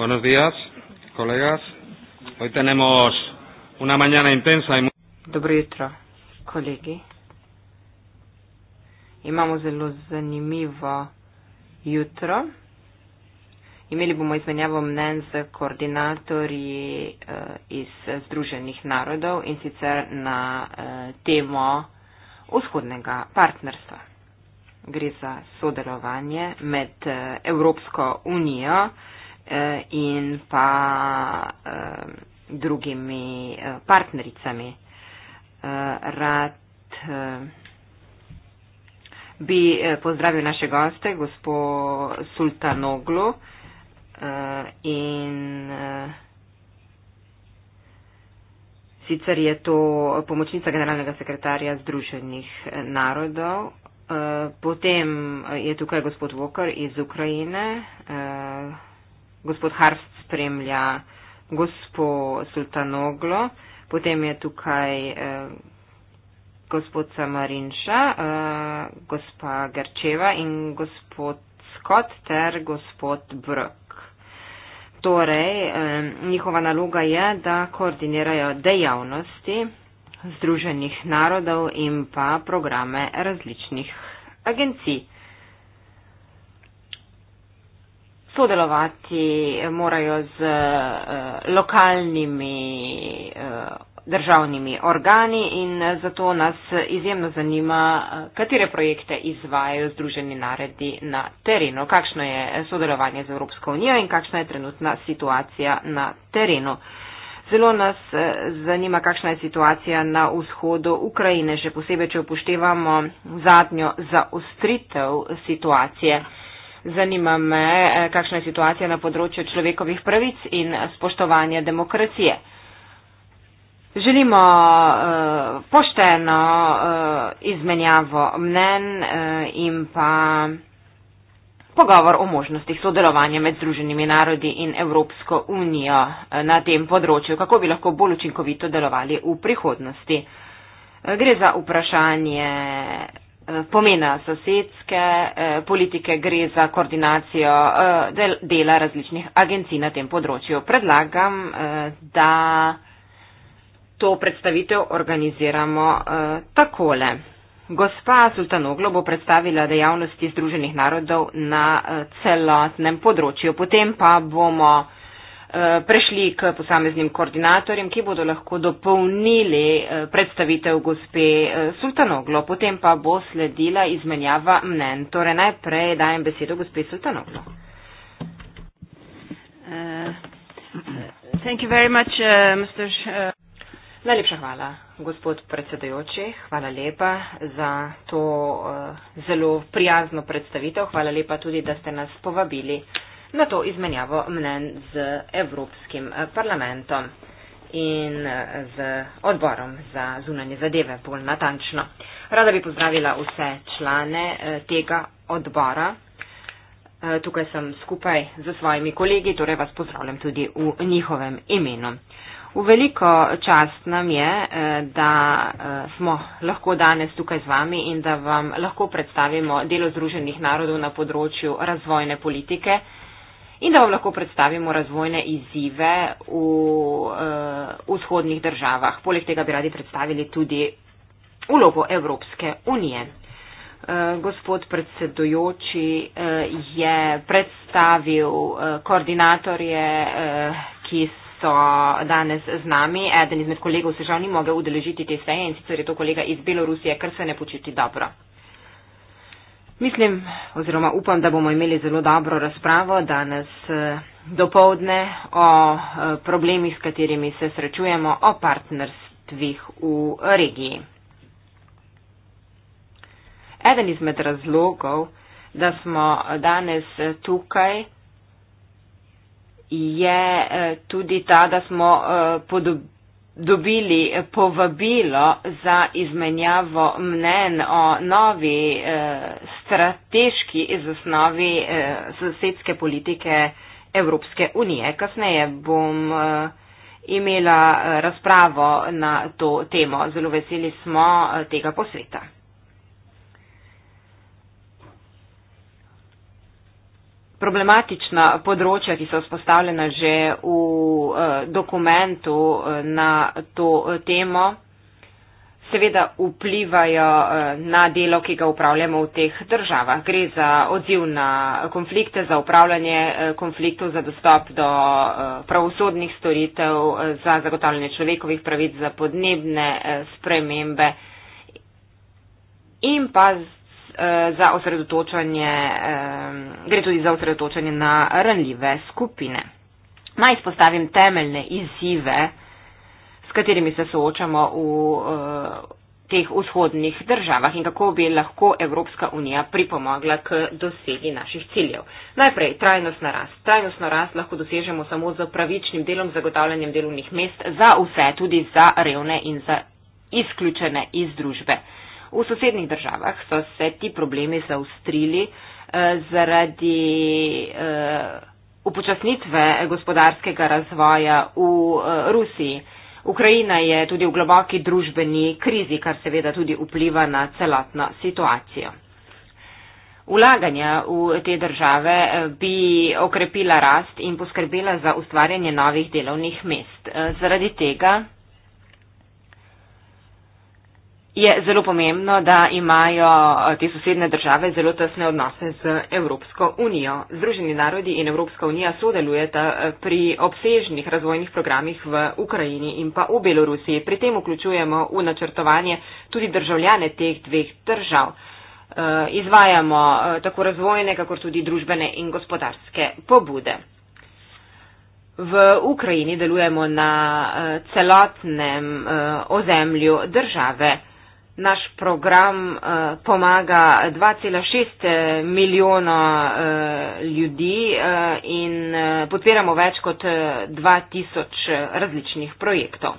Buenos días, colegas. Hoy tenemos una mañana intensa y muy. Dobro jutro, kolegi. Imamo zelo zanimivo jutro. Imeli bomo izmenjavo mnen z koordinatorji uh, iz Združenih narodov in sicer na uh, temo vzhodnega partnerstva. Gre za sodelovanje med uh, Evropsko unijo uh, Eh, in pa eh, drugimi eh, partnericami. Rad bi pozdravil naše goste, gospo Sultanoglu in sicer je to pomočnica generalnega sekretarja Združenih narodov. Potem je tukaj gospod Vokar iz Ukrajine, gospod Harf spremlja gospo Sultanoglo, potem je tukaj eh, gospod Samarinša, eh, gospa Gerčeva in gospod Scott ter gospod Brk. Torej, eh, njihova naloga je, da koordinirajo dejavnosti Združenih narodov in pa programe različnih agencij. sodelovati morajo z eh, lokalnimi eh, državnimi organi in zato nas izjemno zanima, eh, katere projekte izvajajo Združeni naredi na terenu, kakšno je sodelovanje z Evropsko unijo in kakšna je trenutna situacija na terenu. Zelo nas zanima, kakšna je situacija na vzhodu Ukrajine, še posebej, če upoštevamo zadnjo zaostritev situacije. Zanima me, eh, kakšna je situacija na področju človekovih pravic in spoštovanja demokracije. Želimo eh, pošteno eh, izmenjavo mnen in pa pogovor o možnostih sodelovanja med Združenimi narodi in Evropsko unijo na tem področju, kako bi lahko bolj učinkovito delovali v prihodnosti. Gre za vprašanje pomena sosedske eh, politike, gre za koordinacijo eh, dela različnih agencij na tem področju. Predlagam, eh, da to predstavitev organiziramo takole. Gospa Sultanoglo bo predstavila dejavnosti Združenih narodov na celotnem področju. Potem pa bomo Eh, prešli k posameznim koordinatorjem, ki bodo lahko dopolnili eh, predstavitev gospe eh, Sultanoglo, potem pa bo sledila izmenjava mnen. Torej najprej dajem besedo gospe Sultanoglo. Uh, Najlepša hvala, gospod predsedajoči. Hvala lepa za to uh, zelo prijazno predstavitev. Hvala lepa tudi, da ste nas povabili uh, na to izmenjavo mnen z Evropskim eh, parlamentom in eh, z odborom za zunanje zadeve bolj natančno. Rada bi pozdravila vse člane eh, tega odbora. Tukaj sem skupaj z svojimi kolegi, torej vas pozdravljam tudi v njihovem imenu. V veliko čast nam je, da smo lahko danes tukaj z vami in da vam lahko predstavimo delo Združenih narodov na področju razvojne politike in da vam lahko predstavimo razvojne izzive v uh, vzhodnih državah. Poleg tega bi radi predstavili tudi vlogo Evropske unije. Eh, gospod predsedujoči eh, je predstavil koordinatorje, ki so danes z nami. Eden izmed kolegov se žal ni mogel udeležiti te seje in sicer je to kolega iz Belorusije, ker se ne počuti dobro. Mislim oziroma upam, da bomo imeli zelo dobro razpravo danes eh, dopovdne o eh, problemih, s katerimi se srečujemo, o partnerstvih v regiji. Eden izmed razlogov, da smo danes tukaj, je eh, tudi ta, da smo podobili dobili povabilo za izmenjavo mnen o novi eh, strateški zasnovi eh, sosedske politike Evropske unije. Kasneje bom eh, imela razpravo na to temo. Zelo veseli smo tega posveta. problematična področja, ki so vzpostavljena že v eh, dokumentu eh, na to eh, temo, seveda vplivajo na delo, ki ga upravljamo v teh državah. Gre za odziv na konflikte, za upravljanje konfliktov, za dostop do pravosodnih storitev, za zagotavljanje človekovih pravic, za podnebne spremembe in pa Eh, za osredotočanje, gre tudi za osredotočanje na ranljive skupine. Naj izpostavim temeljne izzive, s katerimi se soočamo v eh, teh vzhodnih državah in kako bi lahko Evropska unija pripomogla k dosegi naših ciljev. Najprej trajnostna rast. Trajnostno rast lahko dosežemo samo z pravičnim delom, zagotavljanjem delovnih mest za vse, tudi za revne in za izključene iz družbe. V sosednjih državah so se ti problemi zaustrili eh, zaradi eh, upočasnitve gospodarskega razvoja v eh, Rusiji. Ukrajina je tudi v globoki družbeni krizi, kar seveda tudi vpliva na celotno situacijo. Ulaganja v te države eh, bi okrepila rast in poskrbela za ustvarjanje novih delovnih mest. Eh, zaradi tega je zelo pomembno, da imajo eh, te sosedne države zelo tesne odnose z Evropsko unijo. Združeni narodi in Evropska unija sodelujeta eh, pri obsežnih razvojnih programih v Ukrajini in pa v Belorusiji. Pri tem vključujemo v načrtovanje tudi državljane teh dveh držav. Eh, izvajamo tako razvojne, kakor tudi družbene in gospodarske pobude. V Ukrajini delujemo na celotnem ozemlju države naš program eh, pomaga 2,6 eh, milijona eh, ljudi in podpiramo več kot 2000 različnih projektov.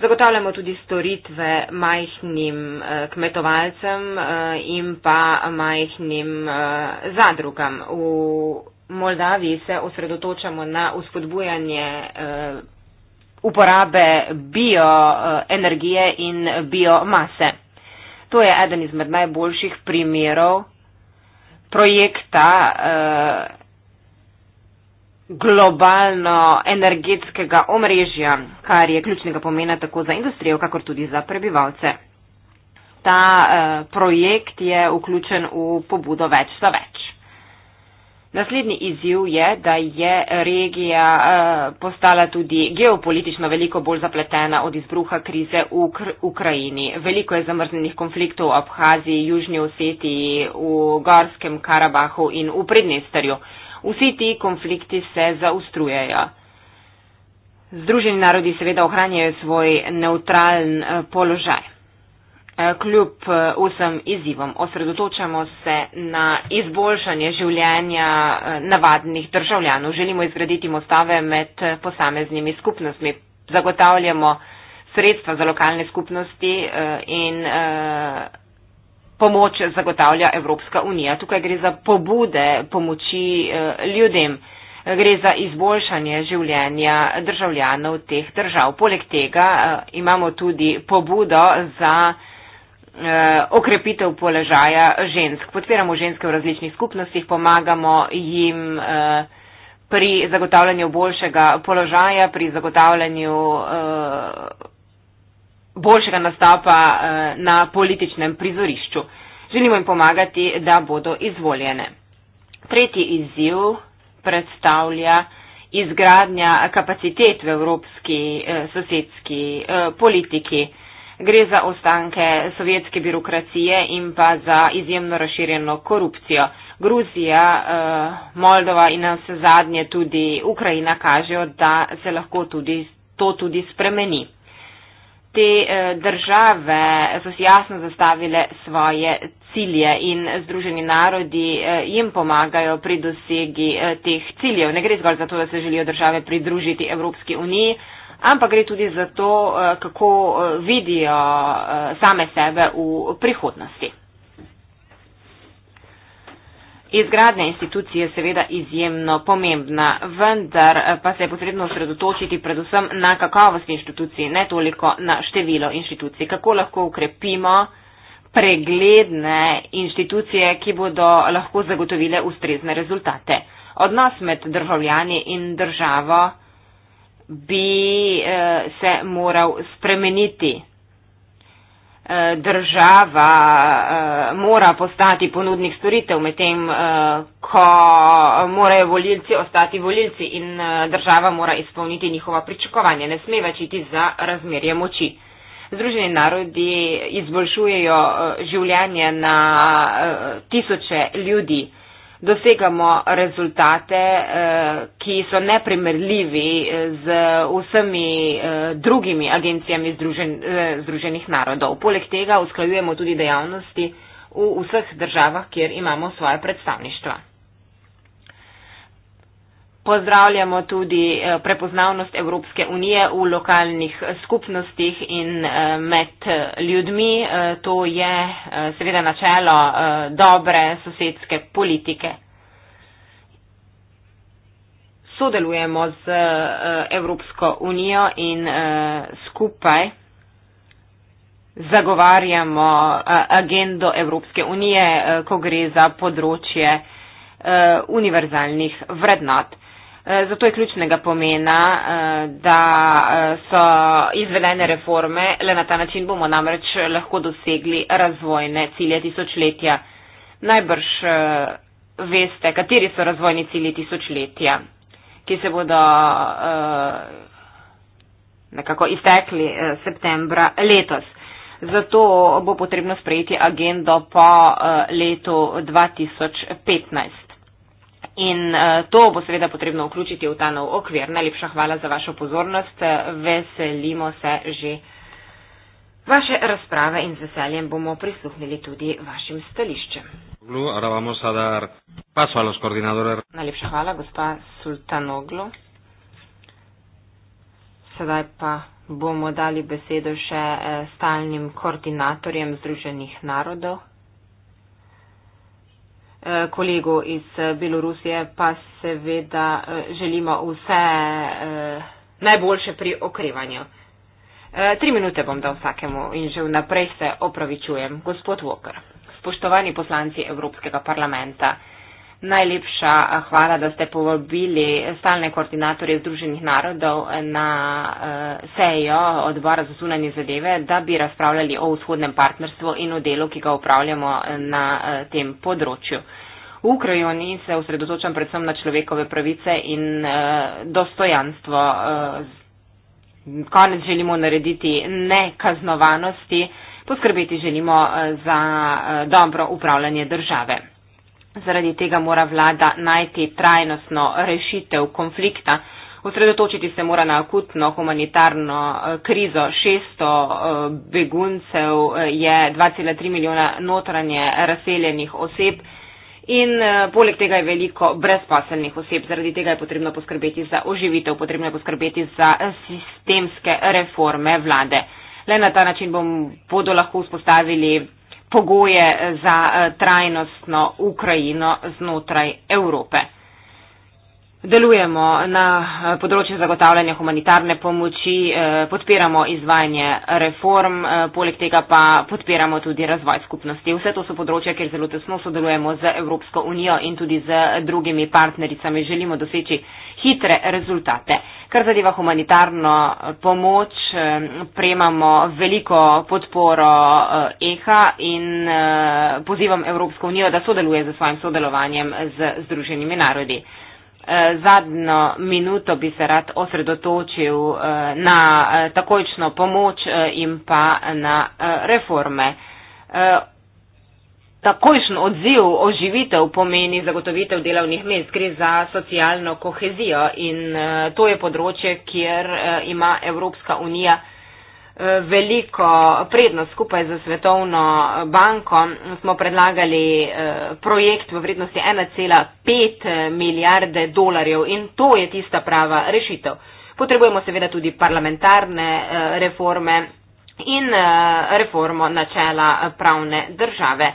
Zagotavljamo tudi storitve majhnim kmetovalcem in pa majhnim zadrugam. V Moldaviji se osredotočamo na uspodbujanje uporabe bioenergije in biomase. To je eden izmed najboljših primerov projekta eh, globalno energetskega omrežja, kar je ključnega pomena tako za industrijo, kakor tudi za prebivalce. Ta eh, projekt je vključen v pobudo več za več. Naslednji izziv je, da je regija eh, postala tudi geopolitično veliko bolj zapletena od izbruha krize v Ukrajini. Veliko je zamrznjenih konfliktov v Abhaziji, Južnji Osetiji, v Gorskem Karabahu in v Prednesterju. Vsi ti konflikti se zaustrujejo. Združeni narodi seveda ohranjajo svoj neutralen eh, položaj. Eh, kljub eh, vsem izzivom. Osredotočamo se na izboljšanje življenja eh, navadnih državljanov. Želimo izgraditi mostave med posameznimi skupnostmi. Zagotavljamo sredstva za lokalne skupnosti in pomoč zagotavlja Evropska unija. Tukaj gre za pobude pomoči ljudem. Gre za izboljšanje življenja državljanov teh držav. Poleg tega imamo tudi pobudo za Eh, okrepitev položaja žensk. Podpiramo ženske v različnih skupnostih, pomagamo jim eh, pri zagotavljanju boljšega položaja, pri zagotavljanju eh, boljšega nastopa na političnem prizorišču. Želimo jim pomagati, da bodo izvoljene. Tretji izziv predstavlja izgradnja kapacitet v evropski sosedski politiki. Gre za ostanke sovjetske birokracije in pa za izjemno razširjeno korupcijo. Gruzija, eh, Moldova in na vse zadnje tudi Ukrajina kažejo, da se lahko tudi, to tudi spremeni. Te eh, države so si jasno zastavile svoje cilje in Združeni narodi eh, jim pomagajo pri dosegi teh ciljev. Ne gre zgolj za to, da se želijo države pridružiti Evropski uniji, ampak gre tudi za to, eh, kako eh, vidijo eh, same sebe v prihodnosti. Izgradnja institucij je seveda izjemno pomembna, vendar pa se je potrebno osredotočiti predvsem na kakovost inštitucij, ne toliko na število inštitucij. Kako lahko ukrepimo pregledne inštitucije, ki bodo lahko zagotovile ustrezne rezultate? Odnos med državljani in državo bi eh, se moral spremeniti. Eh, država eh, mora postati ponudnik storitev, medtem eh, ko morajo volilci ostati volilci in eh, država mora izpolniti njihova pričakovanja, ne sme več iti za razmerje moči. Združeni narodi izboljšujejo eh, življenje na eh, tisoče ljudi dosegamo rezultate, eh, ki so neprimerljivi eh, z vsemi eh, drugimi agencijami Združenih narodov. Poleg tega usklajujemo tudi dejavnosti v vseh državah, kjer imamo svoje predstavništva pozdravljamo tudi eh, prepoznavnost Evropske unije v lokalnih eh, skupnostih in eh, med ljudmi. To je seveda načelo dobre sosedske politike. Sodelujemo z Evropsko unijo in skupaj zagovarjamo agendo Evropske unije, ko gre za področje univerzalnih vrednot. Eh, zato je ključnega pomena, eh, da eh, so izvedene reforme, le na ta način bomo namreč lahko dosegli razvojne cilje tisočletja. Najbrž veste, kateri so razvojni cilji tisočletja, ki se bodo nekako iztekli septembra letos. Zato bo potrebno sprejeti agendo po letu 2015. In eh, to bo seveda potrebno vključiti v ta nov okvir. Najlepša hvala za vašo pozornost. Veselimo se že vaše razprave in z veseljem bomo prisluhnili tudi vašim stališčem. Najlepša hvala, gospa Sultanoglu. Sedaj pa bomo dali besedo še eh, stalnim koordinatorjem Združenih narodov. Eh, kolegu iz eh, Belorusije, pa seveda eh, želimo vse najboljše pri okrevanju. Tri minute bom dal vsakemu in že vnaprej se opravičujem. Gospod Walker, spoštovani poslanci Evropskega parlamenta. Najlepša eh, hvala, da ste povabili stalne koordinatorje Združenih narodov eh, na eh, sejo odbora za zunanje zadeve, da bi razpravljali o vzhodnem partnerstvu in o delu, ki ga upravljamo na tem področju. V Ukrajini se osredotočam predvsem na človekove pravice in dostojanstvo. Konec želimo narediti nekaznovanosti, poskrbeti želimo za dobro upravljanje države. Zaradi tega mora vlada najti trajnostno rešitev konflikta. Osredotočiti se mora na akutno humanitarno eh, krizo. 600 eh, beguncev eh, je 2,3 milijona notranje razseljenih oseb in poleg tega je veliko brezposelnih oseb. Zaradi tega je potrebno poskrbeti za oživitev, potrebno je poskrbeti za sistemske reforme vlade. Le na ta način bom, bodo lahko vzpostavili pogoje eh, za eh, trajnostno Ukrajino znotraj Evrope. Delujemo na eh, področju zagotavljanja humanitarne pomoči, podpiramo izvajanje reform, poleg tega pa podpiramo tudi razvoj skupnosti. Vse to so področja, kjer zelo tesno sodelujemo z Evropsko unijo in tudi z drugimi partnericami. Želimo doseči hitre rezultate. Kar zadeva humanitarno eh, pomoč, eh, prejemamo veliko podporo eh, EHA in pozivam Evropsko unijo, da sodeluje z svojim sodelovanjem z Združenimi narodi. Zadnjo minuto bi se rad osredotočil na takojčno pomoč in pa na reforme. Takojšen odziv oživitev pomeni zagotovitev delovnih mest, gre za socialno kohezijo in eh, to je področje, kjer eh, ima Evropska unija eh, veliko prednost skupaj z Svetovno banko. Mm, smo predlagali projekt v vrednosti 1,5 milijarde dolarjev in to je tista prava rešitev. Potrebujemo seveda tudi parlamentarne reforme in reformo načela pravne države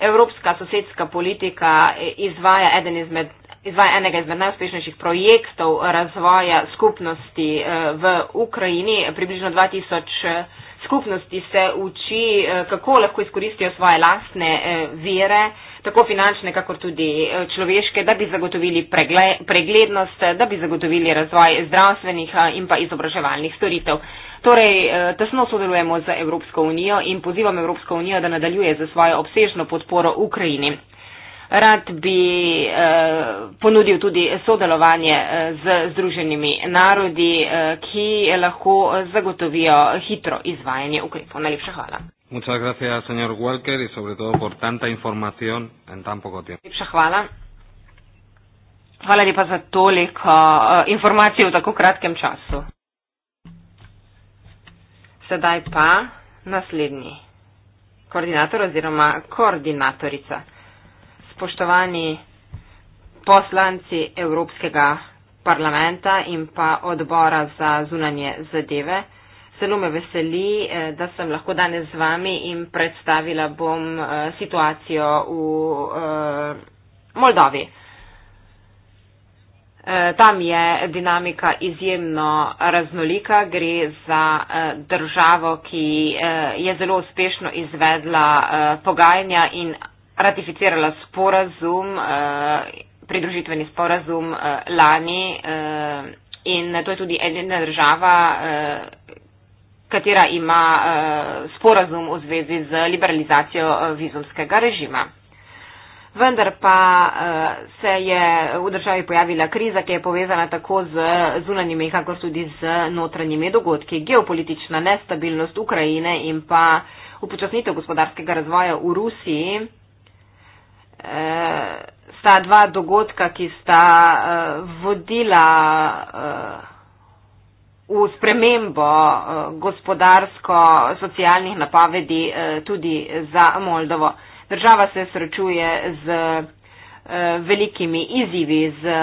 evropska sosedska politika izvaja eden izmed izvaja enega izmed najuspešnejših projektov razvoja skupnosti eh, v Ukrajini. Približno 2000 eh, skupnosti se uči, eh, kako lahko izkoristijo svoje lastne vire, tako finančne, kakor tudi človeške, da bi zagotovili preglednost, da bi zagotovili razvoj zdravstvenih in pa izobraževalnih storitev. Torej, eh, tesno sodelujemo z Evropsko unijo in pozivam Evropsko unijo, da nadaljuje za svojo obsežno podporo Ukrajini. Rad bi eh, ponudil tudi sodelovanje eh, z Združenimi narodi, ki lahko zagotovijo hitro izvajanje ukrepov. Najlepša hvala. Najlepša hvala. Hvala lepa za toliko informacij v tako kratkem času. Sedaj pa naslednji. Koordinator oziroma koordinatorica. Spoštovani poslanci Evropskega parlamenta in pa odbora za zunanje zadeve. Zelo me veseli, eh, da sem lahko danes z vami in predstavila bom eh, situacijo v eh, Moldovi. Eh, tam je dinamika izjemno raznolika. Gre za eh, državo, ki eh, je zelo uspešno izvedla pogajanja in ratificirala sporazum, pridružitveni sporazum lani. In to je tudi edina država, katera ima sporazum v zvezi z liberalizacijo vizumskega režima. Vendar pa eh, se je v državi pojavila kriza, ki je povezana tako z zunanjimi, kakor tudi z notranjimi dogodki. Geopolitična nestabilnost Ukrajine in pa upočasnitev gospodarskega razvoja v Rusiji eh, sta dva dogodka, ki sta eh, vodila v spremembo gospodarsko-socialnih napovedi tudi za Moldovo država se srečuje z eh, velikimi izzivi, z eh,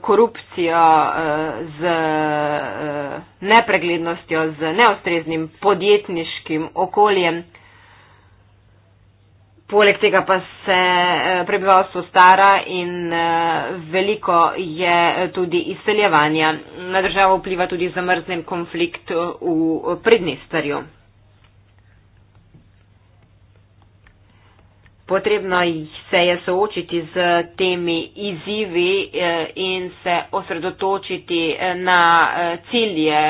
korupcijo, eh, z nepreglednostjo, z neostreznim podjetniškim okoljem. Poleg tega pa se prebivalstvo stara in veliko je tudi izseljevanja. Na državo vpliva tudi zamrznen konflikt v Pridnistrju. Potrebno se je soočiti z temi izzivi eh, in se osredotočiti eh, na eh, cilje,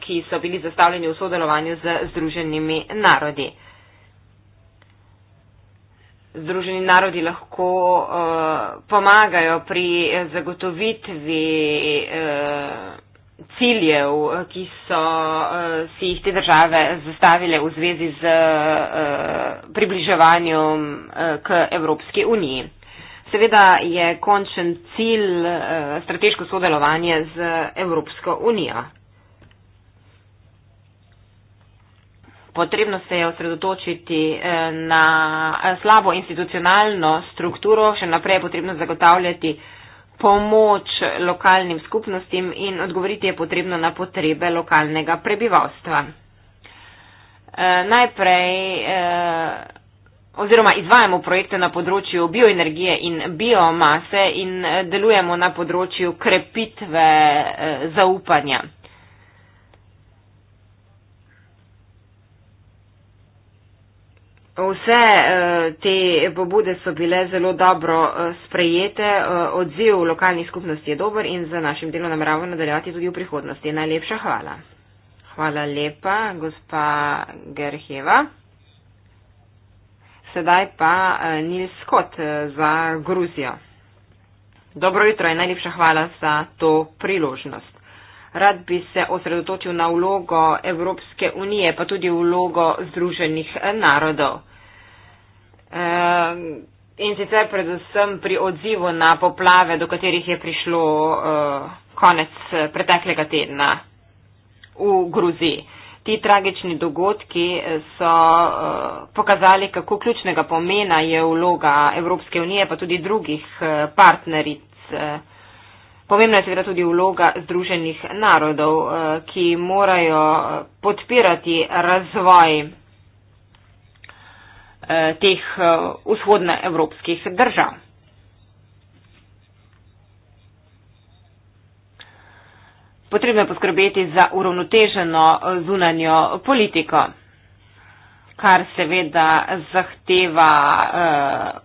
ki so bili zastavljeni v sodelovanju z Združenimi narodi. Združeni narodi lahko pomagajo pri zagotovitvi ciljev, ki so uh, si jih te države zastavile v zvezi z uh, približevanjem uh, k Evropski uniji. Seveda je končen cilj uh, strateško sodelovanje z Evropsko unijo. Potrebno se je osredotočiti uh, na slabo institucionalno strukturo, še naprej je potrebno zagotavljati uh, pomoč lokalnim skupnostim in odgovoriti je potrebno na potrebe lokalnega prebivalstva. E, najprej e, oziroma izvajamo projekte na področju bioenergije in biomase in e, delujemo na področju krepitve e, zaupanja. Vse eh, te pobude so bile zelo dobro eh, sprejete, eh, odziv lokalnih skupnosti je dober in za našim delom nameravamo nadaljati tudi v prihodnosti. Najlepša hvala. Hvala lepa, gospa Gerheva. Sedaj pa Nils Scott za Gruzijo. Dobro jutro in najlepša hvala za to priložnost. Rad bi se osredotočil na vlogo Evropske unije, pa tudi vlogo Združenih narodov. Um, in sicer predvsem pri odzivu na poplave, do katerih je prišlo uh, konec eh, preteklega tedna v Gruziji. Ti tragični dogodki eh, so uh, pokazali, kako ključnega pomena je vloga Evropske unije, pa tudi drugih uh, partneric. Pomembna je seveda tudi vloga združenih narodov, uh, ki morajo podpirati razvoj Eh, teh eh, vzhodnoevropskih držav. Potrebno je poskrbeti za uravnoteženo eh, zunanjo politiko, kar seveda zahteva eh,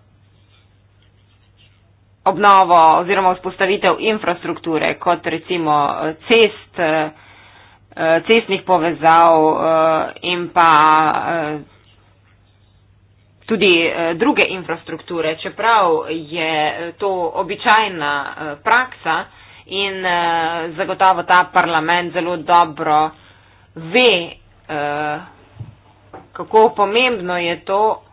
obnovo oziroma vzpostavitev infrastrukture, kot recimo cest, eh, cestnih povezav eh, in pa eh, tudi eh, druge infrastrukture, čeprav je eh, to običajna eh, praksa in zagotovo ta parlament zelo dobro ve, kako pomembno je to,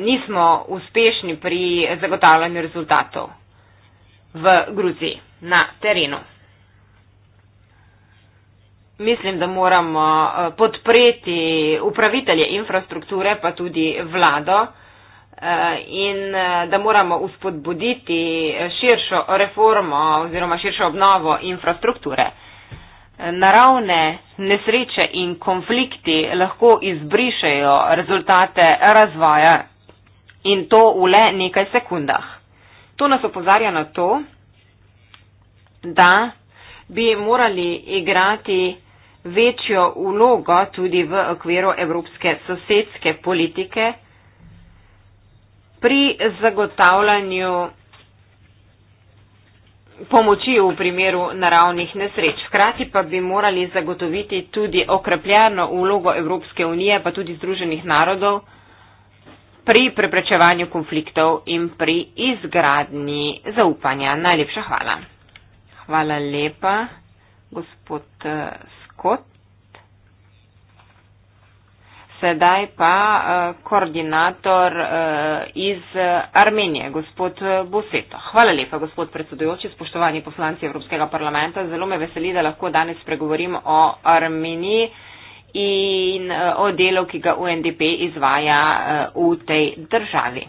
nismo uspešni pri zagotavljanju rezultatov v Gruziji na terenu. Mislim, da moramo eh, podpreti upravitelje infrastrukture, pa tudi vlado eh, in eh, da moramo uspodbuditi širšo reformo oziroma širšo obnovo infrastrukture. Naravne nesreče in konflikti lahko izbrišejo rezultate razvoja in to v le nekaj sekundah. To nas opozarja na to, da bi morali igrati večjo vlogo tudi v okviru evropske sosedske politike pri zagotavljanju pomoči v primeru naravnih nesreč. Hkrati pa bi morali zagotoviti tudi okrepljeno vlogo Evropske unije pa tudi Združenih narodov pri preprečevanju konfliktov in pri izgradnji zaupanja. Najlepša hvala. Hvala lepa, gospod eh, kot. Sedaj pa eh, koordinator eh, iz eh, Armenije, gospod Boseto. Hvala lepa, gospod predsedujoči, spoštovani poslanci Evropskega parlamenta. Zelo me veseli, da lahko danes pregovorim o Armeniji in o delu, ki ga UNDP izvaja v tej državi.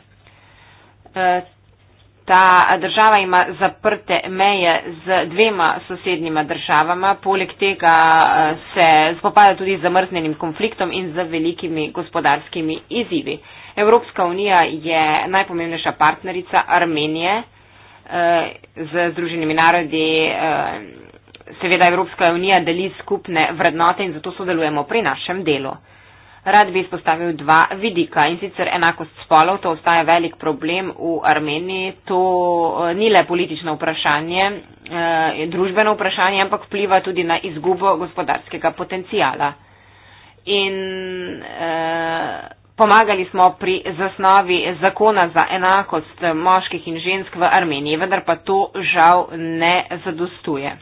Ta država ima zaprte meje z dvema sosednjima državama, poleg tega eh, se spopada tudi z zamrznenim konfliktom in z velikimi gospodarskimi izzivi. Evropska unija je najpomembnejša partnerica Armenije eh, z Združenimi narodi. Eh, seveda Evropska unija deli skupne vrednote in zato sodelujemo pri našem delu. Rad bi izpostavil dva vidika in sicer enakost spolov, to ostaja velik problem v Armeniji. To eh, ni le politično vprašanje, eh, družbeno vprašanje, ampak vpliva tudi na izgubo gospodarskega potencijala. In eh, pomagali smo pri zasnovi zakona za enakost moških in žensk v Armeniji, vendar pa to žal ne zadostuje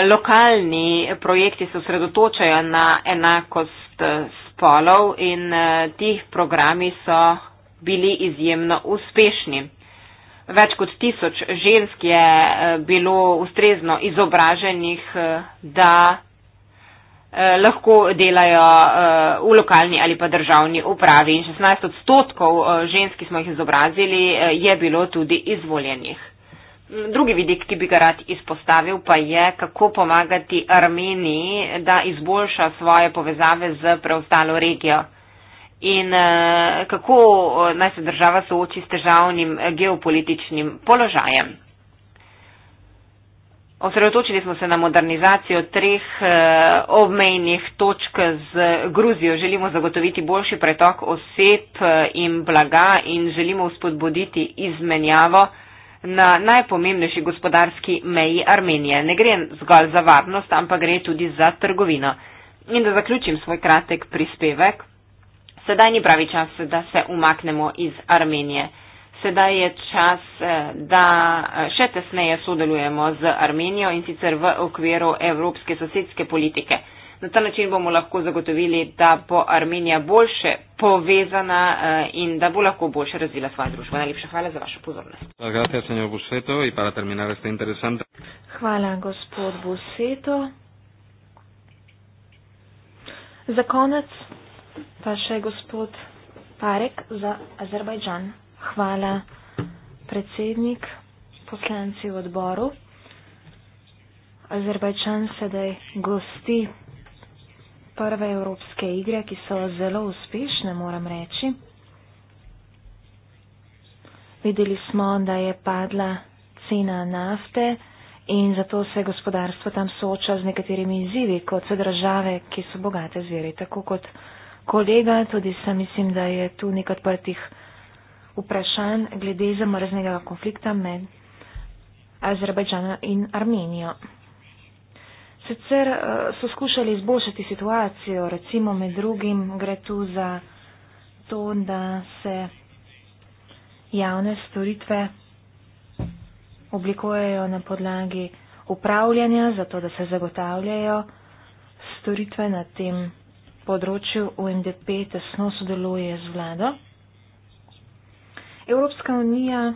lokalni projekti se osredotočajo na enakost eh, spolov in eh, ti programi so bili izjemno uspešni. Več kot tisoč žensk je eh, bilo ustrezno izobraženih, da lahko delajo v lokalni ali pa državni upravi in 16 odstotkov žensk, ki smo jih izobrazili, je bilo tudi izvoljenih. Drugi vidik, ki bi ga rad izpostavil, pa je, kako pomagati Armeniji, da izboljša svoje povezave z preostalo regijo. In eh, kako eh, naj se država sooči s težavnim eh, geopolitičnim položajem. Osredotočili smo se na modernizacijo treh obmejnih točk z Gruzijo. Želimo zagotoviti boljši pretok oseb in blaga in želimo spodbuditi izmenjavo na najpomembnejši gospodarski meji Armenije. Ne gre zgolj za varnost, ampak gre tudi za trgovino. In da zaključim svoj kratek prispevek, sedaj ni pravi čas, da se umaknemo iz Armenije. Sedaj je čas, da še tesneje sodelujemo z Armenijo in sicer v okviru evropske sosedske politike. Na ta način bomo lahko zagotovili, da bo Armenija boljše povezana eh, in da bo lahko boljše razvila svojo družbo. Najlepša hvala za vašo pozornost. Hvala, gospod Buseto. Za konec pa še gospod Parek za Azerbajdžan. Hvala, predsednik, poslanci v odboru. Azerbajdžan sedaj gosti prve evropske igre, ki so zelo uspešne, moram reči. Videli smo, da je padla cena nafte in zato se gospodarstvo tam sooča z nekaterimi izzivi, kot so države, ki so bogate zveri. Tako kot kolega, tudi sem mislim, da je tu nekaj odprtih vprašanj glede zamrznega konflikta med Azerbajdžanom in Armenijo sicer eh, so skušali izboljšati situacijo, recimo med drugim gre tu za to, da se javne storitve oblikujejo na podlagi upravljanja, zato da se zagotavljajo storitve na tem področju. UNDP tesno sodeluje z vlado. Evropska unija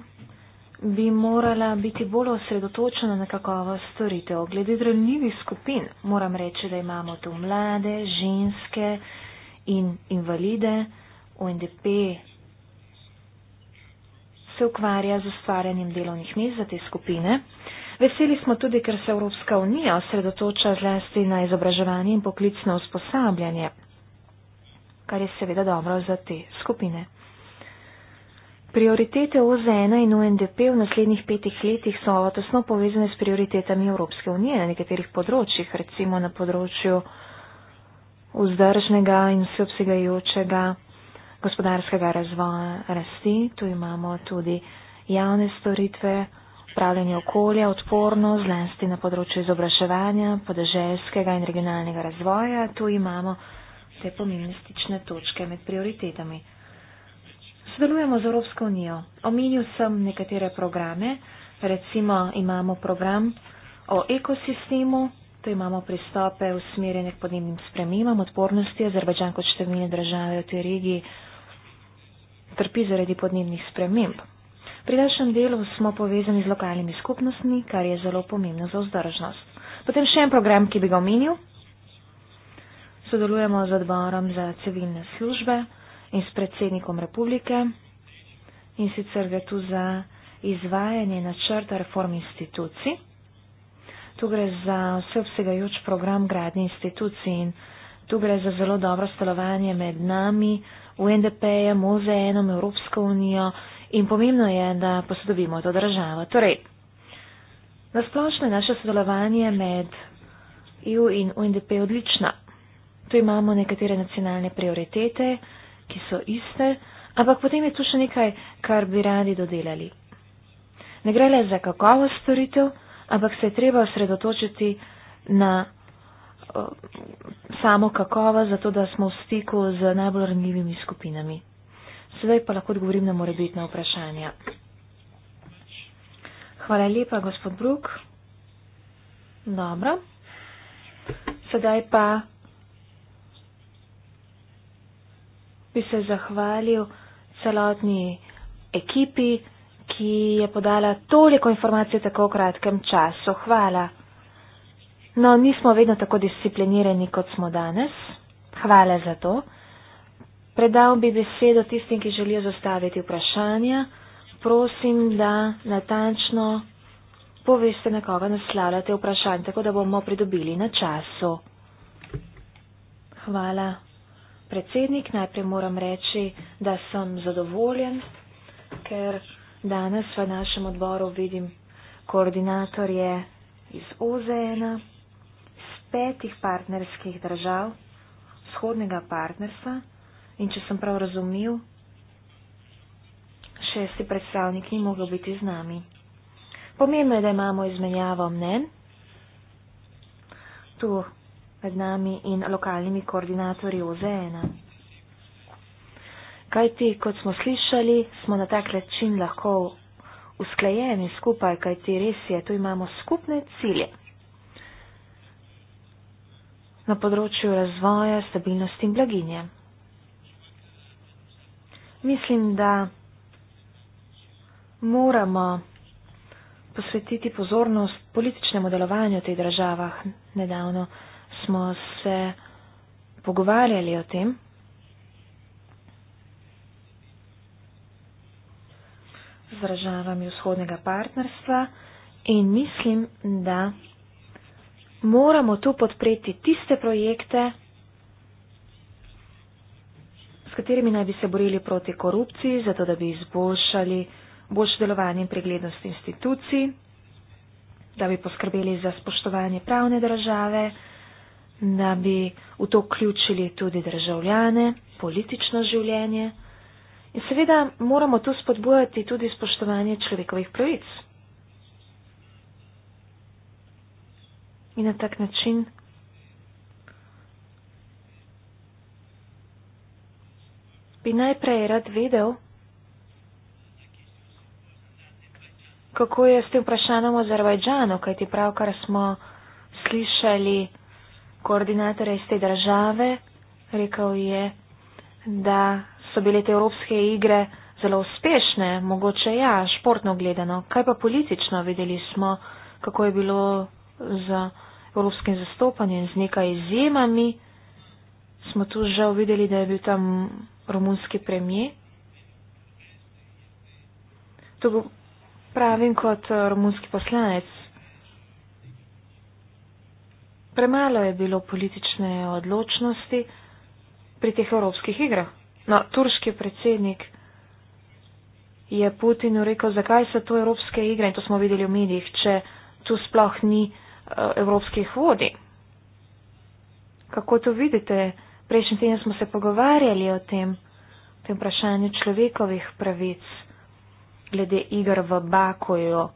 bi morala biti bolj osredotočena na kakovost storitev. Glede drevnjivih skupin moram reči, da imamo tu mlade, ženske in invalide. UNDP se ukvarja z ustvarjanjem delovnih mest za te skupine. Veseli smo tudi, ker se Evropska unija osredotoča zlasti na izobraževanje in poklicno usposabljanje, kar je seveda dobro za te skupine. Prioritete OZN in UNDP v naslednjih petih letih so tesno povezane s prioritetami Evropske unije na nekaterih področjih, recimo na področju vzdržnega in vseobsegajočega gospodarskega razvoja rasti. Tu imamo tudi javne storitve, upravljanje okolja, odpornost, zlasti na področju izobraževanja, podeželskega in regionalnega razvoja. Tu imamo te pomembne stične točke med prioritetami sodelujemo z Evropsko unijo. Omenil sem nekatere programe, recimo imamo program o ekosistemu, tu imamo pristope usmerjene k podnebnim spremembam, odpornosti Azerbajdžan kot številne države v tej regiji trpi zaradi podnebnih sprememb. Pri našem delu smo povezani z lokalnimi skupnostmi, kar je zelo pomembno za vzdržnost. Potem še en program, ki bi ga omenil. Sodelujemo z odborom za civilne službe in s predsednikom republike in sicer gre tu za izvajanje načrta reform institucij. Tu gre za vseobsegajoč program gradnje institucij in tu gre za zelo dobro stalovanje med nami, UNDP-jem, OZN-om, Evropsko unijo in pomembno je, da posodobimo to državo. Torej, nasplošno je naše sodelovanje med EU in UNDP odlična. Tu imamo nekatere nacionalne prioritete, ki so iste, ampak potem je tu še nekaj, kar bi radi dodelali. Ne gre le za kakovost storitev, ampak se je treba osredotočiti na o, samo kakovost, zato da smo v stiku z najbolj rnljivimi skupinami. Sedaj pa lahko odgovorim na morebitna vprašanja. Hvala lepa, gospod Bruk. Dobro. Sedaj pa bi se zahvalil celotni ekipi, ki je podala toliko informacij v tako kratkem času. Hvala. No, nismo vedno tako disciplinirani, kot smo danes. Hvala za to. Predal bi besedo tistim, ki želijo zastaviti vprašanja. Prosim, da natančno poveste, na koga naslavljate vprašanje, tako da bomo pridobili na času. Hvala predsednik, najprej moram reči, da sem zadovoljen, ker danes v našem odboru vidim koordinatorje iz OZN-a, iz petih partnerskih držav, vzhodnega partnerstva in če sem prav razumil, šesti predstavnik ni mogel biti z nami. Pomembno je, da imamo izmenjavo mnen. Tu med nami in lokalnimi koordinatorji OZN. Kajti, kot smo slišali, smo na tak način lahko usklajeni skupaj, kajti res je, tu imamo skupne cilje. Na področju razvoja, stabilnosti in blaginje. Mislim, da moramo posvetiti pozornost političnemu delovanju v tej državah nedavno smo se pogovarjali o tem. Z državami vzhodnega partnerstva in mislim, da moramo tu podpreti tiste projekte, s katerimi naj bi se borili proti korupciji, zato da bi izboljšali boljše delovanje in preglednost institucij, da bi poskrbeli za spoštovanje pravne države da bi v to vključili tudi državljane, politično življenje. In seveda moramo tu spodbujati tudi spoštovanje človekovih pravic. In na tak način bi najprej rad vedel, kako je s tem vprašanjem o Azerbajdžanu, kajti pravkar smo slišali, koordinatorja iz te države. Rekel je, da so bile te evropske igre zelo uspešne, mogoče ja, športno gledano. Kaj pa politično? Videli smo, kako je bilo z evropskim zastopanjem, z nekaj izjemami. Smo tu žal videli, da je bil tam romunski premijer. To pravim kot eh, romunski poslanec, Premalo je bilo politične odločnosti pri teh evropskih igrah. No, turški predsednik je Putinu rekel, zakaj so to evropske igre, in to smo videli v medijih, če tu sploh ni eh, evropskih vodi. Kako to vidite? Prejšnji teden smo se pogovarjali o tem, tem vprašanju človekovih pravic glede igr v Bakojo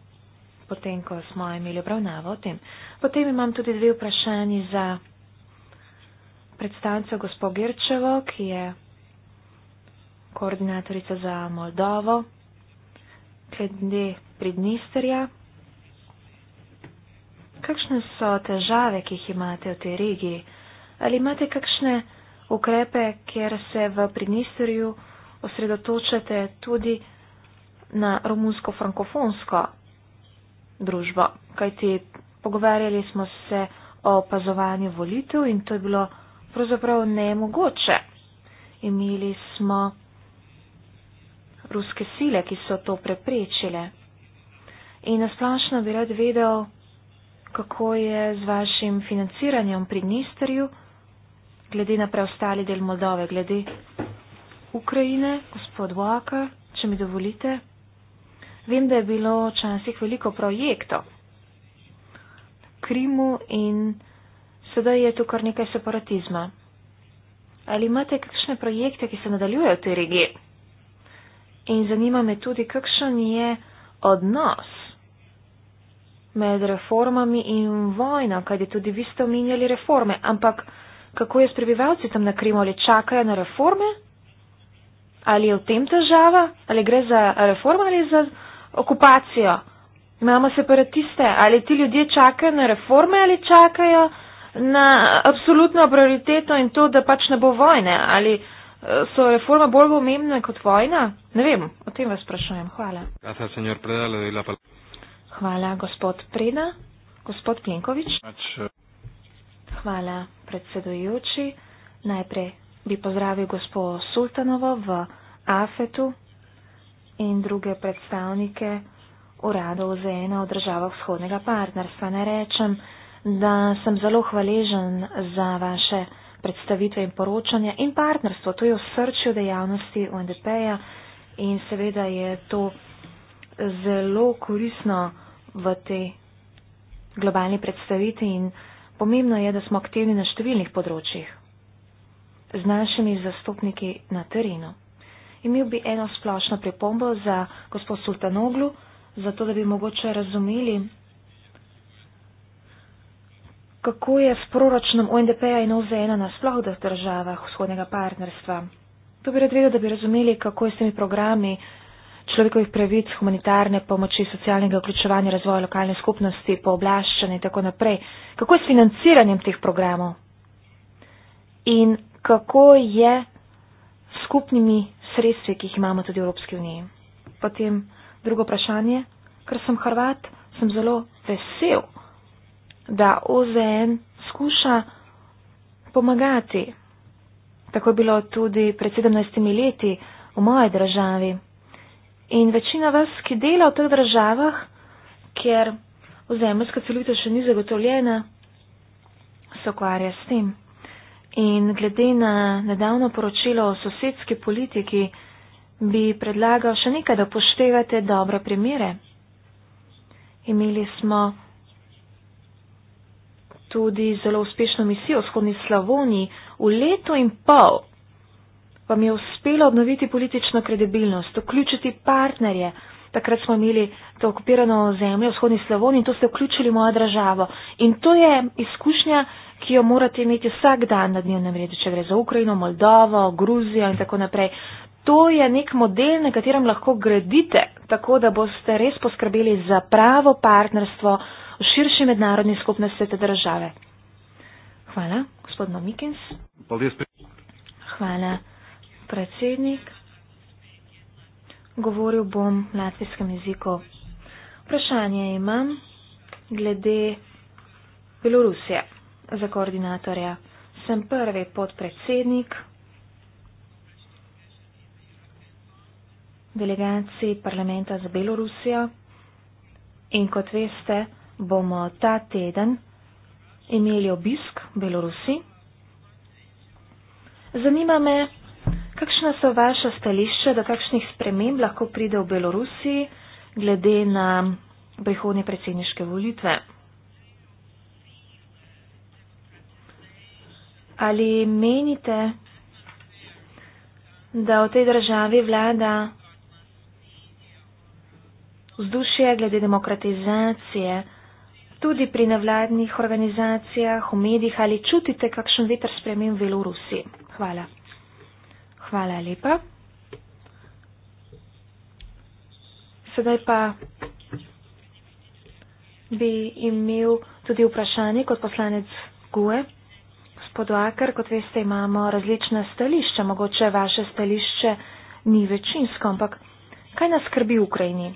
potem, ko smo imeli obravnavo o tem. Potem imam tudi dve vprašanji za predstavnico gospo Girčevo, ki je koordinatorica za Moldovo, glede Pridnisterja. Kakšne so težave, ki jih imate v tej regiji? Ali imate kakšne ukrepe, kjer se v Pridnisterju osredotočate tudi na romunsko-frankofonsko družbo. Kajti pogovarjali smo se o opazovanju volitev in to je bilo pravzaprav nemogoče. Imeli smo ruske sile, ki so to preprečile. In nasplošno bi rad vedel, kako je z vašim financiranjem pri Nisterju, glede na preostali del Moldove, glede Ukrajine, gospod Vlaka, če mi dovolite. Vem, da je bilo včasih veliko projektov v Krimu in sedaj je tu kar nekaj separatizma. Ali imate kakšne projekte, ki se nadaljujejo v tej regiji? In zanima me tudi, kakšen je odnos med reformami in vojno, kajde tudi vi ste omenjali reforme, ampak kako je s prebivalci tam na Krimu, ali čakajo na reforme? Ali je v tem težava? Ali gre za reforme ali za okupacijo. Imamo separatiste, ali ti ljudje čakajo na reforme ali čakajo na absolutno prioriteto in to, da pač ne bo vojne, ali eh, so reforme bolj pomembne kot vojna? Ne vem, o tem vas sprašujem. Hvala. Hvala, gospod Preda. Gospod Plenkovič. Pač, eh, Hvala, predsedujoči. Najprej bi pozdravil gospod Sultanovo v Afetu, in druge predstavnike uradov ZN v državah vzhodnega partnerstva. Ne rečem, da sem zelo hvaležen za vaše predstavitve in poročanja in partnerstvo. To je v srčju dejavnosti UNDP-ja in seveda je to zelo korisno v tej globalni predstaviti in pomembno je, da smo aktivni na številnih področjih z našimi zastopniki na terenu. Imel bi eno splošno pripombo za gospod Sultanoglu, zato da bi mogoče razumeli, kako je s proračunom UNDP-ja in OZN-a na sploh v državah vzhodnega partnerstva. To bi rad vedel, da bi razumeli, kako je s temi programi človekovih pravic, humanitarne pomoči, socialnega vključevanja, razvoja lokalne skupnosti, pooblaščanja in tako naprej. Kako je s financiranjem teh programov? In kako je skupnimi sredstvi, ki jih imamo tudi v Evropski uniji. Potem drugo vprašanje, ker sem Hrvat, sem zelo vesel, da OZN skuša pomagati. Tako je bilo tudi pred 17 leti v moji državi. In večina vas, ki dela v teh državah, kjer ozemljska celovita še ni zagotovljena, se ukvarja s tem. In glede na nedavno poročilo o sosedski politiki bi predlagal še nekaj, da poštevate dobre primere. Imeli smo tudi zelo uspešno misijo v Shodni Slavoniji. V letu in pol vam je uspelo obnoviti politično kredibilnost, vključiti partnerje takrat smo imeli to okupirano zemljo, vzhodni Slavon in to ste vključili v mojo državo. In to je izkušnja, ki jo morate imeti vsak dan na dnevnem redu, če gre za Ukrajino, Moldovo, Gruzijo in tako naprej. To je nek model, na katerem lahko gradite, tako da boste res poskrbeli za pravo partnerstvo v širši mednarodni skupnosti te države. Hvala, gospod Nomikins. Hvala, predsednik govoril bom v latvijskem jeziku. Vprašanje imam glede Belorusije za koordinatorja. Sem prvi podpredsednik delegacij parlamenta za Belorusijo in kot veste, bomo ta teden imeli obisk Belorusi. Zanima me, Kakšna so vaša stališča, da kakšnih sprememb lahko pride v Belorusiji glede na prihodnje predsedniške volitve? Ali menite, da v tej državi vlada vzdušje glede demokratizacije, tudi pri nevladnih organizacijah, v medijih, ali čutite kakšen veter sprememb v Belorusiji? Hvala hvala lepa. Sedaj pa bi imel tudi vprašanje kot poslanec Gue. Spodvakar, kot veste, imamo različna stališča. Mogoče vaše stališče ni večinsko, ampak kaj nas skrbi v Ukrajini?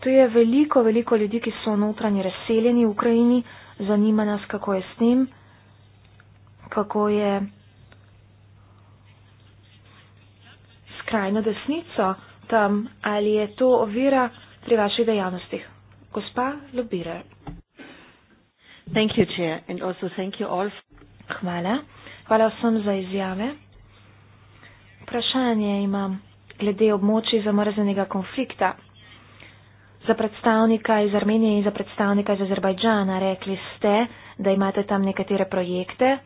Tu je veliko, veliko ljudi, ki so notranji razseljeni v Ukrajini. Zanima nas, kako je s tem kako je skrajno desnico tam, ali je to ovira pri vaših dejavnostih. Gospa Lobire. Hvala. Hvala vsem za izjave. Vprašanje imam glede območij zamrznenega konflikta. Za predstavnika iz Armenije in za predstavnika iz Azerbajdžana rekli ste, da imate tam nekatere projekte,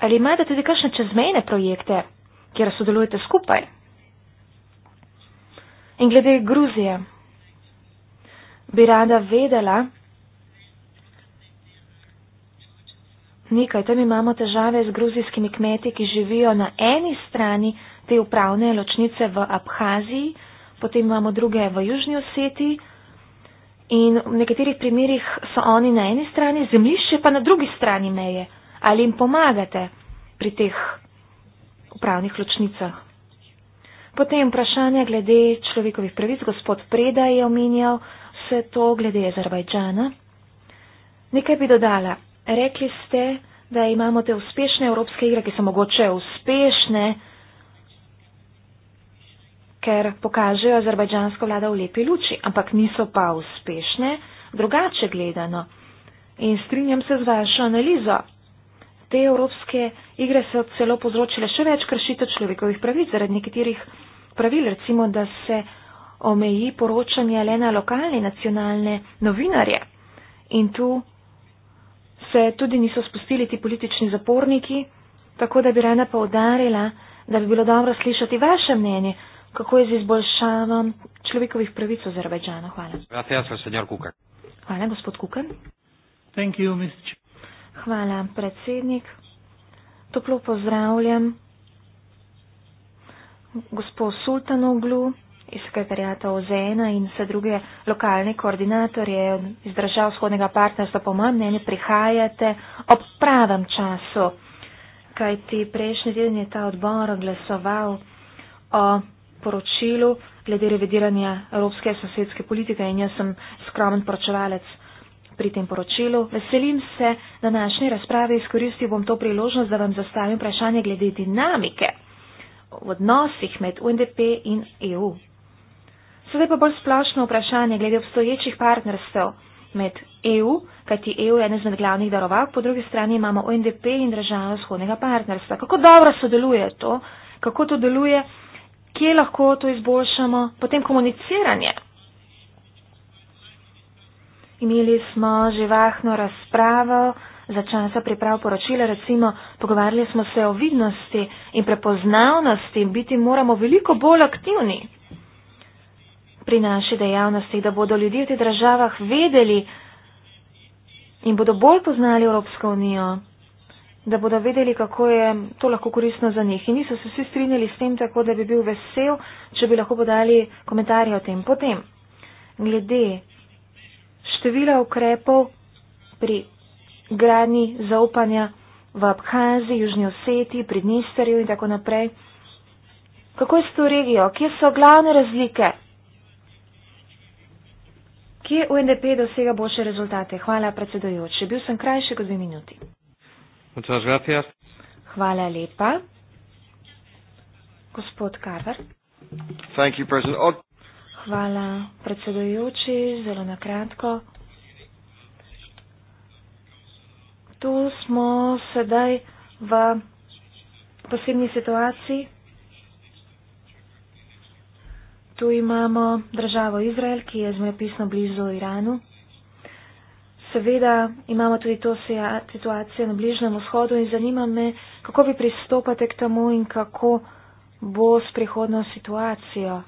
ali imate tudi kakšne čezmejne projekte, kjer sodelujete skupaj? In glede Gruzije, bi rada vedela, nekaj, tam imamo težave z gruzijskimi kmeti, ki živijo na eni strani te upravne ločnice v Abhaziji, potem imamo druge v Južni Oseti in v nekaterih primerjih so oni na eni strani, zemljišče pa na drugi strani meje ali jim pomagate pri teh upravnih ločnicah. Potem vprašanje glede človekovih pravic. Gospod Preda je omenjal vse to glede Azerbajdžana. Nekaj bi dodala. Rekli ste, da imamo te uspešne evropske igre, ki so mogoče uspešne, ker pokažejo azerbajdžansko vlado v lepi luči, ampak niso pa uspešne, drugače gledano. In strinjam se z vašo analizo, te evropske igre so celo povzročile še več kršitev človekovih pravic zaradi nekaterih pravil, recimo, da se omeji poročanje le na lokalne nacionalne novinarje. In tu se tudi niso spustili ti politični zaporniki, tako da bi rada poudarila, da bi bilo dobro slišati vaše mnenje, kako je z izboljšavom človekovih pravic v Zarbeđanu. Hvala. Hvala, gospod Kukan. Thank you, Mr. Hvala, predsednik. Toplo pozdravljam gospod Sultanoglu iz sekretarijata OZN in vse druge lokalne koordinatorje iz držav vzhodnega partnerstva. Po mojem mnenju prihajate ob pravem času, kajti prejšnji teden je ta odbor glasoval o poročilu glede revidiranja evropske sosedske politike in jaz sem skromen poročevalec pri tem poročilu. Veselim se današnje razprave, izkoristil bom to priložnost, da vam zastavim vprašanje glede dinamike v odnosih med UNDP in EU. Sedaj pa bolj splošno vprašanje glede obstoječih partnerstev med EU, kajti EU je eden izmed glavnih darovalk, po drugi strani imamo UNDP in države vzhodnega partnerstva. Kako dobro sodeluje to, kako to deluje, kje lahko to izboljšamo, potem komuniciranje Imeli smo živahno razpravo za časa priprav poročila, recimo pogovarjali smo se o vidnosti in prepoznavnosti, biti moramo veliko bolj aktivni pri naši dejavnosti, da bodo ljudje v teh državah vedeli in bodo bolj poznali Evropsko unijo, da bodo vedeli, kako je to lahko koristno za njih. In niso se vsi strinjali s tem tako, da bi bil vesel, če bi lahko podali komentarje o tem. Potem, glede števila ukrepov pri gradni zaupanja v Abhazi, Južni Oseti, pri Dnisterju in tako naprej. Kako je s to regijo? Kje so glavne razlike? Kje UNDP dosega boljše rezultate? Hvala, predsedujoči. Bil sem krajši kot dve minuti. Hvala lepa. Gospod Karver. Thank you, President. Hvala, predsedujoči. Zelo na kratko. Tu smo sedaj v posebni situaciji. Tu imamo državo Izrael, ki je zmerpisno blizu Iranu. Seveda imamo tudi to situacijo na Bližnem vzhodu in zanima me, kako vi pristopate k temu in kako bo s prihodno situacijo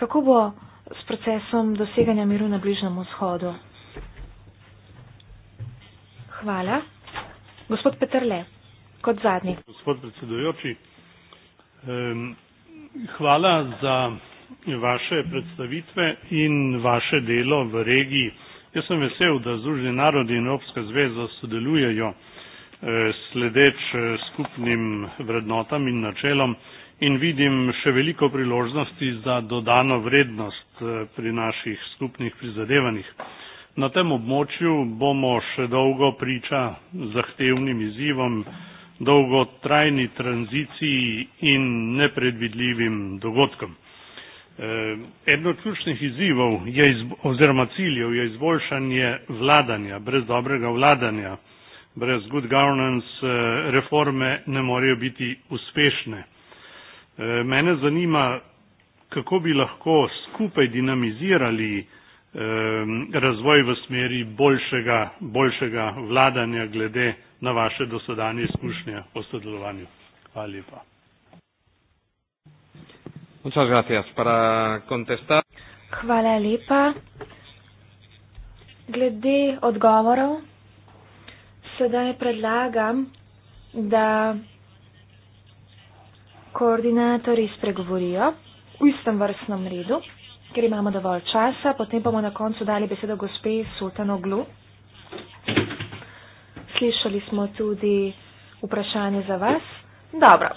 Kako bo s procesom doseganja miru na Bližnjem vzhodu? Hvala. Gospod Petrle, kot zadnji. Gospod predsedujoči, hvala za vaše predstavitve in vaše delo v regiji. Jaz sem vesel, da Združeni narodi in Evropska zveza sodelujejo eh, sledeč eh, skupnim vrednotam in načelom in vidim še veliko priložnosti za dodano vrednost eh, pri naših skupnih prizadevanjih. Na tem območju bomo še dolgo priča zahtevnim izzivom, dolgotrajni tranziciji in nepredvidljivim dogodkom. Eh, eden od ključnih izzivov je, oziroma ciljev je izboljšanje vladanja. Brez dobrega vladanja, brez good governance eh, reforme ne morejo biti uspešne. E, mene zanima, kako bi lahko skupaj dinamizirali e, razvoj v smeri boljšega, boljšega vladanja glede na vaše dosedanje izkušnje o sodelovanju. Hvala lepa. Hvala lepa. Glede odgovorov, sedaj predlagam, da koordinatorji spregovorijo v istem vrstnem redu, ker imamo dovolj časa, potem bomo na koncu dali besedo gospe Sultanoglu. Slišali smo tudi vprašanje za vas. Dobro.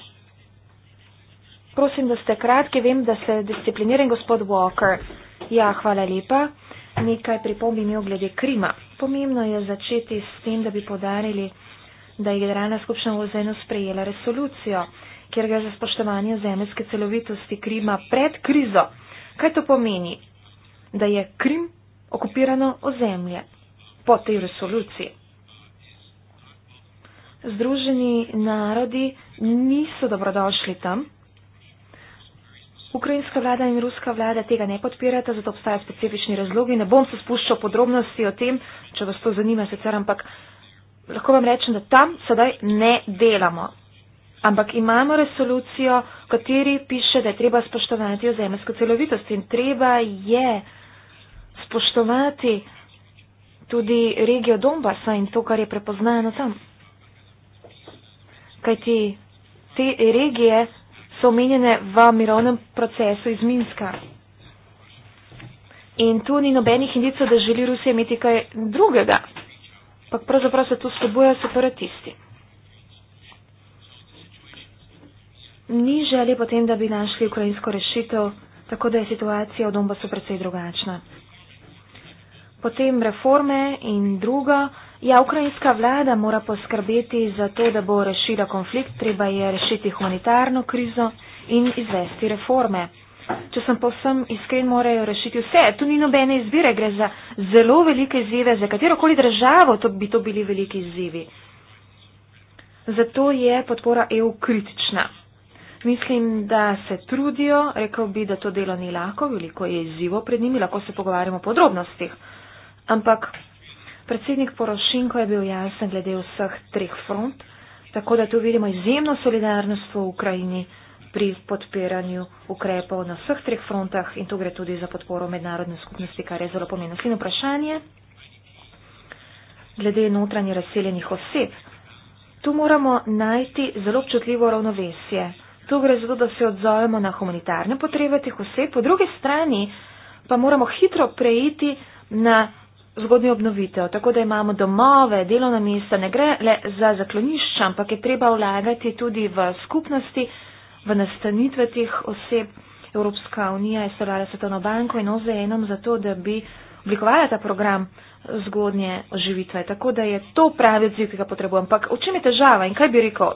Prosim, da ste kratki, vem, da ste discipliniran, gospod Walker. Ja, hvala lepa. Nekaj pripomb imel glede Krima. Pomembno je začeti s tem, da bi podarili, da je generalna skupščina v ZNU sprejela resolucijo kjer gre za spoštovanje zemljske celovitosti Krima pred krizo. Kaj to pomeni? Da je Krim okupirano ozemlje po tej resoluciji. Združeni narodi niso dobrodošli tam. Ukrajinska vlada in ruska vlada tega ne podpirata, zato obstajajo specifični razlogi. Ne bom se spuščal podrobnosti o tem, če vas to zanima sicer, ampak lahko vam rečem, da tam sedaj ne delamo ampak imamo resolucijo, v kateri piše, da je treba spoštovati ozemljsko celovitost in treba je spoštovati tudi regijo Donbasa in to, kar je prepoznano tam. Kajti te regije so omenjene v mirovnem procesu iz Minska. In tu ni nobenih indicov, da želi Rusija imeti kaj drugega. Pa pravzaprav se tu spodbujajo separatisti. ni želje potem, da bi našli ukrajinsko rešitev, tako da je situacija v Donbasu precej drugačna. Potem reforme in drugo. Ja, ukrajinska vlada mora poskrbeti za to, da bo rešila konflikt, treba je rešiti humanitarno krizo in izvesti reforme. Če sem povsem iskren, morajo rešiti vse. Tu ni nobene izbire, gre za zelo velike izzive, za katerokoli državo to bi to bili veliki izzivi. Zato je podpora EU kritična. Mislim, da se trudijo, rekel bi, da to delo ni lahko, veliko je izzivo pred njimi, lahko se pogovarjamo o podrobnostih. Ampak predsednik Porošinko je bil jasen glede vseh treh front, tako da tu vidimo izjemno solidarnost v Ukrajini pri podpiranju ukrepov na vseh treh frontah in tu gre tudi za podporo mednarodne skupnosti, kar je zelo pomembno. Sin vprašanje glede notranje razseljenih oseb. Tu moramo najti zelo občutljivo ravnovesje. Tu gre za to, da se odzovemo na humanitarne potrebe teh oseb, po drugi strani pa moramo hitro preiti na zgodnjo obnovitev, tako da imamo domove, delovna mesta, ne gre le za zaklonišča, ampak je treba vlagati tudi v skupnosti, v nastanitve teh oseb. Evropska unija je stavljala Svetovno banko in OZN-om za to, da bi oblikovala ta program zgodnje oživitve. Tako da je to pravi odziv, ki ga potrebujem. Ampak v čem je težava in kaj bi rekel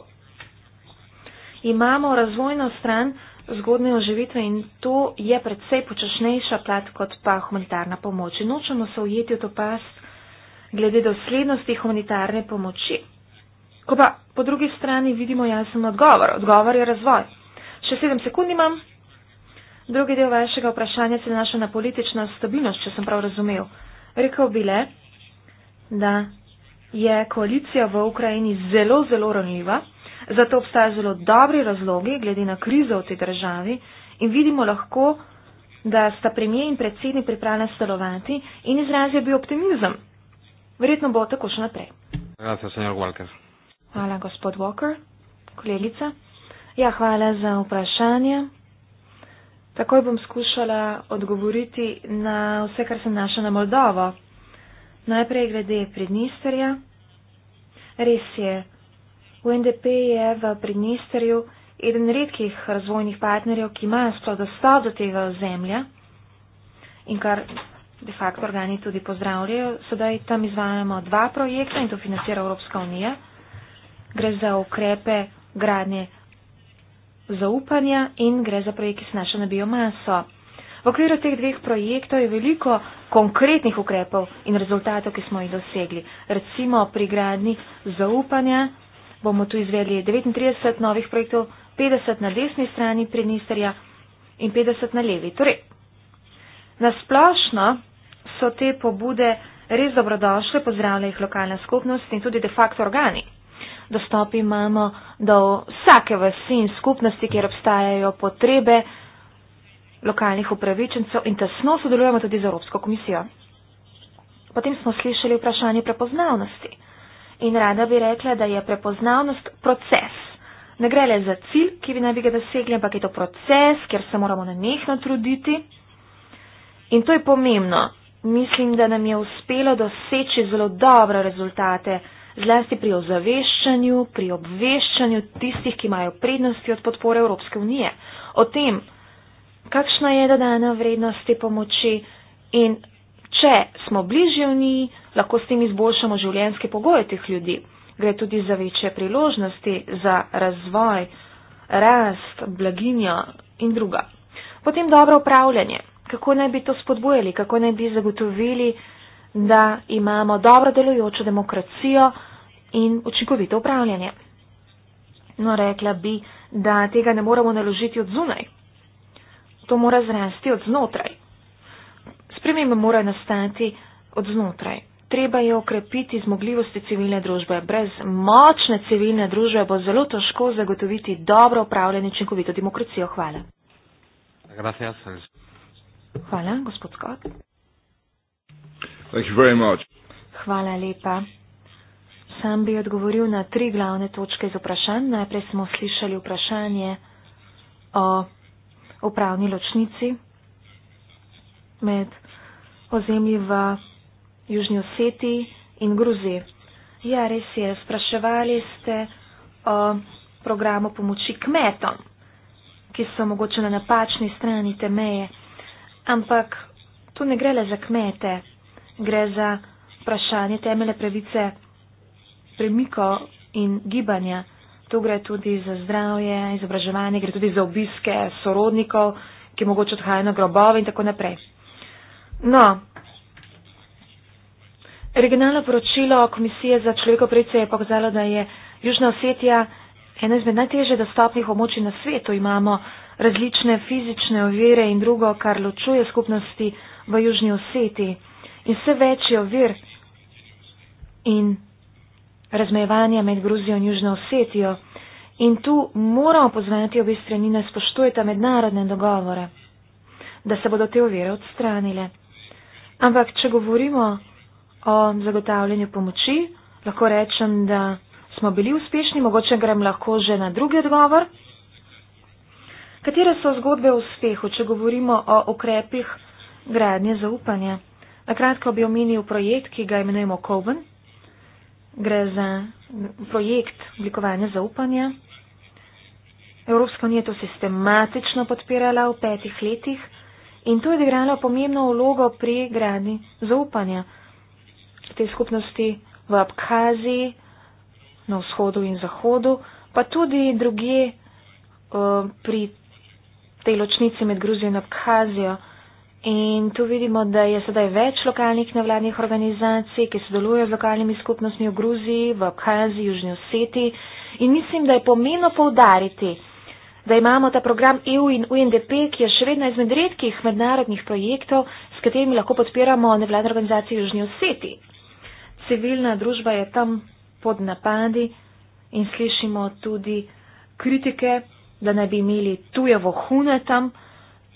imamo razvojno stran zgodne oživitve in to je predvsej počešnejša plat kot pa humanitarna pomoč. In nočemo se ujeti v to past glede doslednosti humanitarne pomoči. Ko pa po drugi strani vidimo jasen odgovor, odgovor je razvoj. Še sedem sekund imam. Drugi del vašega vprašanja se nanaša na politično stabilnost, če sem prav razumel. Rekel bi le, da je koalicija v Ukrajini zelo, zelo ranljiva. Zato obstajajo zelo dobri razlogi glede na krizo v tej državi in vidimo lahko, da sta premije in predsednik pripravljena sodelovati in izrazijo bi optimizem. Verjetno bo tako še naprej. Gracias, hvala, gospod Walker. Kolegica. Ja, hvala za vprašanje. Takoj bom skušala odgovoriti na vse, kar sem našla na Moldovo. Najprej glede Pridnisterja. Res je, V NDP je v Pridnisterju eden redkih razvojnih partnerjev, ki ima sto dostop do tega ozemlja in kar de facto organi tudi pozdravljajo. Sedaj tam izvajamo dva projekta in to financira Evropska unija. Gre za ukrepe gradnje zaupanja in gre za projekt, ki se naša na biomaso. V okviru teh dveh projektov je veliko konkretnih ukrepov in rezultatov, ki smo jih dosegli. Recimo pri gradnji zaupanja bomo tu izveli 39 novih projektov, 50 na desni strani Prinisterja in 50 na levi. Torej, nasplošno so te pobude res dobrodošle, pozdravlja jih lokalna skupnost in tudi de facto organi. Dostop imamo do vsake vasi in skupnosti, kjer obstajajo potrebe lokalnih upravičencev in tesno sodelujemo tudi z Evropsko komisijo. Potem smo slišali vprašanje prepoznavnosti in rada bi rekla, da je prepoznavnost proces. Ne gre le za cilj, ki bi naj bi ga dosegli, ampak je to proces, ker se moramo na nehno truditi. In to je pomembno. Mislim, da nam je uspelo doseči zelo dobre rezultate, zlasti pri ozaveščanju, pri obveščanju tistih, ki imajo prednosti od podpore Evropske unije. O tem, kakšna je dodana vrednost te pomoči in Če smo bližje v njih, lahko s tem izboljšamo življenjske pogoje teh ljudi. Gre tudi za večje priložnosti za razvoj, rast, blaginjo in druga. Potem dobro upravljanje. Kako naj bi to spodbojali, kako naj bi zagotovili, da imamo dobro delujočo demokracijo in učinkovito upravljanje. No, rekla bi, da tega ne moramo naložiti od zunaj. To mora zrasti od znotraj. Sprememba mora nastati od znotraj. Treba je okrepiti zmogljivosti civilne družbe. Brez močne civilne družbe bo zelo težko zagotoviti dobro upravljanje učinkovito demokracijo. Hvala. Hvala, gospod Scott. Hvala lepa. Sam bi odgovoril na tri glavne točke iz vprašanj. Najprej smo slišali vprašanje o upravni ločnici, med ozemlji v Južni Oseti in Gruziji. Ja, res je, spraševali ste o programu pomoči kmetom, ki so mogoče na napačni strani te meje, ampak tu ne gre le za kmete, gre za vprašanje temeljne pravice premiko in gibanja. Tu gre tudi za zdravje, izobraževanje, gre tudi za obiske sorodnikov, ki mogoče odhajajo na grobove in tako naprej. No, originalno poročilo Komisije za človeko predse je pokazalo, da je Južna Osetija ena izmed najtežje dostopnih območij na svetu. Imamo različne fizične ovire in drugo, kar ločuje skupnosti v Južni Oseti. In vse več je ovir in razmejevanja med Gruzijo in Južno Osetijo. In tu moramo pozvati obe strani, da spoštujete mednarodne dogovore, da se bodo te ovire odstranile. Ampak, če govorimo o zagotavljanju pomoči, lahko rečem, da smo bili uspešni, mogoče grem lahko že na drugi odgovor. Katere so zgodbe o uspehu, če govorimo o ukrepih gradnje zaupanja? Na kratko bi omenil projekt, ki ga imenujemo Coven. Gre za projekt oblikovanja zaupanja. Evropska unija je to sistematično podpirala v petih letih. In to je igralo pomembno vlogo pri gradni zaupanja te skupnosti v Abkaziji, na vzhodu in zahodu, pa tudi druge uh, eh, pri tej ločnici med Gruzijo in Abkazijo. In tu vidimo, da je sedaj več lokalnih nevladnih organizacij, ki sodelujejo z lokalnimi skupnostmi v Gruziji, v Abkaziji, Južni Oseti. In mislim, da je pomembno poudariti, da imamo ta program EU in UNDP, ki je še vedno izmed redkih mednarodnih projektov, s katerimi lahko podpiramo nevladne organizacije Južnji Oseti. Civilna družba je tam pod napadi in slišimo tudi kritike, da ne bi imeli tuje vohune tam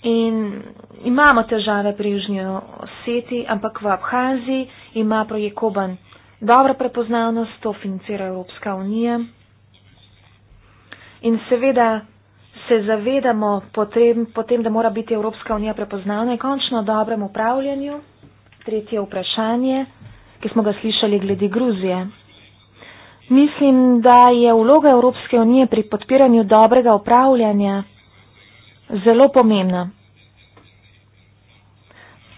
in imamo težave pri Južnji Oseti, ampak v Abhaziji ima projekt Koban dobro prepoznavnost, to financira Evropska unija. In seveda se zavedamo potem, potem, da mora biti Evropska unija prepoznavna in končno o dobrem upravljanju. Tretje vprašanje, ki smo ga slišali glede Gruzije. Mislim, da je vloga Evropske unije pri podpiranju dobrega upravljanja zelo pomembna.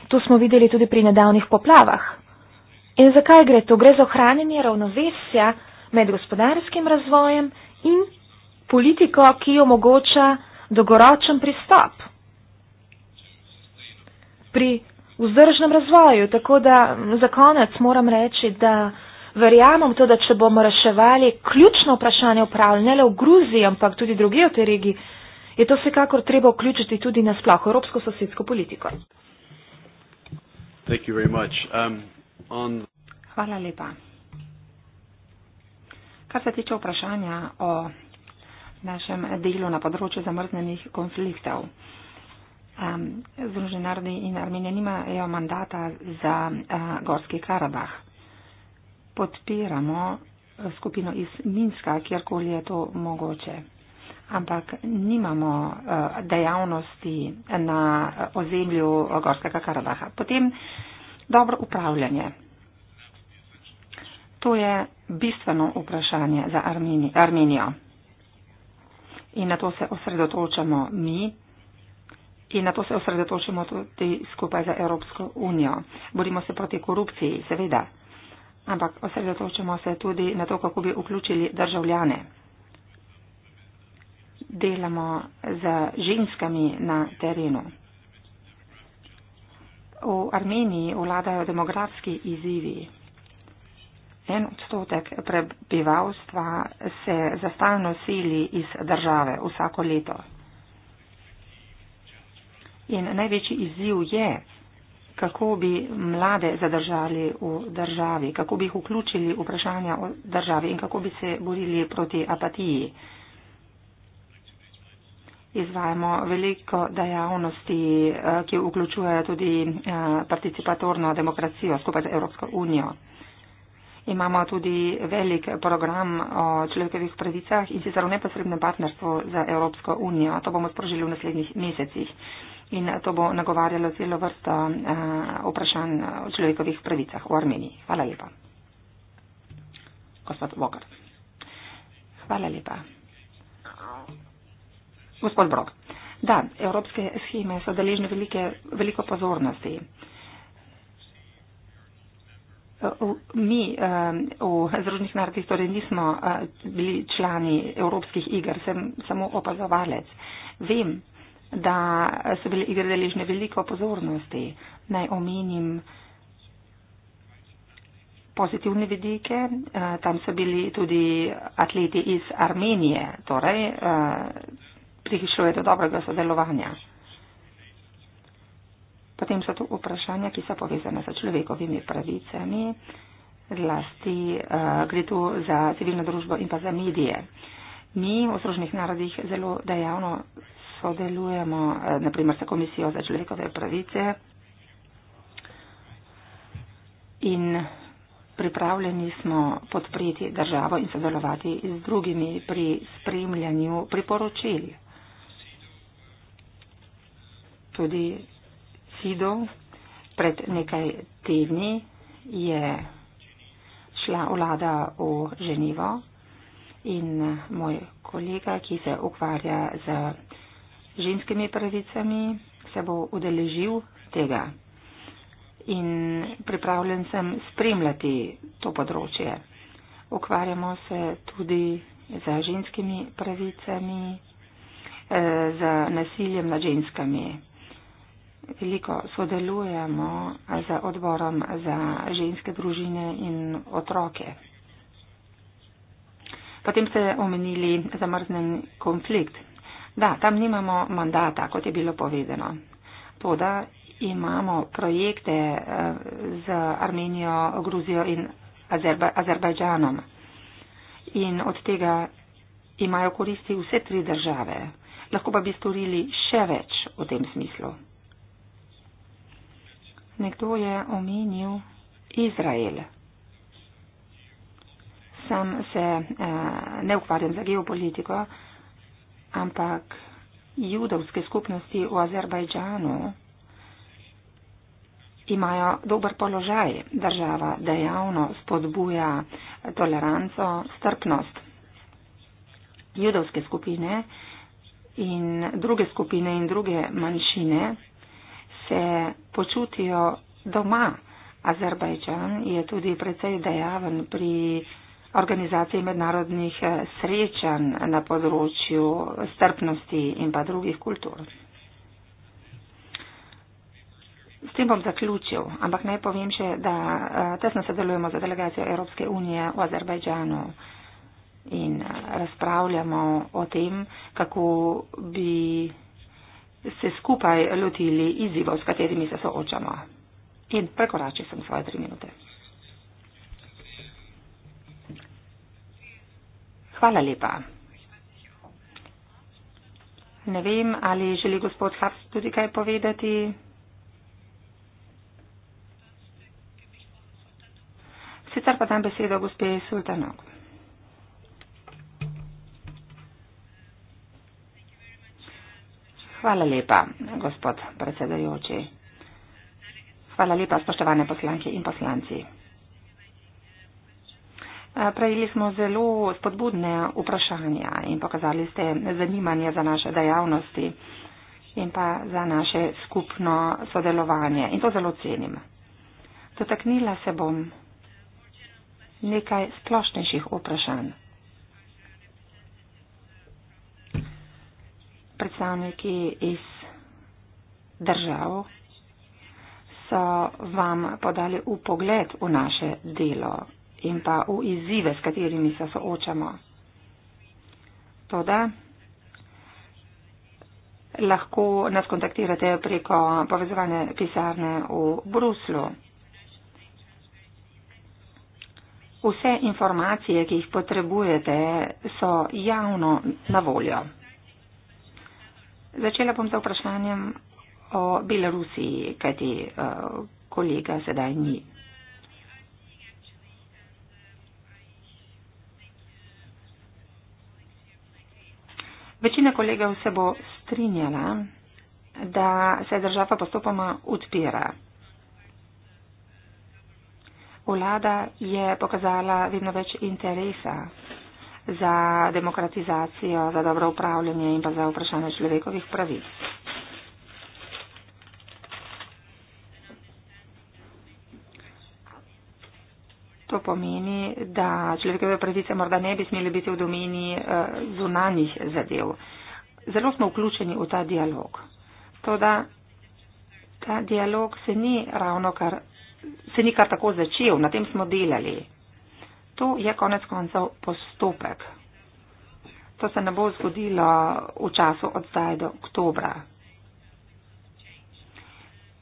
To smo videli tudi pri nedavnih poplavah. In zakaj gre to? Gre za ohranjanje ravnovesja med gospodarskim razvojem in politiko, ki omogoča dolgoročen pristop pri vzdržnem razvoju. Tako da za konec moram reči, da verjamem to, da če bomo reševali ključno vprašanje upravljanja, ne le v Gruziji, ampak tudi druge v tej regiji, je to vsekakor treba vključiti tudi na sploh evropsko sosedsko politiko. Um, on... Hvala lepa. Kar se tiče vprašanja o našem delu na področju zamrznenih konfliktov. Združen narodi in Armenija nimajo mandata za eh, Gorski Karabah. Podpiramo skupino iz Minska, kjerkoli je to mogoče. Ampak nimamo eh, dejavnosti na ozemlju Gorskega Karabaha. Potem dobro upravljanje. To je bistveno vprašanje za Armenijo in na to se osredotočamo mi in na to se osredotočamo tudi skupaj za Evropsko unijo. Borimo se proti korupciji, seveda, ampak osredotočamo se tudi na to, kako bi vključili državljane. Delamo z ženskami na terenu. V Armeniji vladajo demografski izzivi. En odstotek prebivalstva se za stalno sili iz države vsako leto. In največji izziv je, kako bi mlade zadržali v državi, kako bi jih vključili v vprašanja o državi in kako bi se borili proti apatiji. Izvajamo veliko dejavnosti, eh, ki vključujejo tudi eh, participatorno demokracijo skupaj z Evropsko unijo imamo tudi velik program o človekovih pravicah in sicer v neposrednem partnerstvu za Evropsko unijo. To bomo sprožili v naslednjih mesecih in to bo nagovarjalo celo vrsto uh, vprašanj o človekovih pravicah v Armeniji. Hvala lepa. Gospod Vokar. Hvala lepa. Gospod Brok. Da, evropske scheme so deležne veliko pozornosti. Uh, mi um, v Združenih narodih torej nismo uh, bili člani evropskih iger, sem samo opazovalec. Vem, da so bile igre deležne veliko pozornosti. Naj omenim pozitivne vidike, uh, tam so bili tudi atleti iz Armenije, torej prišlo je do dobrega sodelovanja. Potem so tu vprašanja, ki so povezane z človekovimi pravicami, zlasti uh, gre tu za civilno družbo in pa za medije. Mi v Združenih narodih zelo dejavno sodelujemo, uh, eh, naprimer, s Komisijo za človekove pravice in pripravljeni smo podpreti državo in sodelovati z drugimi pri spremljanju priporočil. Tudi Hidov pred nekaj tedni je šla vlada v Ženevo in moj kolega, ki se ukvarja z ženskimi pravicami, se bo udeležil tega. In pripravljen sem spremljati to področje. Ukvarjamo se tudi z ženskimi pravicami, eh, z nasiljem nad ženskami veliko sodelujemo z odborom za ženske družine in otroke. Potem ste omenili zamrznen konflikt. Da, tam nimamo mandata, kot je bilo povedano. To, da imamo projekte eh, z Armenijo, Gruzijo in Azerba, Azerbajdžanom. In od tega imajo koristi vse tri države. Lahko pa bi storili še več v tem smislu. Nekdo je omenil Izrael. Sam se eh, ne ukvarjam za geopolitiko, ampak judovske skupnosti v Azerbajdžanu imajo dober položaj. Država dejavno spodbuja toleranco, strpnost. Judovske skupine in druge skupine in druge manjšine se počutijo doma. Azerbajdžan je tudi precej dejaven pri organizaciji mednarodnih eh, srečanj na področju strpnosti in pa drugih kultur. S tem bom zaključil, ampak naj povem še, da eh, tesno sodelujemo za delegacijo Evropske unije v Azerbajdžanu in eh, razpravljamo o tem, kako bi se skupaj lotili izzivov, s katerimi se soočamo. In prekoračil sem svoje tri minute. Hvala lepa. Ne vem, ali želi gospod Haft tudi kaj povedati. Sicer pa dam besedo gospe Sultanovi. Hvala lepa, gospod predsedajoči. Hvala lepa, spoštovane poslanke in poslanci. Eh, prejeli smo zelo spodbudne vprašanja in pokazali ste zanimanje za naše dejavnosti in pa za naše skupno sodelovanje. In to zelo cenim. Dotaknila se bom nekaj splošnejših vprašanj. predstavniki iz držav so vam podali v pogled v naše delo in pa v izzive, s katerimi se soočamo. Toda lahko nas kontaktirate preko povezovane pisarne v Bruslu. Vse informacije, ki jih potrebujete, so javno na voljo. Začela bom z vprašanjem o Belorusiji, kajti eh, kolega sedaj ni. Večina kolegov se bo strinjala, da se država postopoma odpira. Vlada je pokazala vedno več interesa za demokratizacijo, za dobro upravljanje in pa za vprašanje človekovih pravic. To pomeni, da človekove pravice morda ne bi smeli biti v domeni eh, zunanjih zadev. Zelo smo vključeni v ta dialog. Toda ta dialog se ni ravno kar, se ni kar tako začel, na tem smo delali. To je konec koncev postopek. To se ne bo zgodilo v času od zdaj do oktobra.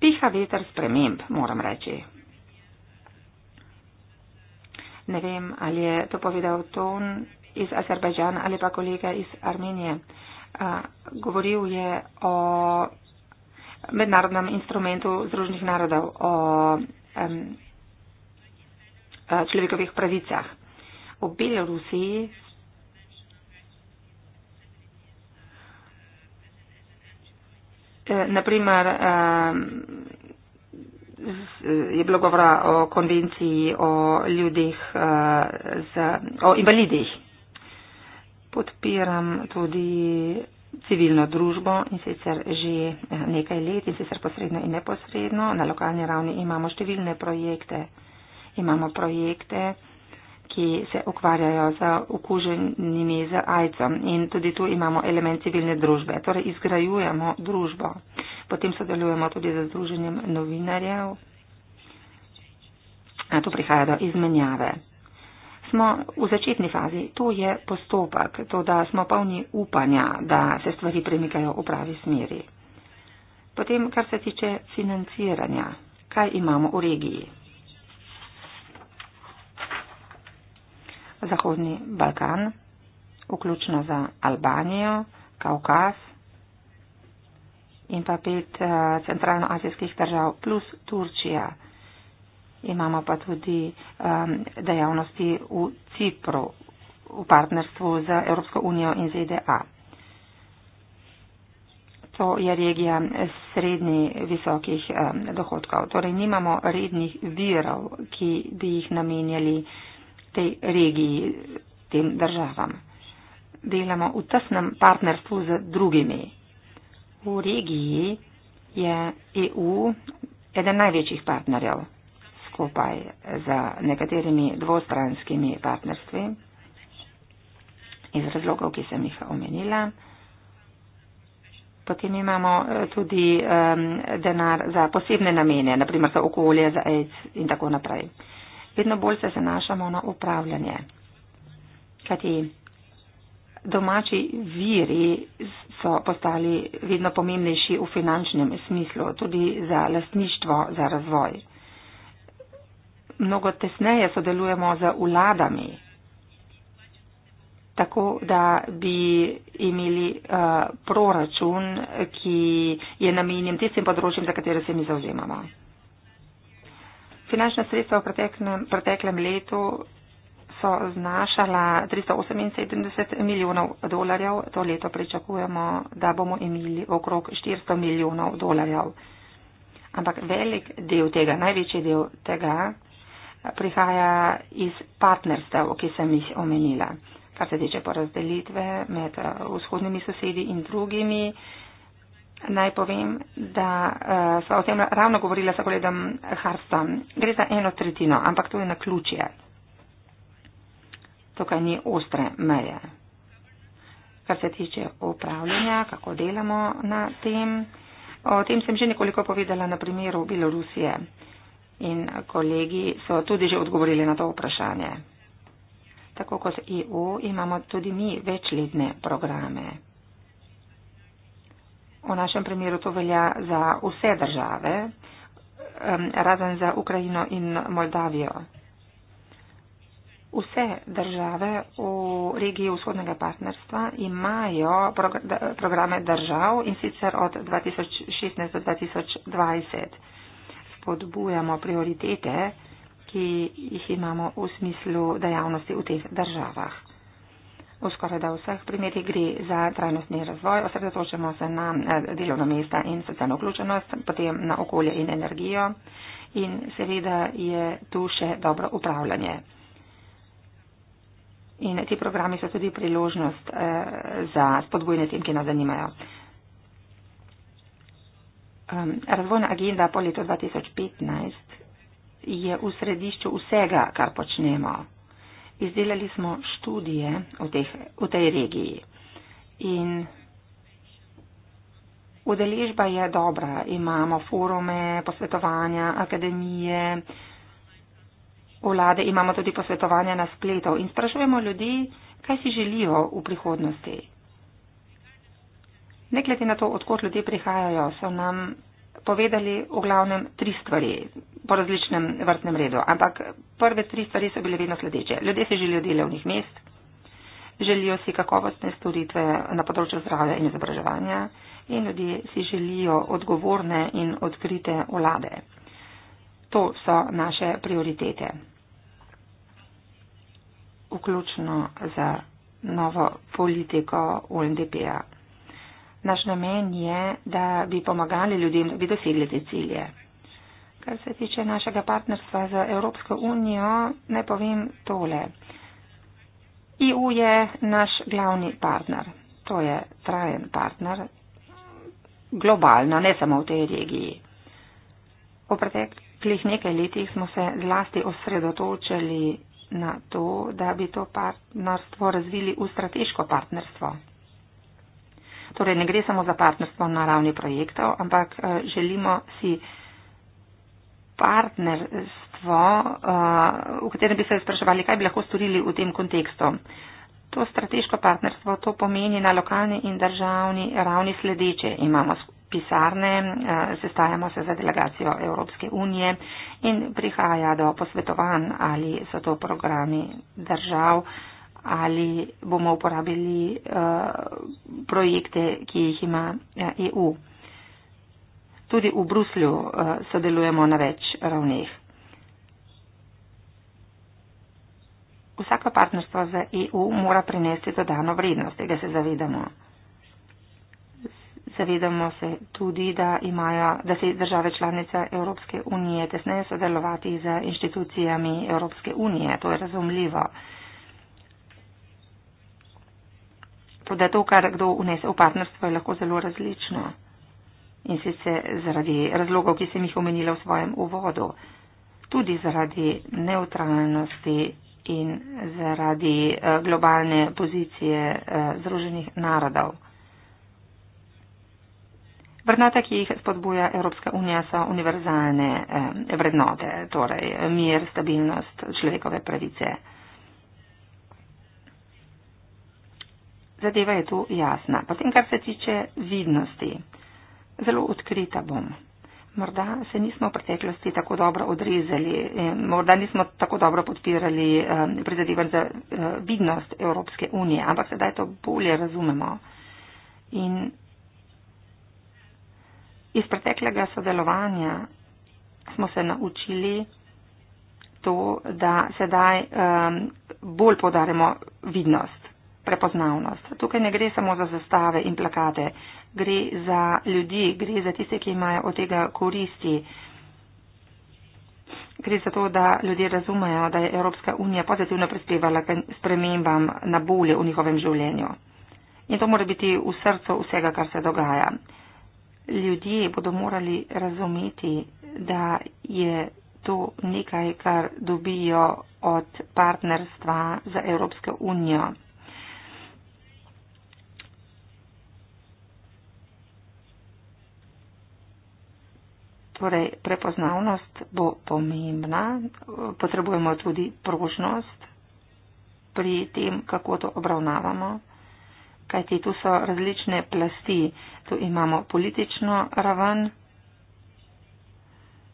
Piha veter sprememb, moram reči. Ne vem, ali je to povedal Ton iz Azerbajdžana ali pa kolega iz Armenije. A, govoril je o mednarodnem instrumentu Združenih narodov, o. Um, Eh, človekovih pravicah. V Belorusiji eh, naprimer eh, je bilo govora o konvenciji o ljudih z, o invalidih. Podpiram tudi civilno družbo in sicer že nekaj let in sicer posredno in neposredno. Na lokalni ravni imamo številne projekte imamo projekte, ki se ukvarjajo z okuženimi z AIDS-om in tudi tu imamo element civilne družbe. Torej, izgrajujemo družbo. Potem sodelujemo tudi z Združenjem novinarjev. A tu prihaja do izmenjave. Smo v začetni fazi, to je postopek, to da smo polni upanja, da se stvari premikajo v pravi smeri. Potem, kar se tiče financiranja, kaj imamo v regiji? Zahodni Balkan, vključno za Albanijo, Kaukaz in pa pet uh, centralnoazijskih držav plus Turčija. Imamo pa tudi um, dejavnosti v Cipru v partnerstvu z Evropsko unijo in ZDA. To je regija srednji visokih um, dohodkov. Torej nimamo rednih virov, ki bi jih namenjali uh, tej regiji, tem državam. Delamo v tesnem partnerstvu z drugimi. V regiji je EU eden največjih partnerjev skupaj z nekaterimi dvostranskimi partnerstvi iz razlogov, ki sem jih omenila. Potem imamo eh, tudi um, denar za posebne namene, naprimer za okolje, za AIDS in tako naprej vedno bolj se zanašamo na upravljanje. Kajti domači viri so postali vedno pomembnejši v finančnem smislu, tudi za lastništvo, za razvoj. Mnogo tesneje sodelujemo z vladami, tako da bi imeli uh, proračun, ki je namenjen tistim področjem, za katere se mi zauzemamo. Finančna sredstva v preteklem, preteklem letu so znašala 378 milijonov dolarjev. To leto pričakujemo, da bomo imeli okrog 400 milijonov dolarjev. Ampak velik del tega, največji del tega, eh, prihaja iz partnerstev, ki sem jih omenila. Kar se tiče porazdelitve med eh, vzhodnimi sosedi in drugimi, Naj povem, da uh, eh, so o tem ravno govorila s kolegom Harstom. Gre za eno tretjino, ampak to je na ključje. Tukaj ni ostre meje. Kar se tiče upravljanja, kako delamo na tem, o tem sem že nekoliko povedala na primeru Belorusije in kolegi so tudi že odgovorili na to vprašanje. Tako kot EU imamo tudi mi večletne programe. V našem primeru to velja za vse države, razen za Ukrajino in Moldavijo. Vse države v regiji vzhodnega partnerstva imajo programe držav in sicer od 2016 do 2020. Spodbujamo prioritete, ki jih imamo v smislu dejavnosti v teh državah. V skoraj da vseh primerjih gre za trajnostni razvoj, osredotočamo se na eh, delovno mesto in socialno vključenost, potem na okolje in energijo in seveda je tu še dobro upravljanje. In ti programi so tudi priložnost eh, za spodbujanje tem, ki nas zanimajo. Ehm, razvojna agenda po letu 2015 je v središču vsega, kar počnemo izdelali smo študije v, teh, v tej regiji. In udeležba je dobra. Imamo forume, posvetovanja, akademije, vlade, imamo tudi posvetovanja na spletu in sprašujemo ljudi, kaj si želijo v prihodnosti. Ne glede na to, odkot ljudje prihajajo, so nam povedali v glavnem tri stvari po različnem vrstnem redu, ampak prve tri stvari so bile vedno sledeče. Ljudje si želijo delovnih mest, želijo si kakovostne storitve na področju zdravja in izobraževanja in ljudje si želijo odgovorne in odkrite vlade. To so naše prioritete. Vključno za novo politiko UNDP-a Naš namen je, da bi pomagali ljudem, da bi dosegli te cilje. Kar se tiče našega partnerstva z Evropsko unijo, ne povem tole. EU je naš glavni partner. To je trajen partner. Globalno, ne samo v tej regiji. V preteklih nekaj letih smo se zlasti osredotočili na to, da bi to partnerstvo razvili v strateško partnerstvo. Torej ne gre samo za partnerstvo na ravni projektov, ampak eh, želimo si partnerstvo, eh, v katerem bi se spraševali, kaj bi lahko storili v tem kontekstu. To strateško partnerstvo, to pomeni na lokalni in državni ravni sledeče. Imamo pisarne, eh, sestajamo se za delegacijo Evropske unije in prihaja do posvetovanj, ali so to programi držav ali bomo uporabili eh, projekte, ki jih ima EU. Eh, e tudi v Bruslju eh, sodelujemo na več ravneh. Vsako partnerstvo za EU mora prinesti dodano vrednost, tega se zavedamo. Zavedamo se tudi, da, imajo, da se države članice Evropske unije tesneje sodelovati z inštitucijami Evropske unije, to je razumljivo. to, da to, kar kdo vnese v partnerstvo, je lahko zelo različno. In sicer zaradi razlogov, ki sem jih omenila v svojem uvodu, tudi zaradi neutralnosti in zaradi eh, globalne pozicije eh, Združenih narodov. Vrednote, ki jih spodbuja Evropska unija, so univerzalne eh, vrednote, torej mir, stabilnost, človekove pravice. zadeva je tu jasna. Potem, kar se tiče vidnosti, zelo odkrita bom. Morda se nismo v preteklosti tako dobro odrezali, eh, morda nismo tako dobro podpirali eh, prizadevanj za eh, vidnost Evropske unije, ampak sedaj to bolje razumemo. In iz preteklega sodelovanja smo se naučili to, da sedaj bolj podarimo vidnost prepoznavnost. Tukaj ne gre samo za zastave in plakate, gre za ljudi, gre za tiste, ki imajo od tega koristi. Gre za to, da ljudje razumejo, da je Evropska unija pozitivno prispevala k spremembam na bolje v njihovem življenju. In to mora biti v srcu vsega, kar se dogaja. Ljudje bodo morali razumeti, da je to nekaj, kar dobijo od partnerstva za Evropsko unijo. Torej, prepoznavnost bo pomembna, potrebujemo tudi prožnost pri tem, kako to obravnavamo, kajti tu so različne plasti, tu imamo politično raven.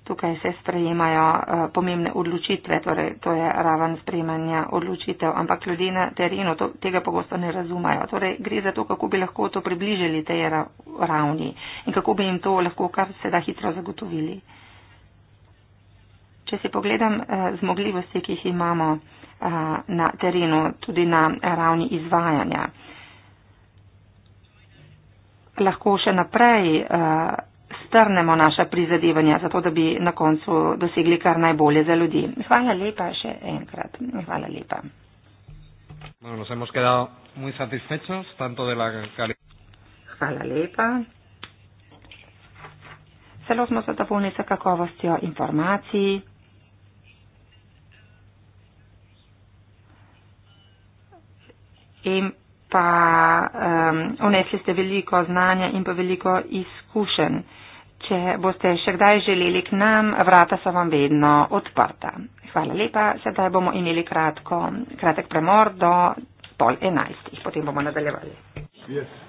Tukaj se sprejemajo eh, pomembne odločitve, torej to je raven sprejemanja odločitev, ampak ljudje na terenu to, tega pogosto ne razumajo. Torej gre za to, kako bi lahko to približili tej ravni in kako bi jim to lahko kar se da hitro zagotovili. Če si pogledam eh, zmogljivosti, ki jih imamo eh, na terenu, tudi na ravni izvajanja, lahko še naprej strnemo naša prizadevanja, zato da bi na koncu dosegli kar najbolje za ljudi. Hvala lepa še enkrat. Hvala lepa. Hvala lepa. Zelo smo zadovoljni sa kakovostjo informacij. In pa um, ehm, unesli ste veliko znanja in pa veliko izkušenj. Če boste še kdaj želeli k nam, vrata so vam vedno odprta. Hvala lepa, sedaj bomo imeli kratko, kratek premor do pol enajstih, potem bomo nadaljevali. Yes.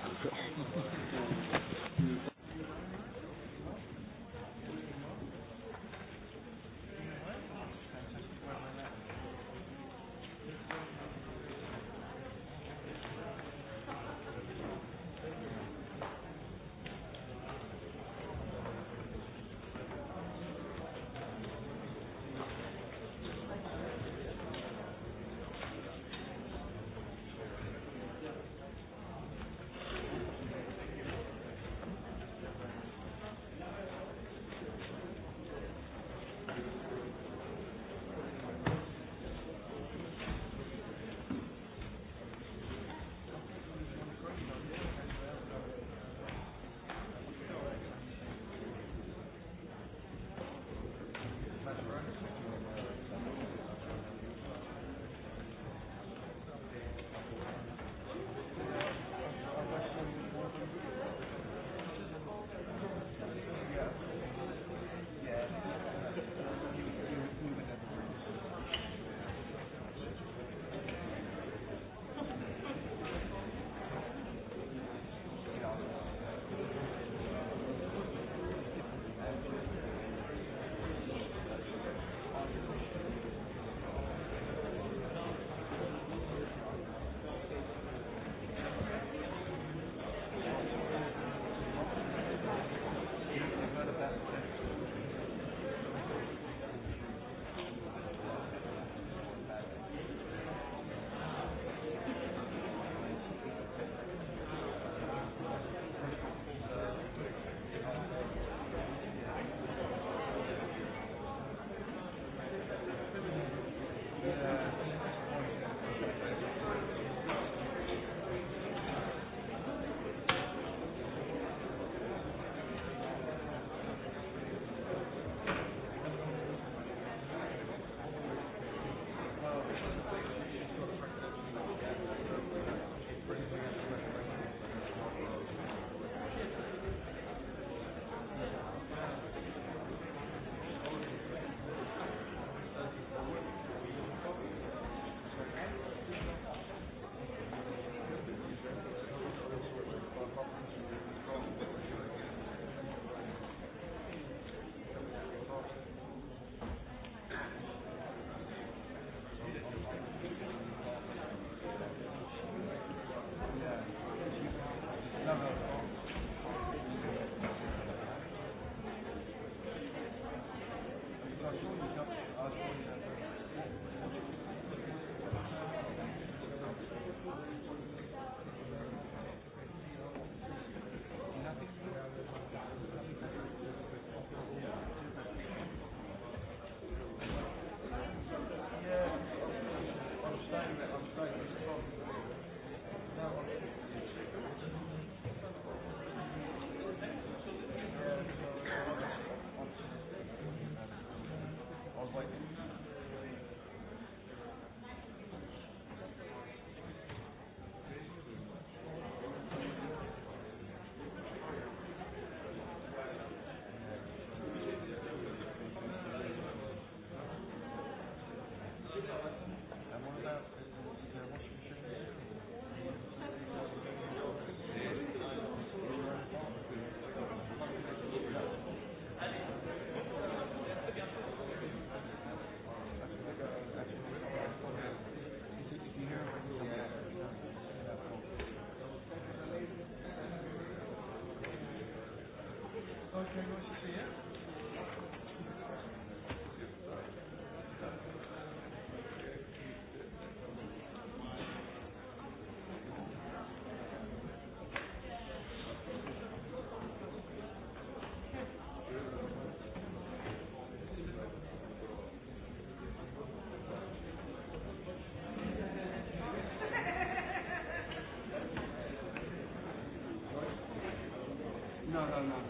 No, no, no.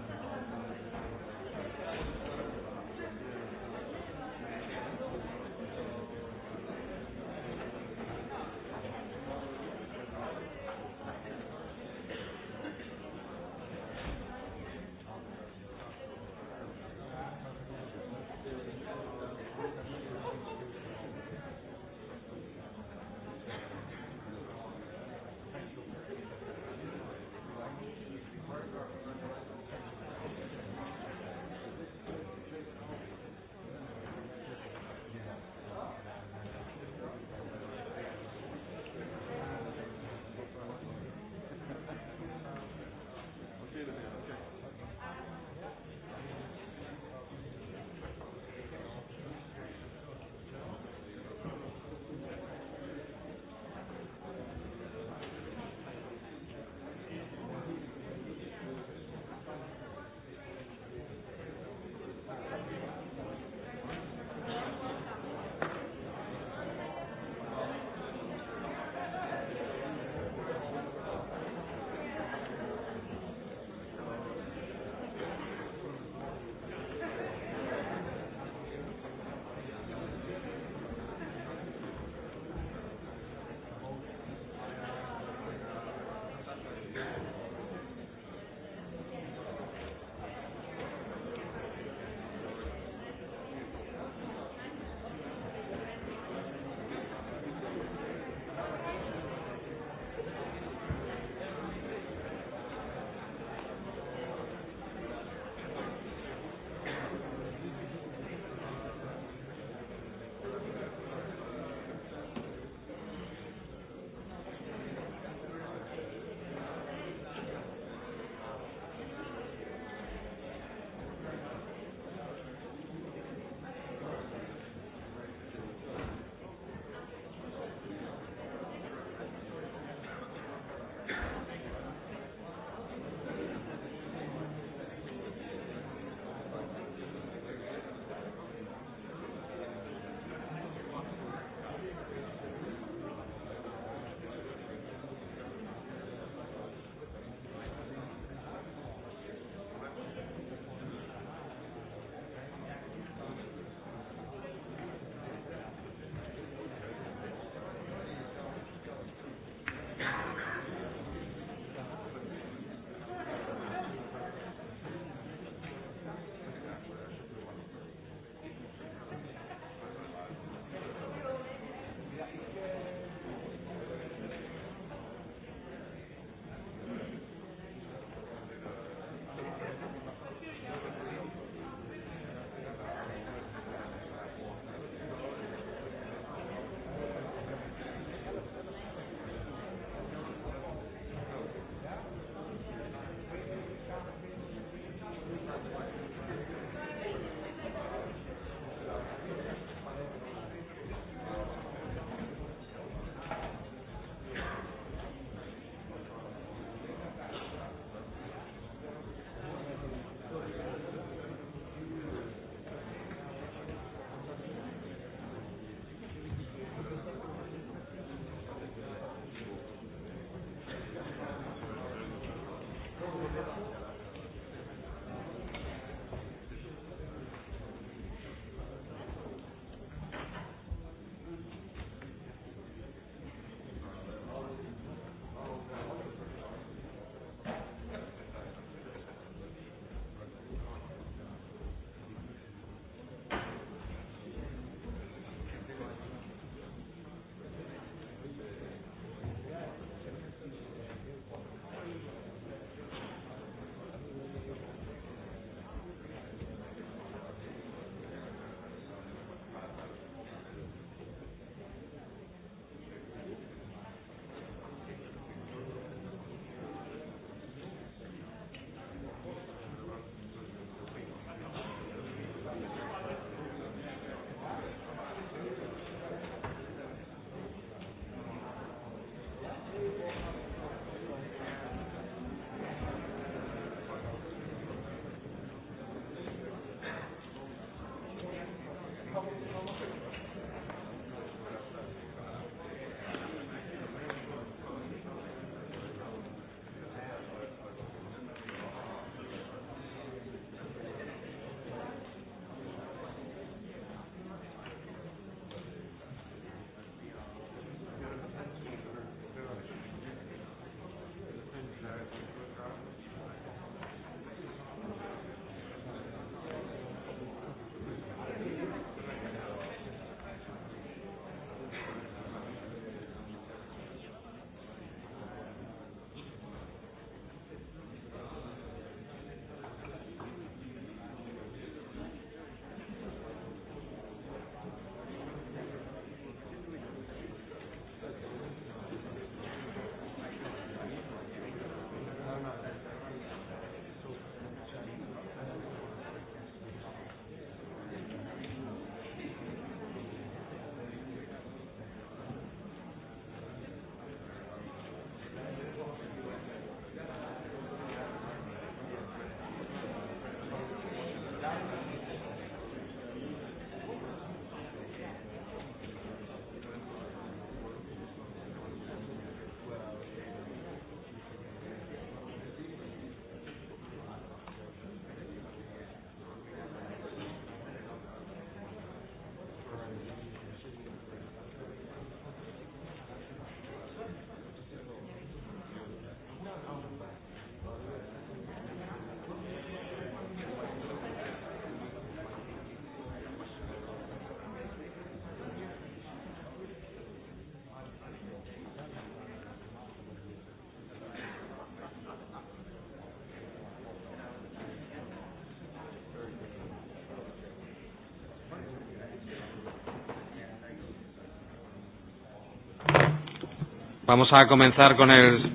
Vamos a comenzar con el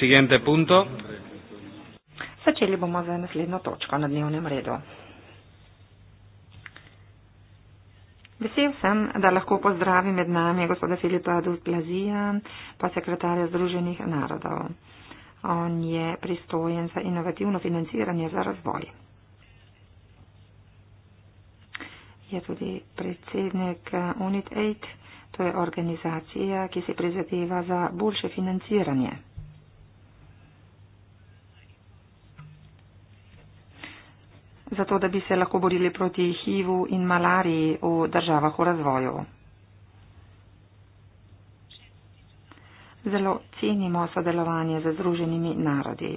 siguiente punto. Začeli bomo z naslednjo točko na dnevnem redu. Vesel sem, da lahko pozdravim med nami gospoda Filipa Duplazija, pa sekretarja Združenih narodov. On je pristojen za inovativno financiranje za razvoj. Je tudi predsednik UNIT-8 To je organizacija, ki si prizadeva za boljše financiranje. Zato, da bi se lahko borili proti HIV-u in malariji v državah v razvoju. Zelo cenimo sodelovanje z Združenimi narodi.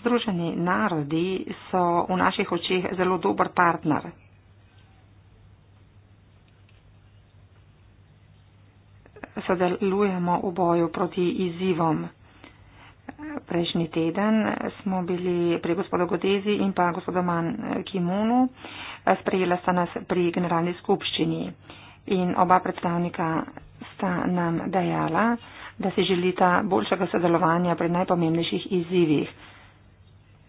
Združeni narodi so v naših očeh zelo dober partner. sodelujemo v boju proti izzivom. Prejšnji teden smo bili pri gospodu Godezi in pa gospodu Man Kimunu, eh, sprejela sta nas pri generalni skupščini in oba predstavnika sta nam dejala, da si želita boljšega sodelovanja pri najpomembnejših izzivih.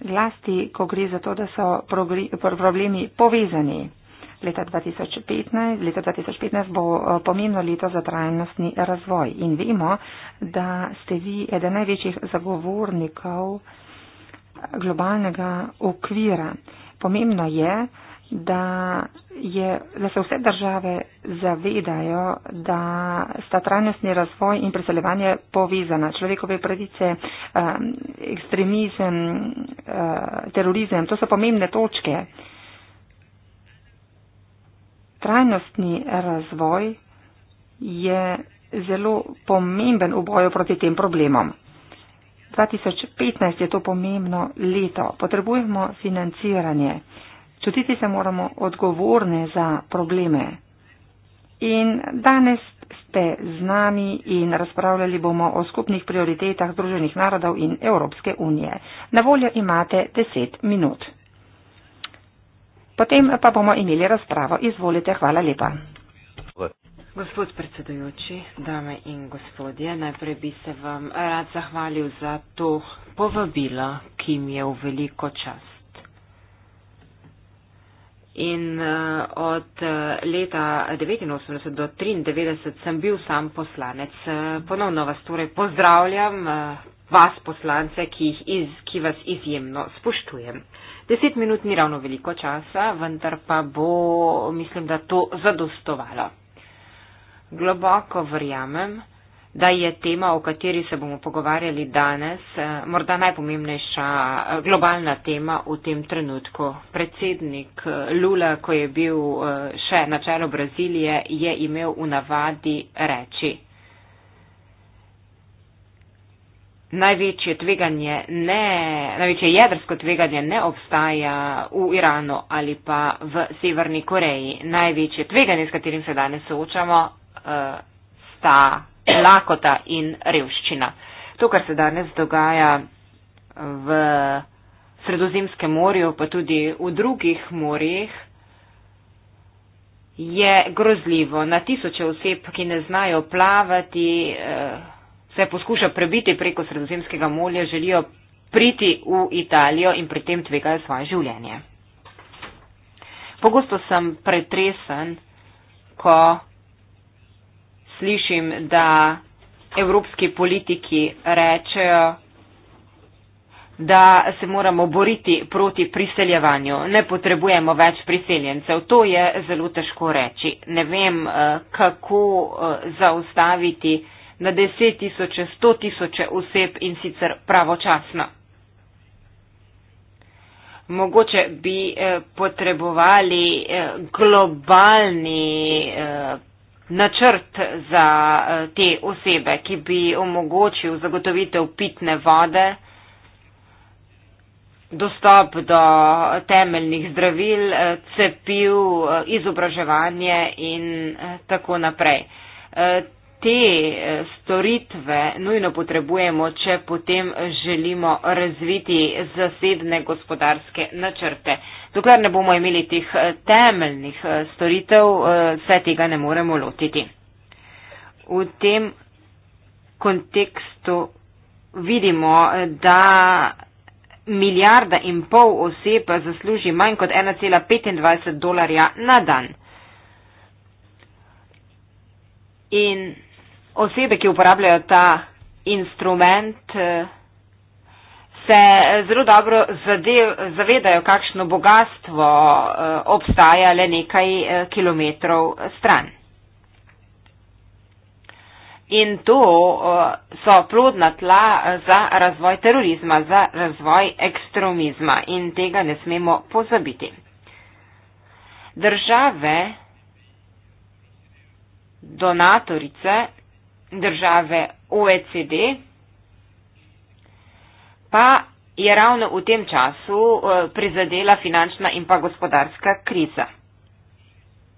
Glasti, ko gre za to, da so problemi povezani leta 2015. Leto 2015 bo eh, pomembno leto za trajnostni razvoj in vemo, da ste vi eden največjih zagovornikov globalnega okvira. Pomembno je, da, je, da se vse države zavedajo, da sta trajnostni razvoj in preseljevanje povezana. Človekove pravice, eh, ekstremizem, eh, terorizem, to so pomembne točke trajnostni razvoj je zelo pomemben v boju proti tem problemom. 2015 je to pomembno leto. Potrebujemo financiranje. Čutiti se moramo odgovorne za probleme. In danes ste z nami in razpravljali bomo o skupnih prioritetah Združenih narodov in Evropske unije. Na voljo imate 10 minut. Potem pa bomo imeli razpravo. Izvolite, hvala lepa. Gospod predsedujoči, dame in gospodje, najprej bi se vam rad zahvalil za to povabilo, ki mi je v veliko čas. In eh, od eh, leta 1989 do 1993 sem bil sam poslanec. Eh, ponovno vas torej pozdravljam, vas poslance, ki, iz, ki vas izjemno spoštujem. Deset minut ni ravno veliko časa, vendar pa bo, mislim, da to zadostovalo. Globoko verjamem, da je tema, o kateri se bomo pogovarjali danes, eh, morda najpomembnejša eh, globalna tema v tem trenutku. Predsednik eh, Lula, ko je bil še na čelu Brazilije, je imel v navadi reči. največje tveganje ne, največje jedrsko tveganje ne obstaja v Iranu ali pa v Severni Koreji. Največje tveganje, s katerim se danes soočamo, eh, sta lakota in revščina. To, kar se danes dogaja eh, v Sredozemskem morju, pa tudi v drugih morjih, je grozljivo. Na tisoče oseb, ki ne znajo plavati, eh, se poskuša prebiti preko sredozemskega molja, želijo priti v Italijo in pri tem tvegajo svoje življenje. Pogosto sem pretresen, ko slišim, da evropski politiki rečejo, da se moramo boriti proti priseljevanju. Ne potrebujemo več priseljencev. To je zelo težko reči. Ne vem, eh, kako eh, zaustaviti na deset tisoče, sto tisoče oseb in sicer pravočasno. Mogoče bi eh, potrebovali eh, globalni eh, načrt za te osebe, ki bi omogočil zagotovitev pitne vode, dostop do temeljnih zdravil, cepiv, izobraževanje in tako naprej te eh, storitve nujno potrebujemo, če potem želimo razviti zasebne gospodarske načrte. Dokler ne bomo imeli teh eh, temeljnih eh, storitev, vse tega ne moremo lotiti. V tem kontekstu vidimo, da milijarda in pol oseb zasluži manj kot 1,25 dolarja na dan. In osebe, ki uporabljajo ta instrument, eh, se eh, zelo dobro zadev, zavedajo, kakšno bogatstvo eh, obstaja le nekaj kilometrov stran. In to so plodna tla za razvoj terorizma, za razvoj ekstremizma in tega ne smemo pozabiti. Države, donatorice, države OECD, pa je ravno v tem času eh, prizadela finančna in pa gospodarska kriza.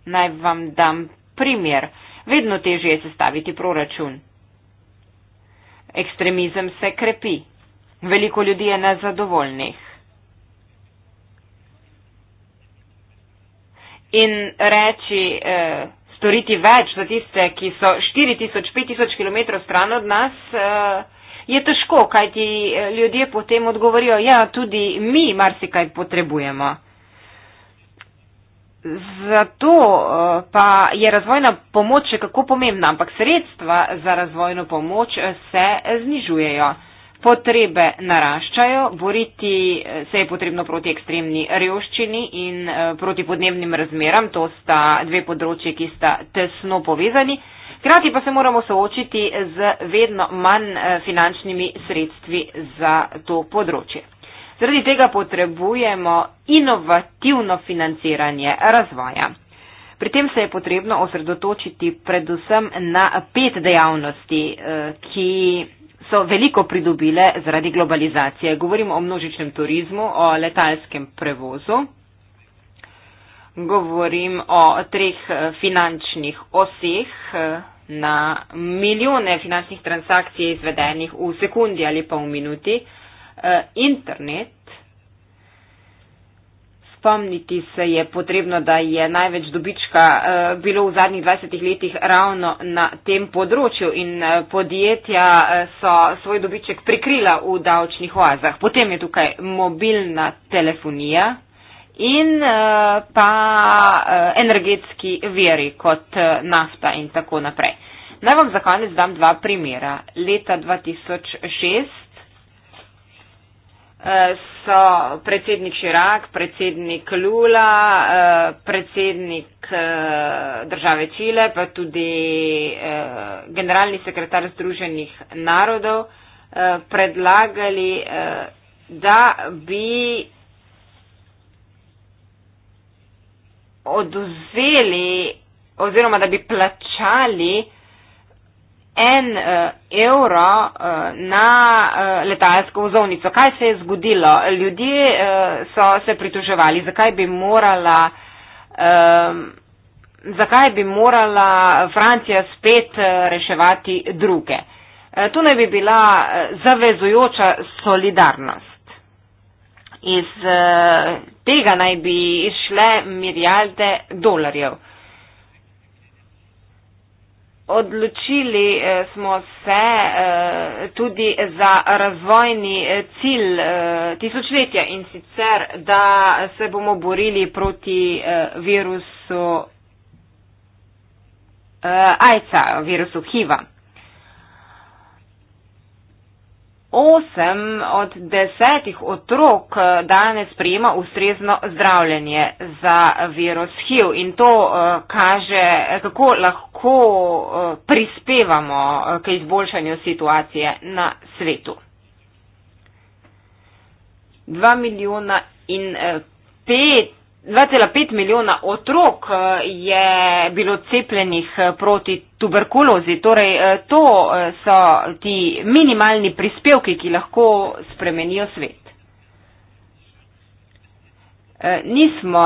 Naj vam dam primer. Vedno težje je sestaviti proračun. Ekstremizem se krepi. Veliko ljudi je nezadovoljnih. In reči, eh, storiti več za tiste, ki so 4000, 5000 km stran od nas, eh, je težko, kajti eh, ljudje potem odgovorijo, ja, tudi mi marsikaj potrebujemo. Zato eh, pa je razvojna pomoč še kako pomembna, ampak sredstva za razvojno pomoč se znižujejo. Potrebe naraščajo, boriti eh, se je potrebno proti ekstremni revščini in eh, proti podnebnim razmeram. To sta dve področje, ki sta tesno povezani. Hkrati pa se moramo soočiti z vedno manj eh, finančnimi sredstvi za to področje. Zaradi tega potrebujemo inovativno financiranje razvoja. Pri tem se je potrebno osredotočiti predvsem na pet dejavnosti, ki so veliko pridobile zaradi globalizacije. Govorimo o množičnem turizmu, o letalskem prevozu, govorim o treh eh, finančnih oseh eh, na milijone finančnih transakcij izvedenih v sekundi ali pa v minuti. Eh, internet spomniti se je potrebno, da je največ dobička uh, bilo v zadnjih 20 letih ravno na tem področju in uh, podjetja uh, so svoj dobiček prikrila v davčnih oazah. Potem je tukaj mobilna telefonija in uh, pa uh, energetski veri kot uh, nafta in tako naprej. Naj vam za konec dam dva primera. Leta 2006 so predsednik Širak, predsednik Lula, eh, predsednik eh, države Čile, pa tudi eh, generalni sekretar Združenih narodov predlagali, da bi oduzeli oziroma da bi plačali en uh, evro uh, na uh, letalsko vozovnico. Kaj se je zgodilo? Ljudje uh, so se prituževali, zakaj bi morala, uh, zakaj bi morala Francija spet uh, reševati druge. Uh, tu naj bi bila uh, zavezujoča solidarnost. Iz uh, tega naj bi išle milijarde dolarjev. Uh, odločili eh, smo se eh, tudi za razvojni eh, cilj tisočletja in sicer, da se bomo borili proti virusu AIDS-a, virusu HIV-a. osem od desetih otrok eh, danes prijema ustrezno zdravljenje za virus HIV in to eh, kaže, kako lahko eh, prispevamo k izboljšanju situacije na svetu. 2 milijona in 5 2,5 milijona otrok eh, je bilo cepljenih eh, proti tuberkulozi. Torej, eh, to so ti minimalni prispevki, ki lahko spremenijo svet. Nismo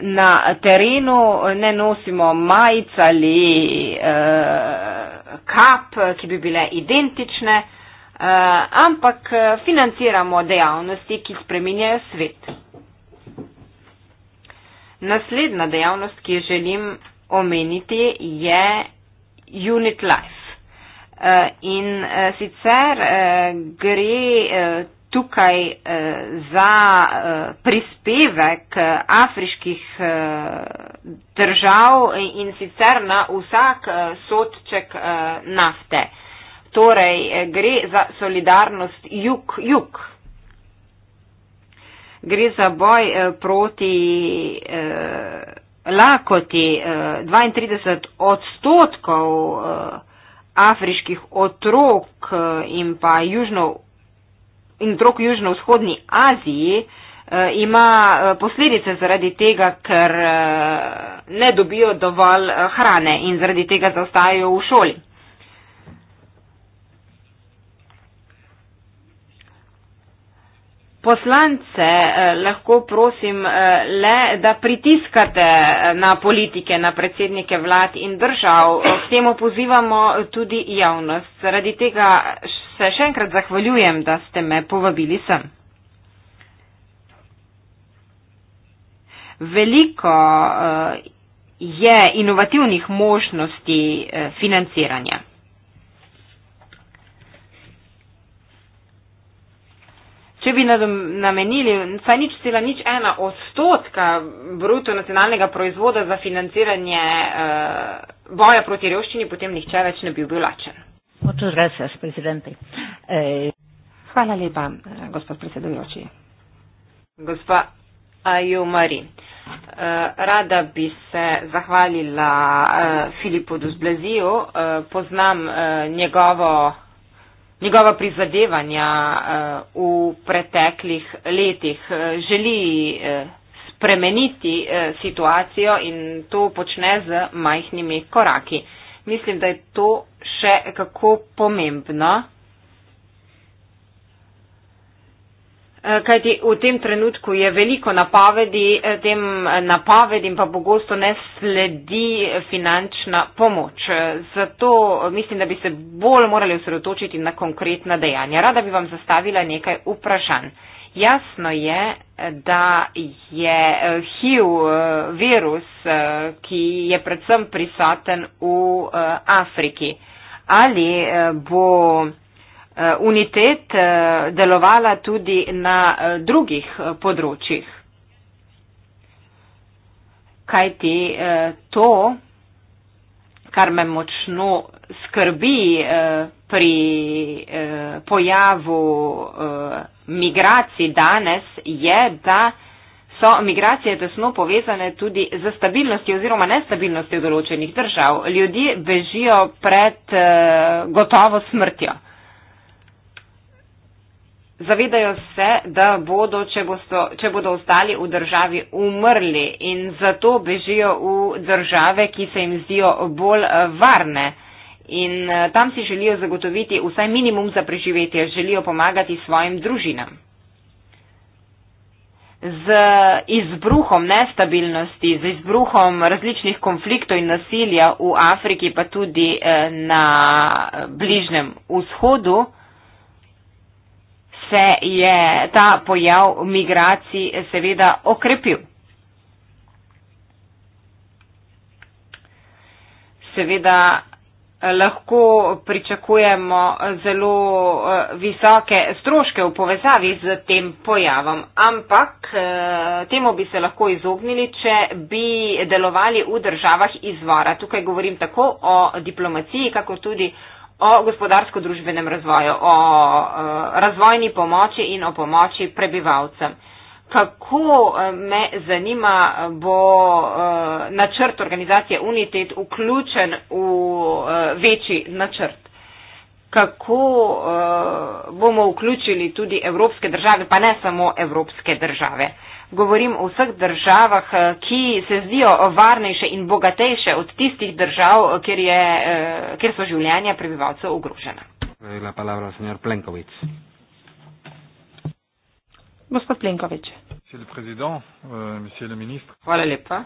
na terenu, ne nosimo majic ali kap, ki bi bile identične, ampak financiramo dejavnosti, ki spreminjajo svet. Naslednja dejavnost, ki jo želim omeniti, je Unit Life. Eh, in eh, sicer eh, gre tukaj za prispevek afriških držav in sicer na vsak sodček nafte. Torej gre za solidarnost jug-jug gre za boj eh, proti eh, lakoti. 32 eh, odstotkov afriških otrok in pa južno, in otrok južno-vzhodni Aziji ima posledice zaradi tega, ker ne dobijo dovolj hrane in zaradi tega zaostajajo v šoli. poslance eh, lahko prosim eh, le, da pritiskate eh, na politike, na predsednike vlad in držav. K temu pozivamo tudi javnost. Zaradi tega se še enkrat zahvaljujem, da ste me povabili sem. Veliko je inovativnih možnosti financiranja. Če bi namenili, saj nič cela nič ena odstotka bruto nacionalnega proizvoda za financiranje eh, boja proti revščini, potem nihče več ne bi bil lačen. Eh, Hvala lepa, eh, gospod predsedujoči. Gospa Ajumari, eh, rada bi se zahvalila Filipu Duzblezijo, poznam njegovo njegova prizadevanja eh, v preteklih letih. Eh, želi eh, spremeniti situacijo in to počne z majhnimi koraki. Mislim, da je to še kako pomembno. Eh, kajti v tem trenutku je veliko napovedi, eh, tem eh, napovedim pa pogosto ne sledi finančna pomoč. Zato mislim, da bi se bolj morali osredotočiti na konkretna dejanja. Rada bi vam zastavila nekaj vprašanj. Jasno je, da je HIV virus, ki je predvsem prisoten v Afriki. Ali bo Eh, unitet eh, delovala tudi na eh, drugih področjih. Kajti to, kar me močno skrbi pri pojavu migracij danes, je, da so migracije tesno povezane tudi z stabilnostjo oziroma nestabilnostjo določenih držav. Ljudje bežijo pred gotovo smrtjo. Zavedajo se, da bodo, če, bosto, če bodo ostali v državi, umrli in zato bežijo v države, ki se jim zdijo bolj eh, varne. In eh, tam si želijo zagotoviti vsaj minimum za preživetje, želijo pomagati svojim družinam. Z eh, izbruhom nestabilnosti, z izbruhom različnih konfliktov in nasilja v Afriki, pa tudi na Bližnem vzhodu, se je ta pojav migracij seveda okrepil. Seveda eh, lahko pričakujemo eh, zelo eh, visoke stroške v povezavi z tem pojavom, ampak temu bi se lahko izognili, če bi delovali v državah izvora. Tukaj govorim tako o diplomaciji, kako tudi o o gospodarsko-družbenem razvoju, o eh, razvojni pomoči in o pomoči prebivalcem. Kako eh, me zanima, bo eh, načrt organizacije Unitet vključen v večji načrt? Kako bomo vključili tudi evropske države, pa ne samo evropske države? govorim o vseh državah, eh, ki se zdijo varnejše in bogatejše od tistih držav, kjer, je, eh, kjer so življenja prebivalcev ogrožena. Gospod Plenković. Euh, Hvala lepa.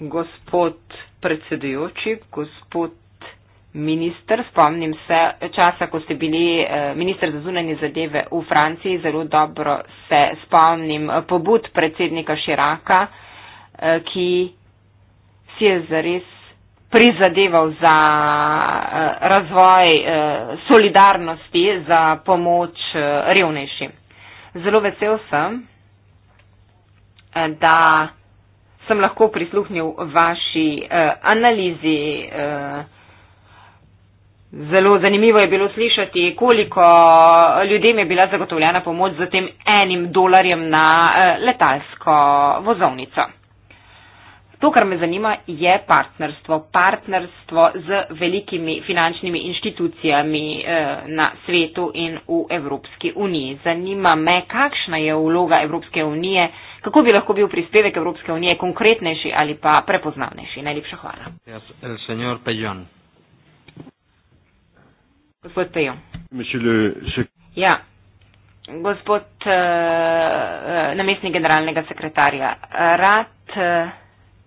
Gospod predsedujoči, gospod minister, spomnim se časa, ko ste bili eh, minister za zunanje zadeve v Franciji, zelo dobro se spomnim pobud predsednika Širaka, eh, ki si je zares prizadeval za eh, razvoj solidarnosti, za pomoč revnejšim. Zelo vesel sem, da sem lahko prisluhnil vaši analizi Zelo zanimivo je bilo slišati, koliko ljudem je bila zagotovljena pomoč z tem enim dolarjem na eh, letalsko vozovnico. To, kar me zanima, je partnerstvo. Partnerstvo z velikimi finančnimi inštitucijami eh, na svetu in v Evropski uniji. Zanima me, kakšna je vloga Evropske unije, kako bi lahko bil prispevek Evropske unije konkretnejši ali pa prepoznavnejši. Najlepša hvala. Yes, gospod Pejo. Monsieur le secrétaire. Ja. Gospod uh, namestnik generalnega sekretarja, rad uh,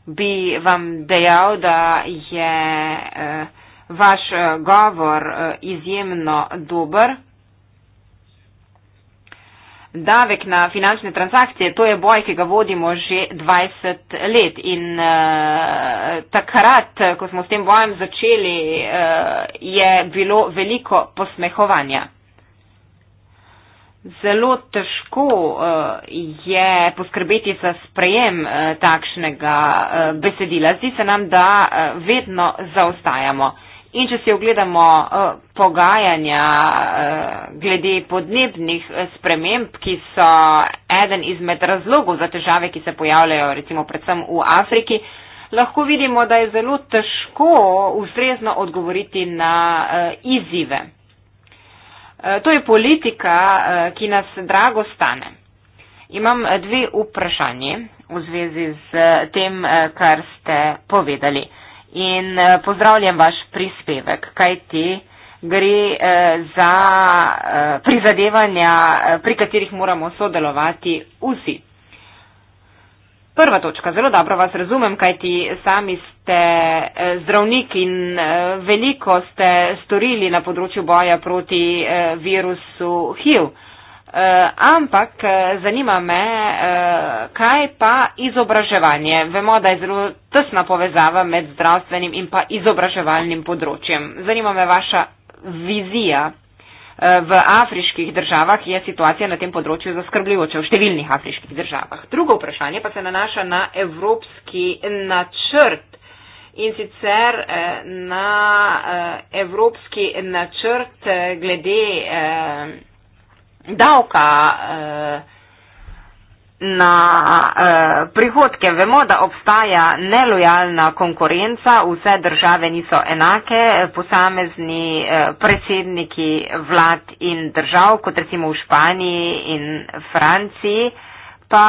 bi vam dejal, da je uh, vaš govor uh, izjemno dober davek na finančne transakcije, to je boj, ki ga vodimo že 20 let. In uh, takrat, ko smo s tem bojem začeli, uh, je bilo veliko posmehovanja. Zelo težko uh, je poskrbeti za sprejem uh, takšnega uh, besedila. Zdi se nam, da uh, vedno zaostajamo. Uh, In če si ogledamo uh, pogajanja uh, glede podnebnih eh, sprememb, ki so eden izmed razlogov za težave, ki se pojavljajo recimo predvsem v Afriki, lahko vidimo, da je zelo težko ustrezno odgovoriti na uh, izzive. Uh, to je politika, uh, ki nas drago stane. Imam dve vprašanje v zvezi z tem, kar ste povedali in eh, pozdravljam vaš prispevek, kaj ti gre eh, za eh, prizadevanja, pri katerih moramo sodelovati vsi. Prva točka, zelo dobro vas razumem, kaj ti sami ste zdravnik in veliko ste storili na področju boja proti virusu HIV. Uh, ampak eh, zanima me, uh, kaj pa izobraževanje? Vemo, da je zelo tesna povezava med zdravstvenim in pa izobraževalnim področjem. Zanima me vaša vizija. V afriških državah je situacija na tem področju zaskrbljujoča, v številnih afriških državah. Drugo vprašanje pa se nanaša na evropski načrt in sicer na evropski načrt glede davka eh, na eh, prihodke. Vemo, da obstaja nelojalna konkurenca, vse države niso enake, posamezni eh, predsedniki vlad in držav, kot recimo v Španiji in Franciji, pa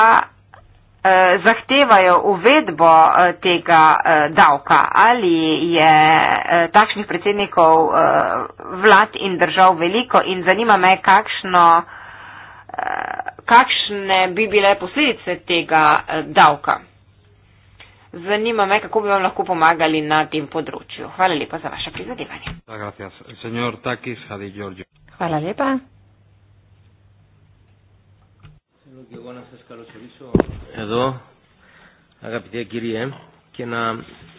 Eh, zahtevajo uvedbo eh, tega eh, davka? Ali je takšnih predsednikov vlad in držav veliko in zanima me, kakšno, kakšne bi bile posledice tega davka? Zanima me, kako bi vam lahko pomagali na tem področju. Hvala lepa za vaše prizadevanje. Hvala lepa. και εγώ να σας καλωσορίσω εδώ, αγαπητέ κύριε, και να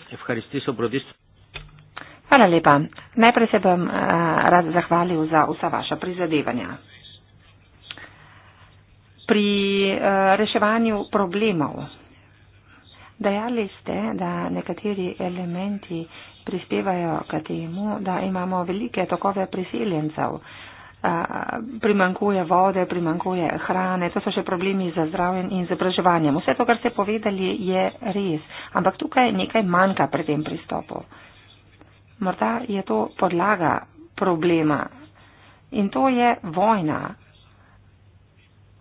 ευχαριστήσω πρωτίστως. Hvala lepa. Najprej se bom uh, rad zahvalil za vsa vaša prizadevanja. Pri uh, reševanju problemov dejali ste, da nekateri elementi prispevajo k temu, da imamo velike tokove priseljencev. Uh, primankuje vode, primankuje hrane, to so še problemi za zdravjem in izobraževanjem. Vse to, kar ste povedali, je res. Ampak tukaj nekaj manjka pri tem pristopu. Morda je to podlaga problema in to je vojna.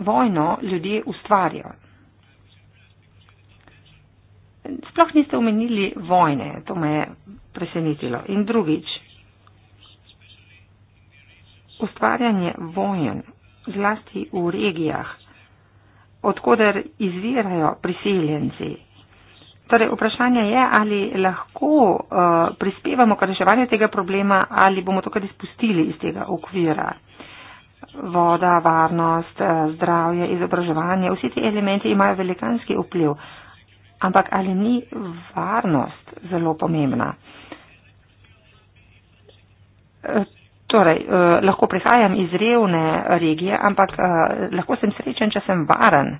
Vojno ljudje ustvarjajo. Sploh niste omenili vojne, to me je presenetilo. In drugič, ustvarjanje vojen, zlasti v regijah, odkudar izvirajo priseljenci. Torej, vprašanje je, ali lahko uh, prispevamo k reševanju tega problema ali bomo to kar izpustili iz tega okvira. Voda, varnost, eh, zdravje, izobraževanje, vsi ti elementi imajo velikanski vpliv. Ampak ali ni varnost zelo pomembna? Eh, Torej, eh, lahko prihajam iz revne regije, ampak eh, lahko sem srečen, če sem varen.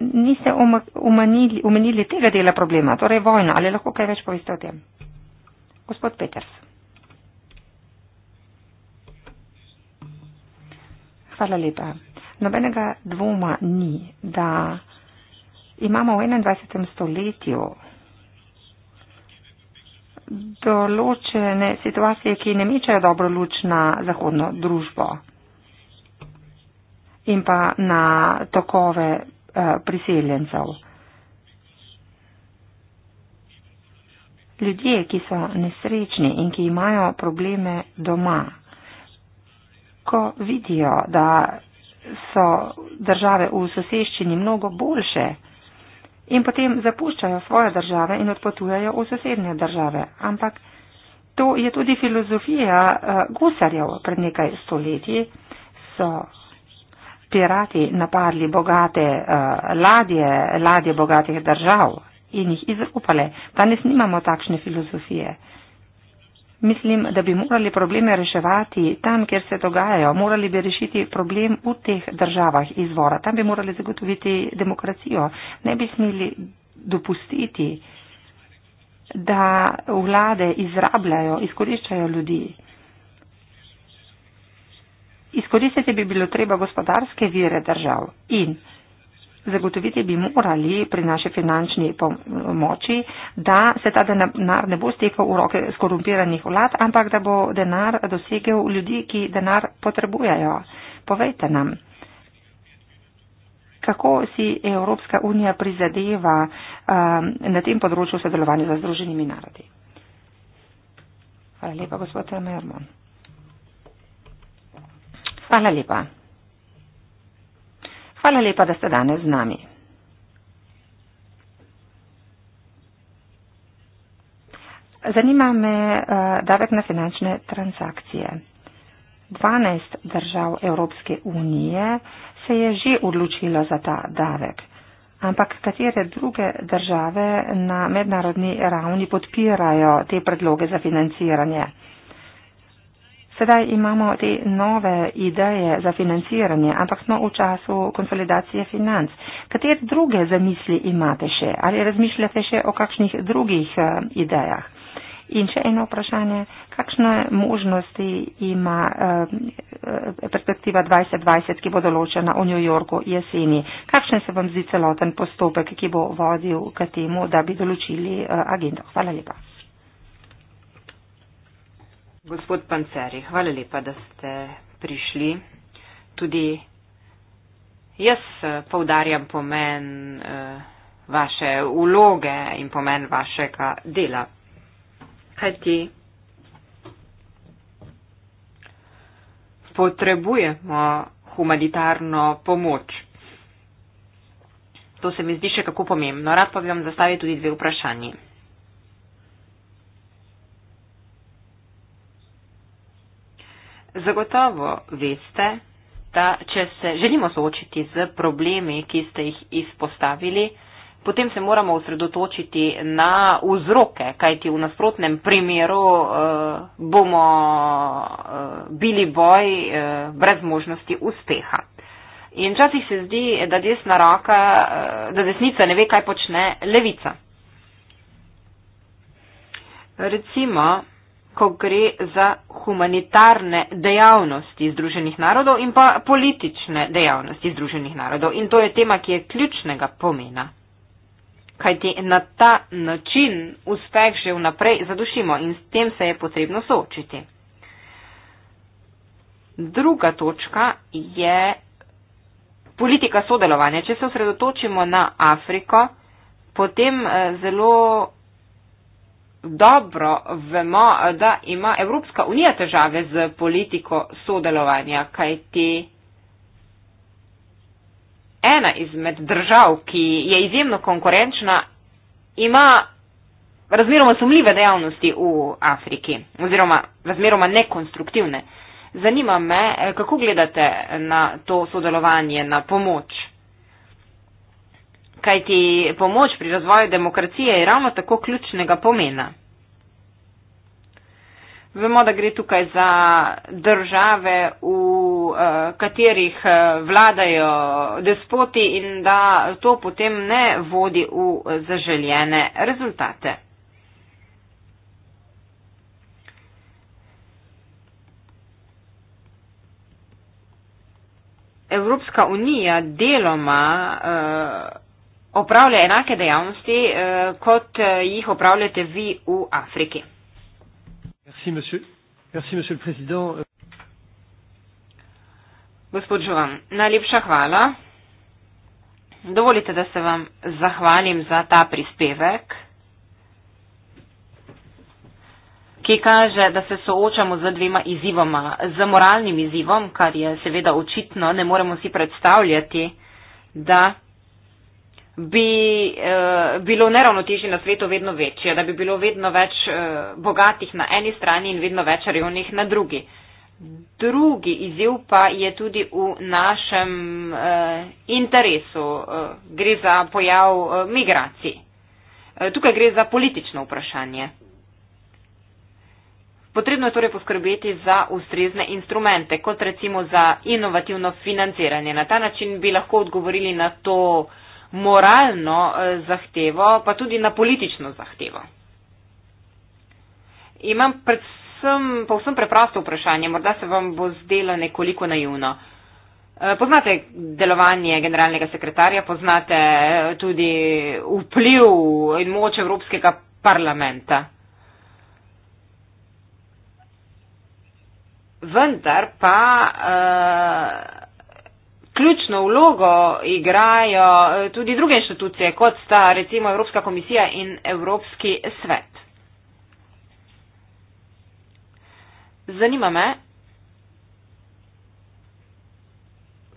Niste umenili, umenili tega dela problema, torej vojna. Ali lahko kaj več poveste o tem? Gospod Peters. Hvala lepa. Nobenega dvoma ni, da imamo v 21. stoletju določene situacije, ki ne mičejo dobro luč na zahodno družbo in pa na tokove eh, priseljencev. Ljudje, ki so nesrečni in ki imajo probleme doma, ko vidijo, da so države v soseščini mnogo boljše, in potem zapuščajo svoje države in odpotujajo v sosednje države. Ampak to je tudi filozofija eh, gusarjev. Pred nekaj stoletji so pirati napadli bogate eh, ladje, ladje bogatih držav in jih izrupale. Danes nimamo takšne filozofije. Mislim, da bi morali probleme reševati tam, kjer se dogajajo. Morali bi rešiti problem v teh državah izvora. Tam bi morali zagotoviti demokracijo. Ne bi smeli dopustiti, da vlade izrabljajo, izkoriščajo ljudi. Izkoristiti bi bilo treba gospodarske vire držav in Zagotoviti bi morali pri naši finančni pomoči, da se ta denar ne bo stekel v roke skorumpiranih vlad, ampak da bo denar dosegel ljudi, ki denar potrebujejo. Povejte nam, kako si Evropska unija prizadeva um, na tem področju sodelovanja za združenimi narodi. Hvala lepa, gospod Mermon. Hvala lepa. Hvala lepa, da ste danes z nami. Zanima me uh, davek na finančne transakcije. 12 držav Evropske unije se je že odločilo za ta davek, ampak katere druge države na mednarodni ravni podpirajo te predloge za financiranje? Uh, Sedaj imamo te nove ideje za financiranje, ampak smo v času konsolidacije financ. Katere druge zamisli imate še? Ali razmišljate še o kakšnih drugih eh, idejah? In še eno vprašanje, kakšne možnosti ima eh, eh, perspektiva 2020, ki bo določena v New Yorku jeseni? Kakšen se vam zdi celoten postopek, ki bo vodil k temu, da bi določili agendo? Hvala lepa. Gospod Panceri, hvala lepa, da ste prišli. Tudi jaz eh, povdarjam pomen uh, vaše uloge in pomen vašega dela. Kaj ti? Potrebujemo humanitarno pomoč. To se mi zdi še kako pomembno. Rad pa bi vam zastavil tudi dve vprašanje. Zagotovo veste, da če se želimo soočiti z problemi, ki ste jih izpostavili, potem se moramo osredotočiti na vzroke, kajti v nasprotnem primeru eh, bomo eh, bili boj eh, brez možnosti uspeha. In včasih se zdi, da desna roka, eh, da desnica ne ve, kaj počne levica. Recimo, ko gre za humanitarne dejavnosti Združenih narodov in pa politične dejavnosti Združenih narodov. In to je tema, ki je ključnega pomena. Kajti na ta način uspeh že vnaprej zadušimo in s tem se je potrebno soočiti. Druga točka je politika sodelovanja. Če se osredotočimo na Afriko, potem eh, zelo dobro vemo, da ima Evropska unija težave z politiko sodelovanja, kajti ena izmed držav, ki je izjemno konkurenčna, ima razmeroma sumljive dejavnosti v Afriki oziroma razmeroma nekonstruktivne. Zanima me, eh, kako gledate na to sodelovanje, na pomoč kajti pomoč pri razvoju demokracije je ravno tako ključnega pomena. Vemo, da gre tukaj za države, v eh, katerih eh, vladajo despoti in da to potem ne vodi v zaželjene rezultate. Evropska unija deloma. Uh, opravlja enake dejavnosti, eh, kot eh, jih opravljate vi v Afriki. Merci, monsieur. Merci, monsieur le président. Gospod Žuvan, najlepša hvala. Dovolite, da se vam zahvalim za ta prispevek, ki kaže, da se soočamo z dvema izzivoma. Z moralnim izzivom, kar je seveda očitno, ne moremo si predstavljati, da bi eh, bilo neravnotežje na svetu vedno večje, da bi bilo vedno več eh, bogatih na eni strani in vedno več revnih na drugi. Drugi izziv pa je tudi v našem eh, interesu, eh, gre za pojav eh, migracij. Eh, tukaj gre za politično vprašanje. Potrebno je torej poskrbeti za ustrezne instrumente, kot recimo za inovativno financiranje. Na ta način bi lahko odgovorili na to, eh, moralno eh, zahtevo, pa tudi na politično zahtevo. Imam predvsem, povsem preprosto vprašanje, morda se vam bo zdelo nekoliko naivno. Eh, poznate delovanje generalnega sekretarja, poznate eh, tudi vpliv in moč Evropskega parlamenta. Vendar pa. Uh, ključno vlogo igrajo eh, tudi druge inštitucije, kot sta recimo Evropska komisija in Evropski svet. Zanima me,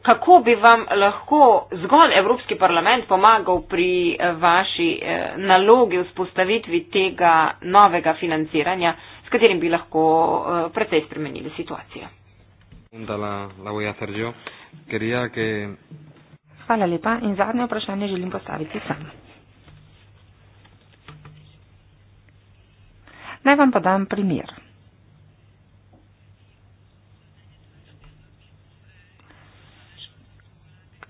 kako bi vam lahko zgolj Evropski parlament pomagal pri eh, vaši eh, nalogi vzpostavitvi tega novega financiranja, s katerim bi lahko precej spremenili situacijo pregunta la, la voy a hacer yo. Quería que. Hvala lepa in zadnje vprašanje želim postaviti sam. Naj vam podam primer.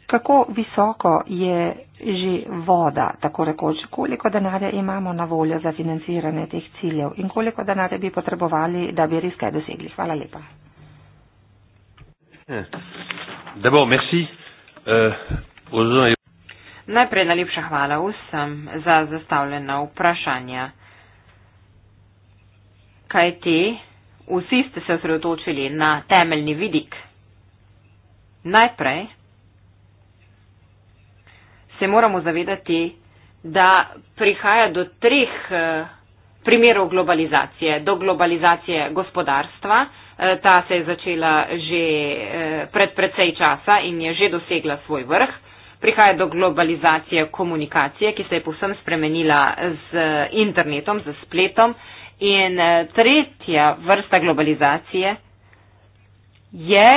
Kako visoko je že voda, tako rekoč, koliko denarja imamo na voljo za financiranje teh ciljev in koliko denarja bi potrebovali, da bi res kaj dosegli? Hvala lepa. Eh. D'abord, merci. Euh, aux... Najprej najlepša hvala vsem za zastavljena vprašanja. Kaj ti? Vsi ste se osredotočili na temeljni vidik. Najprej se moramo zavedati, da prihaja do treh eh, primerov globalizacije. Do globalizacije gospodarstva, Eh, ta se je začela že eh, pred precej časa in je že dosegla svoj vrh. Prihaja do globalizacije komunikacije, ki se je povsem spremenila z eh, internetom, z spletom. In tretja vrsta globalizacije je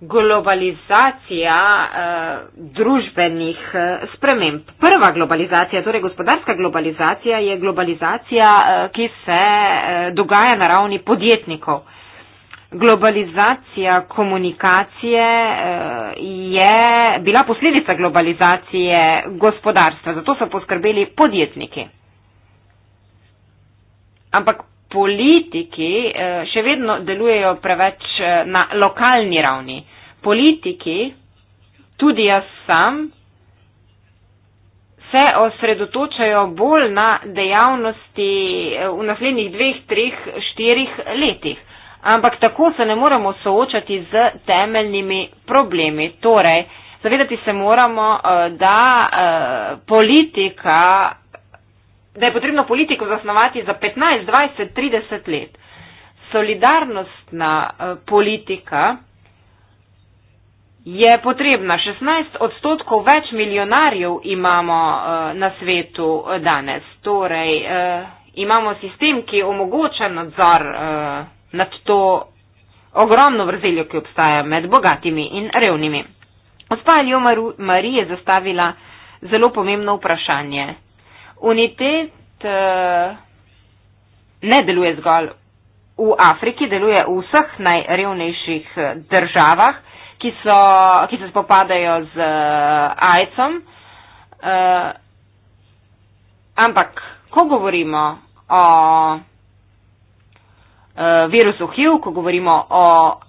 globalizacija eh, družbenih eh, sprememb. Prva globalizacija, torej gospodarska globalizacija, je globalizacija, eh, ki se eh, dogaja na ravni podjetnikov. Globalizacija komunikacije eh, je bila posledica globalizacije gospodarstva, zato so poskrbeli podjetniki. Ampak politiki eh, še vedno delujejo preveč eh, na lokalni ravni. Politiki, tudi jaz sam, se osredotočajo bolj na dejavnosti eh, v naslednjih dveh, treh, štirih letih. Ampak tako se ne moremo soočati z temeljnimi problemi. Torej, zavedati se moramo, da politika da je potrebno politiko zasnovati za 15, 20, 30 let. Solidarnostna eh, politika je potrebna. 16 odstotkov več milijonarjev imamo eh, na svetu eh, danes. Torej, imamo sistem, ki omogoča nadzor nad to ogromno vrzeljo, ki obstaja med bogatimi in revnimi. Gospa Ljo Marije je zastavila zelo pomembno vprašanje. Unitet eh, ne deluje zgolj v Afriki, deluje v vseh najrevnejših eh, državah, ki, so, ki se spopadajo z eh, AIDS-om. Ampak, ko govorimo o virusu HIV, ko govorimo o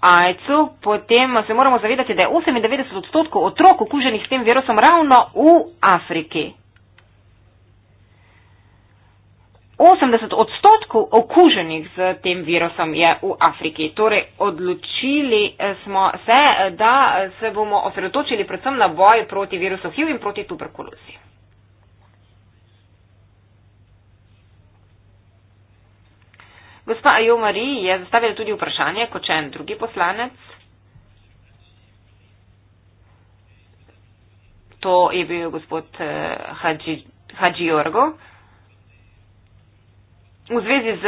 AIDS-u, potem se moramo zavedati, da je 98 odstotkov otrok okuženih s tem virusom ravno v Afriki. 80 odstotkov okuženih z tem virusom je v Afriki. Torej, odločili eh, smo se, eh, da eh, se bomo osredotočili predvsem na boj proti virusu HIV in proti tuberkulozi. Gospa Ajo Marija je zastavila tudi vprašanje kot še en drugi poslanec. To je bil gospod Hadži, Hadži Jorgo v zvezi z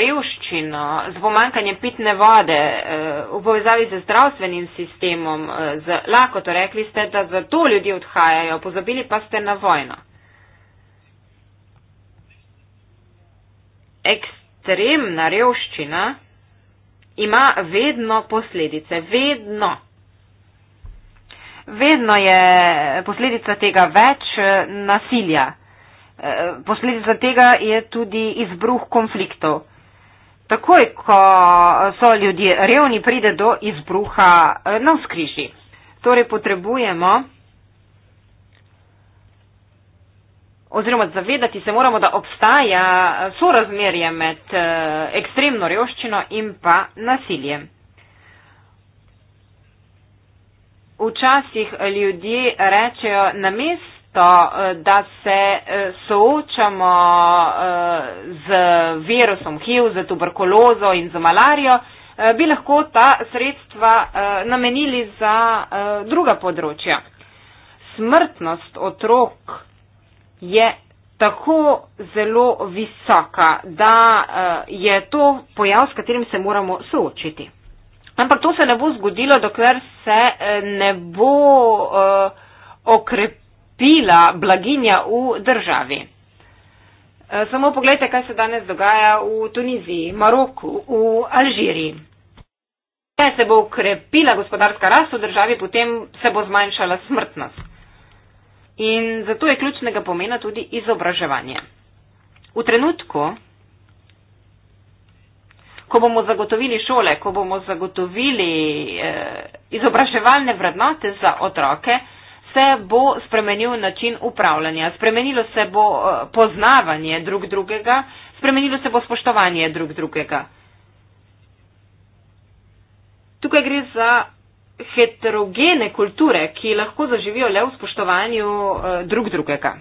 revščino, z pomankanjem pitne vode, eh, v povezavi z zdravstvenim sistemom, eh, z lakoto, rekli ste, da zato ljudje odhajajo, pozabili pa ste na vojno. Ekstremna revščina ima vedno posledice, vedno. Vedno je posledica tega več eh, nasilja. Eh, posledica tega je tudi izbruh konfliktov. Takoj, ko so ljudje revni, pride do izbruha eh, na vzkriži. Torej potrebujemo oziroma zavedati se moramo, da obstaja sorazmerje med eh, ekstremno revščino in pa nasiljem. Včasih ljudje rečejo, namest mesto, eh, da se eh, soočamo eh, z virusom HIV, z tuberkulozo in z malarijo, bi lahko ta sredstva namenili za druga področja. Smrtnost otrok je tako zelo visoka, da je to pojav, s katerim se moramo soočiti. Ampak to se ne bo zgodilo, dokler se ne bo okrepilo bila blaginja v državi. E, samo pogledajte, kaj se danes dogaja v Tuniziji, Maroku, v Alžiriji. Kaj se bo ukrepila gospodarska rast v državi, potem se bo zmanjšala smrtnost. In zato je ključnega pomena tudi izobraževanje. V trenutku, ko bomo zagotovili šole, ko bomo zagotovili eh, izobraževalne vrednote za otroke, se bo spremenil način upravljanja, spremenilo se bo eh, poznavanje drug drugega, spremenilo se bo spoštovanje drug drugega. Tukaj gre za heterogene kulture, ki lahko zaživijo le v spoštovanju eh, drug drugega.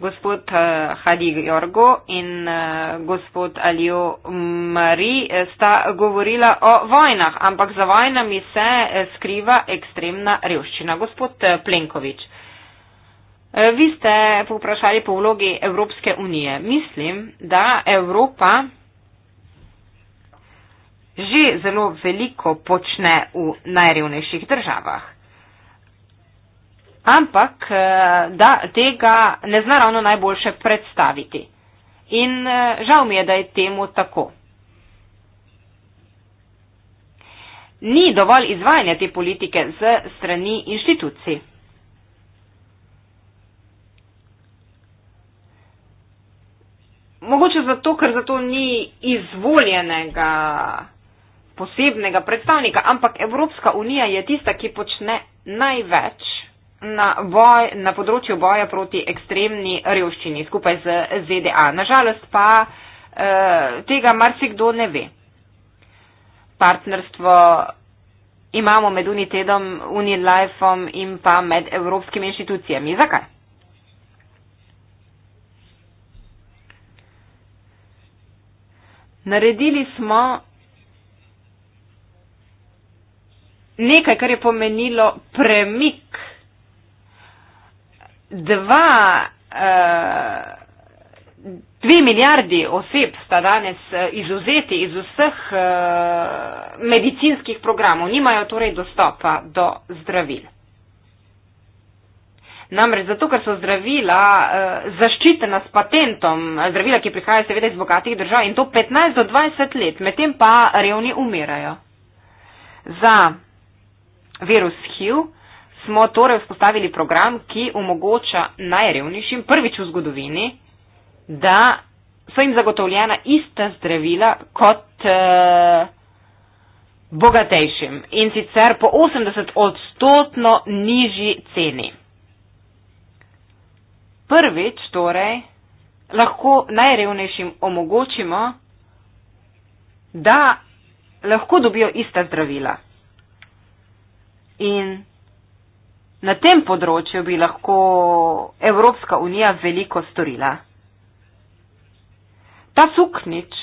gospod uh, Hadi Jorgo in uh, gospod Alijo Mari eh, sta govorila o vojnah, ampak za vojnami se skriva ekstremna revščina. Gospod Plenkovič, vi ste povprašali po vlogi Evropske unije. Mislim, da Evropa že zelo veliko počne v najrevnejših državah ampak eh, da tega ne zna ravno najboljše predstaviti. In eh, žal mi je, da je temu tako. Ni dovolj izvajanja te politike z strani inštitucij. Mogoče zato, ker zato ni izvoljenega posebnega predstavnika, ampak Evropska unija je tista, ki počne največ na, voj, na področju boja proti ekstremni revščini skupaj z ZDA. Nažalost pa eh, tega marsikdo ne ve. Partnerstvo imamo med Unitedom, Unilifeom in pa med evropskimi inštitucijami. Zakaj? Naredili smo nekaj, kar je pomenilo premik dva, uh, dve milijardi oseb sta danes eh, izuzeti iz vseh uh, medicinskih programov, nimajo torej dostopa do zdravil. Namreč zato, ker so zdravila uh, zaščitena s patentom, zdravila, ki prihajajo seveda iz bogatih držav in to 15 do 20 let, medtem pa revni umirajo. Za virus HIV uh, smo torej vzpostavili program, ki omogoča najrevnejšim prvič v zgodovini, da so jim zagotovljena ista zdravila kot eh, bogatejšim in sicer po 80 odstotno nižji ceni. Prvič torej lahko najrevnejšim omogočimo, da lahko dobijo ista zdravila. In na tem področju bi lahko Evropska unija veliko storila. Ta suknič,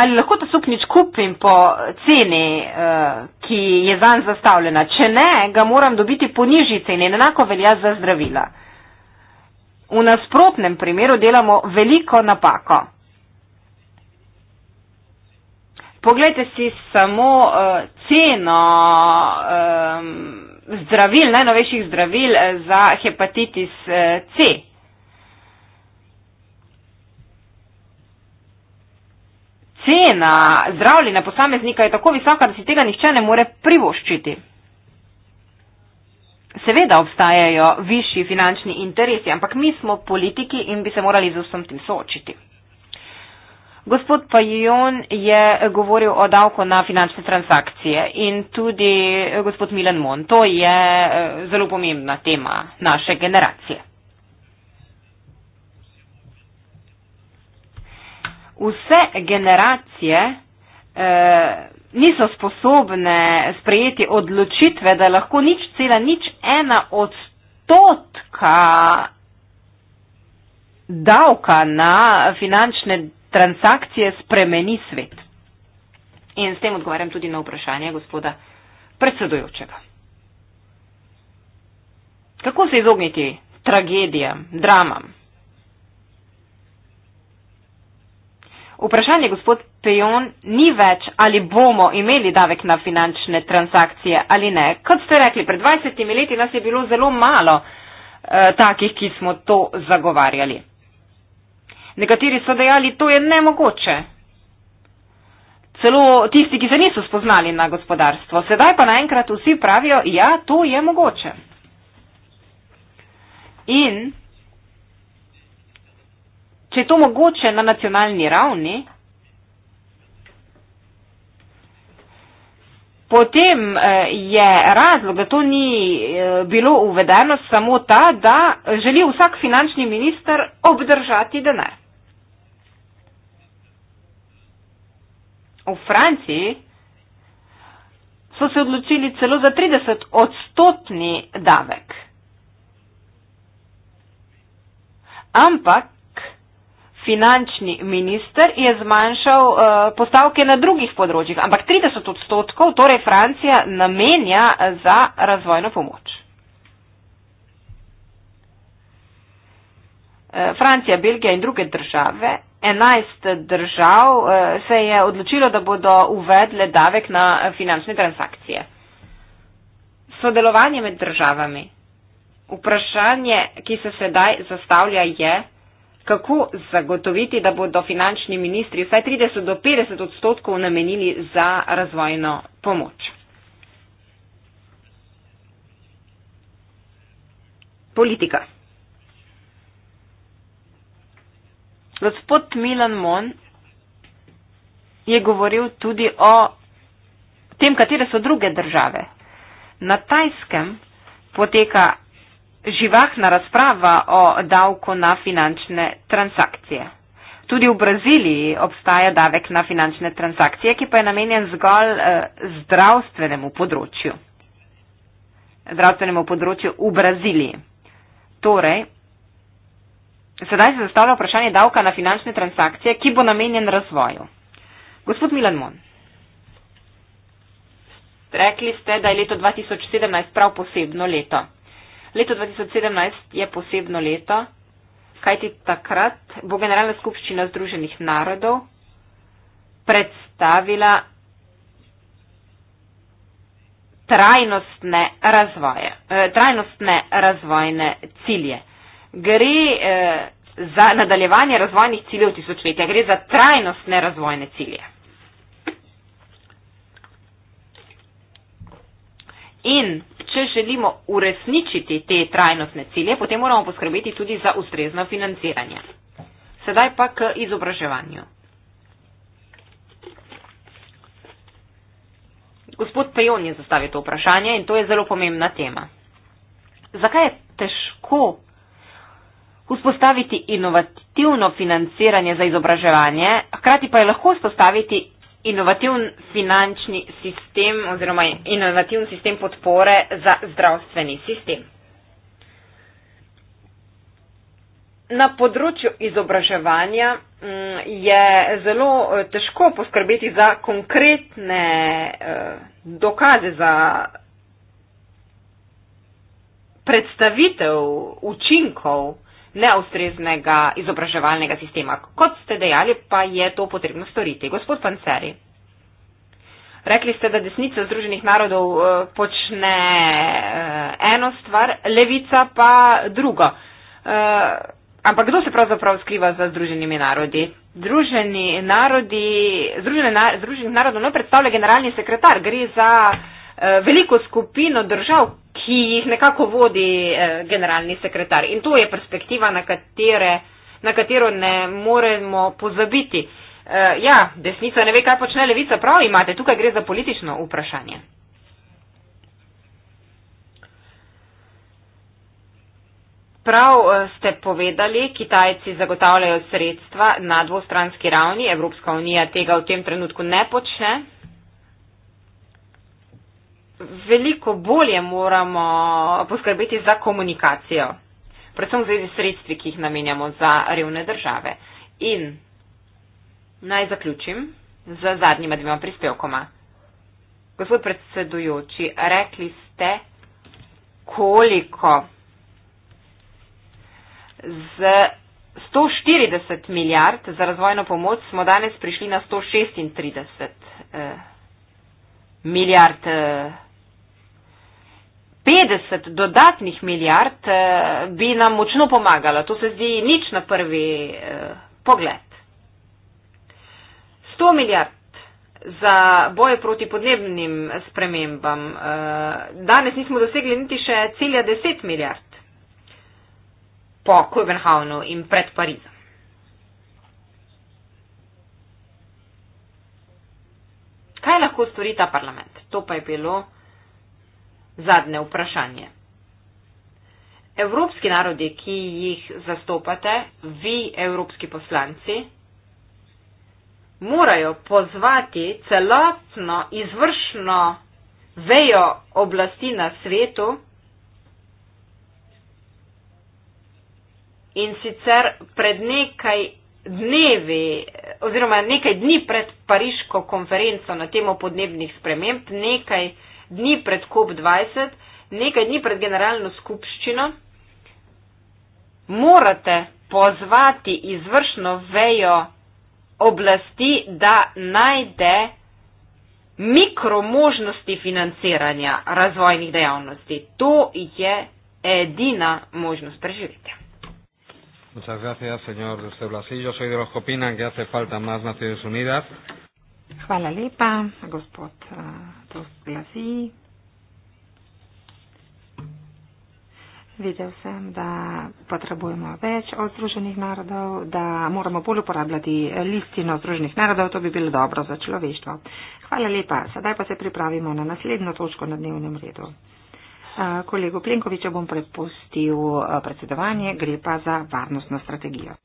ali lahko ta suknič kupim po ceni, eh, ki je zanj zastavljena? Če ne, ga moram dobiti po nižji ceni in enako velja za zdravila. V nasprotnem primeru delamo veliko napako. Poglejte si samo eh, ceno um, zdravil, najnovejših zdravil eh, za hepatitis eh, C. Cena zdravljenja posameznika je tako visoka, da si tega nihče ne more privoščiti. Seveda obstajajo višji finančni interesi, ampak mi smo politiki in bi se morali z vsem tem soočiti. Gospod Pajon je govoril o davku na finančne transakcije in tudi eh, gospod Milen Mon. To je eh, zelo pomembna tema naše generacije. Vse generacije eh, niso sposobne sprejeti odločitve, da lahko nič cela, nič ena odstotka davka na finančne transakcije transakcije spremeni svet. In s tem odgovarjam tudi na vprašanje gospoda predsedujočega. Kako se izogniti tragedijam, dramam? Vprašanje, gospod Pejon, ni več, ali bomo imeli davek na finančne transakcije ali ne. Kot ste rekli, pred 20 leti nas je bilo zelo malo eh, takih, ki smo to zagovarjali. Nekateri so dejali, to je nemogoče. Celo tisti, ki se niso spoznali na gospodarstvo. Sedaj pa naenkrat vsi pravijo, ja, to je mogoče. In če je to mogoče na nacionalni ravni, potem eh, je razlog, da to ni eh, bilo uvedeno, samo ta, da želi vsak finančni minister obdržati denar. V Franciji so se odločili celo za 30 odstotni davek. Ampak finančni minister je zmanjšal uh, postavke na drugih področjih. Ampak 30 odstotkov torej Francija namenja eh, za razvojno pomoč. Eh, Francija, Belgija in druge države 11 držav eh, se je odločilo, da bodo uvedle davek na eh, finančne transakcije. Sodelovanje med državami. Vprašanje, ki se sedaj zastavlja, je, kako zagotoviti, da bodo finančni ministri vsaj 30 do 50 odstotkov namenili za razvojno pomoč. Politika. Gospod Milan Mon je govoril tudi o tem, katere so druge države. Na Tajskem poteka živahna razprava o davku na finančne transakcije. Tudi v Braziliji obstaja davek na finančne transakcije, ki pa je namenjen zgolj eh, zdravstvenemu področju. Zdravstvenemu področju v Braziliji. Torej, Sedaj se zastavlja vprašanje davka na finančne transakcije, ki bo namenjen razvoju. Gospod Milan Mon, rekli ste, da je leto 2017 prav posebno leto. Leto 2017 je posebno leto, kajti takrat bo Generalna skupščina Združenih narodov predstavila trajnostne, razvoje, eh, trajnostne razvojne cilje gre eh, za nadaljevanje razvojnih ciljev tisočletja, gre za trajnostne razvojne cilje. In če želimo uresničiti te trajnostne cilje, potem moramo poskrbeti tudi za ustrezno financiranje. Sedaj pa k izobraževanju. Gospod Pejon je zastavil to vprašanje in to je zelo pomembna tema. Zakaj je težko vzpostaviti inovativno financiranje za izobraževanje, hkrati pa je lahko vzpostaviti inovativen finančni sistem oziroma inovativen sistem podpore za zdravstveni sistem. Na področju izobraževanja mm, je zelo eh, težko poskrbeti za konkretne eh, dokaze za predstavitev učinkov neustreznega izobraževalnega sistema. Kot ste dejali, pa je to potrebno storiti. Gospod Panceri, rekli ste, da desnica Združenih narodov eh, počne eh, eno stvar, levica pa drugo. Eh, ampak kdo se pravzaprav skriva za Združenimi narodi? Združeni narodi, Združene na, Združenih narodov ne predstavlja generalni sekretar, gre za veliko skupino držav, ki jih nekako vodi eh, generalni sekretar. In to je perspektiva, na, katere, na katero ne moremo pozabiti. Eh, ja, desnica ne ve, kaj počne levica, prav imate, tukaj gre za politično vprašanje. Prav eh, ste povedali, Kitajci zagotavljajo sredstva na dvostranski ravni, Evropska unija tega v tem trenutku ne počne, veliko bolje moramo poskrbeti za komunikacijo, predvsem v zvezi s sredstvi, ki jih namenjamo za revne države. In naj zaključim z zadnjima dvema prispevkoma. Gospod predsedujoči, rekli ste, koliko z 140 milijard za razvojno pomoč smo danes prišli na 136 milijard. Eh, milijard, 50 eh, dodatnih milijard eh, bi nam močno pomagalo. To se zdi nič na prvi eh, pogled. 100 milijard za boje proti podnebnim spremembam. Danes nismo dosegli niti še cilja 10 milijard po Kopenhavnu in pred Parizom. kaj lahko stori ta parlament? To pa je bilo zadnje vprašanje. Evropski narodi, ki jih zastopate, vi, evropski poslanci, morajo pozvati celotno izvršno vejo oblasti na svetu in sicer pred nekaj dnevi oziroma nekaj dni pred pariško konferenco na temo podnebnih sprememb, nekaj dni pred COP20, nekaj dni pred generalno skupščino, morate pozvati izvršno vejo oblasti, da najde mikromožnosti financiranja razvojnih dejavnosti. To je edina možnost preživetja. Muchas gracias, señor Seblasí. Yo soy de los que opinan que hace falta más Naciones Unidas. Hvala lepa, gospod Tosglasi. Eh, Videl sem, da potrebujemo več od Združenih narodov, da moramo bolj uporabljati listino Združenih narodov, to bi bilo dobro za človeštvo. Hvala lepa, sedaj pa se pripravimo na naslednjo točko na dnevnem redu kolegu Plenkoviču bom prepustil predsedovanje, gre pa za varnostno strategijo.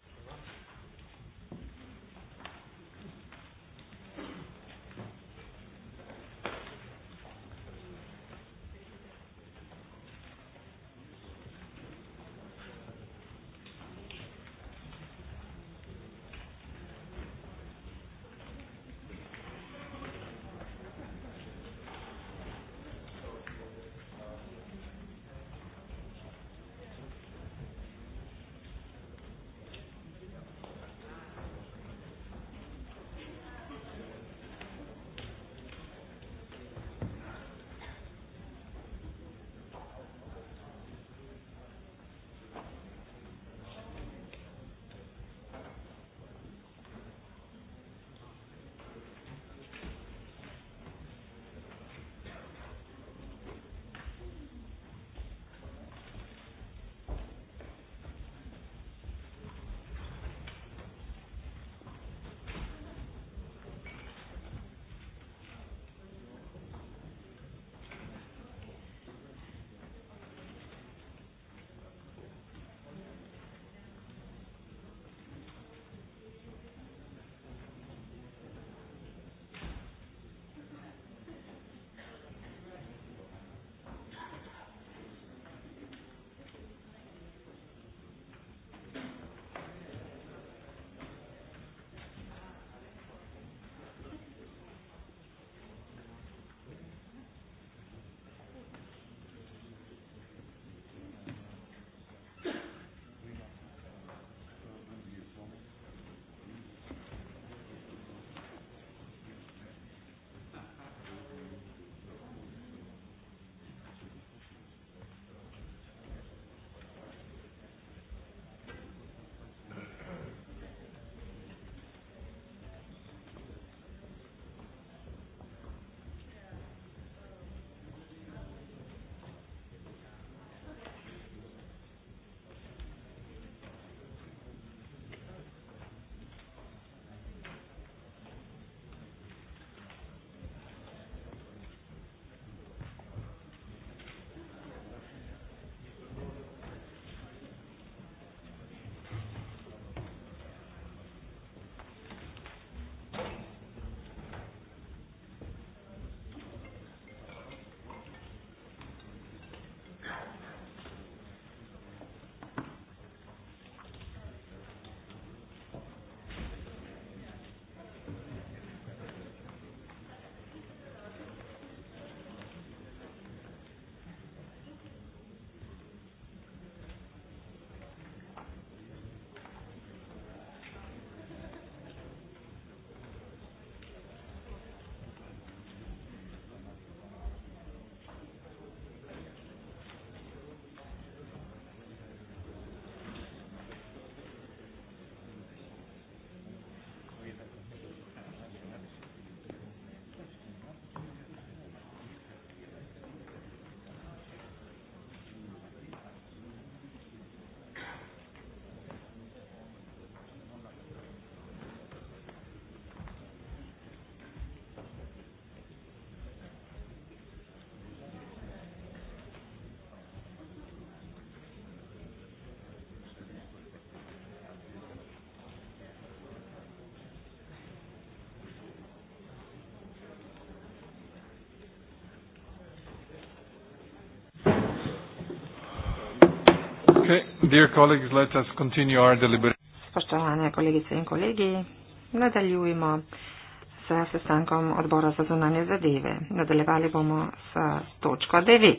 Dear colleagues, let us continue our deliberations. Spoštovane kolegice in kolegi, nadaljujemo s sestankom odbora za zunanje zadeve. Nadaljevali bomo s točko 9.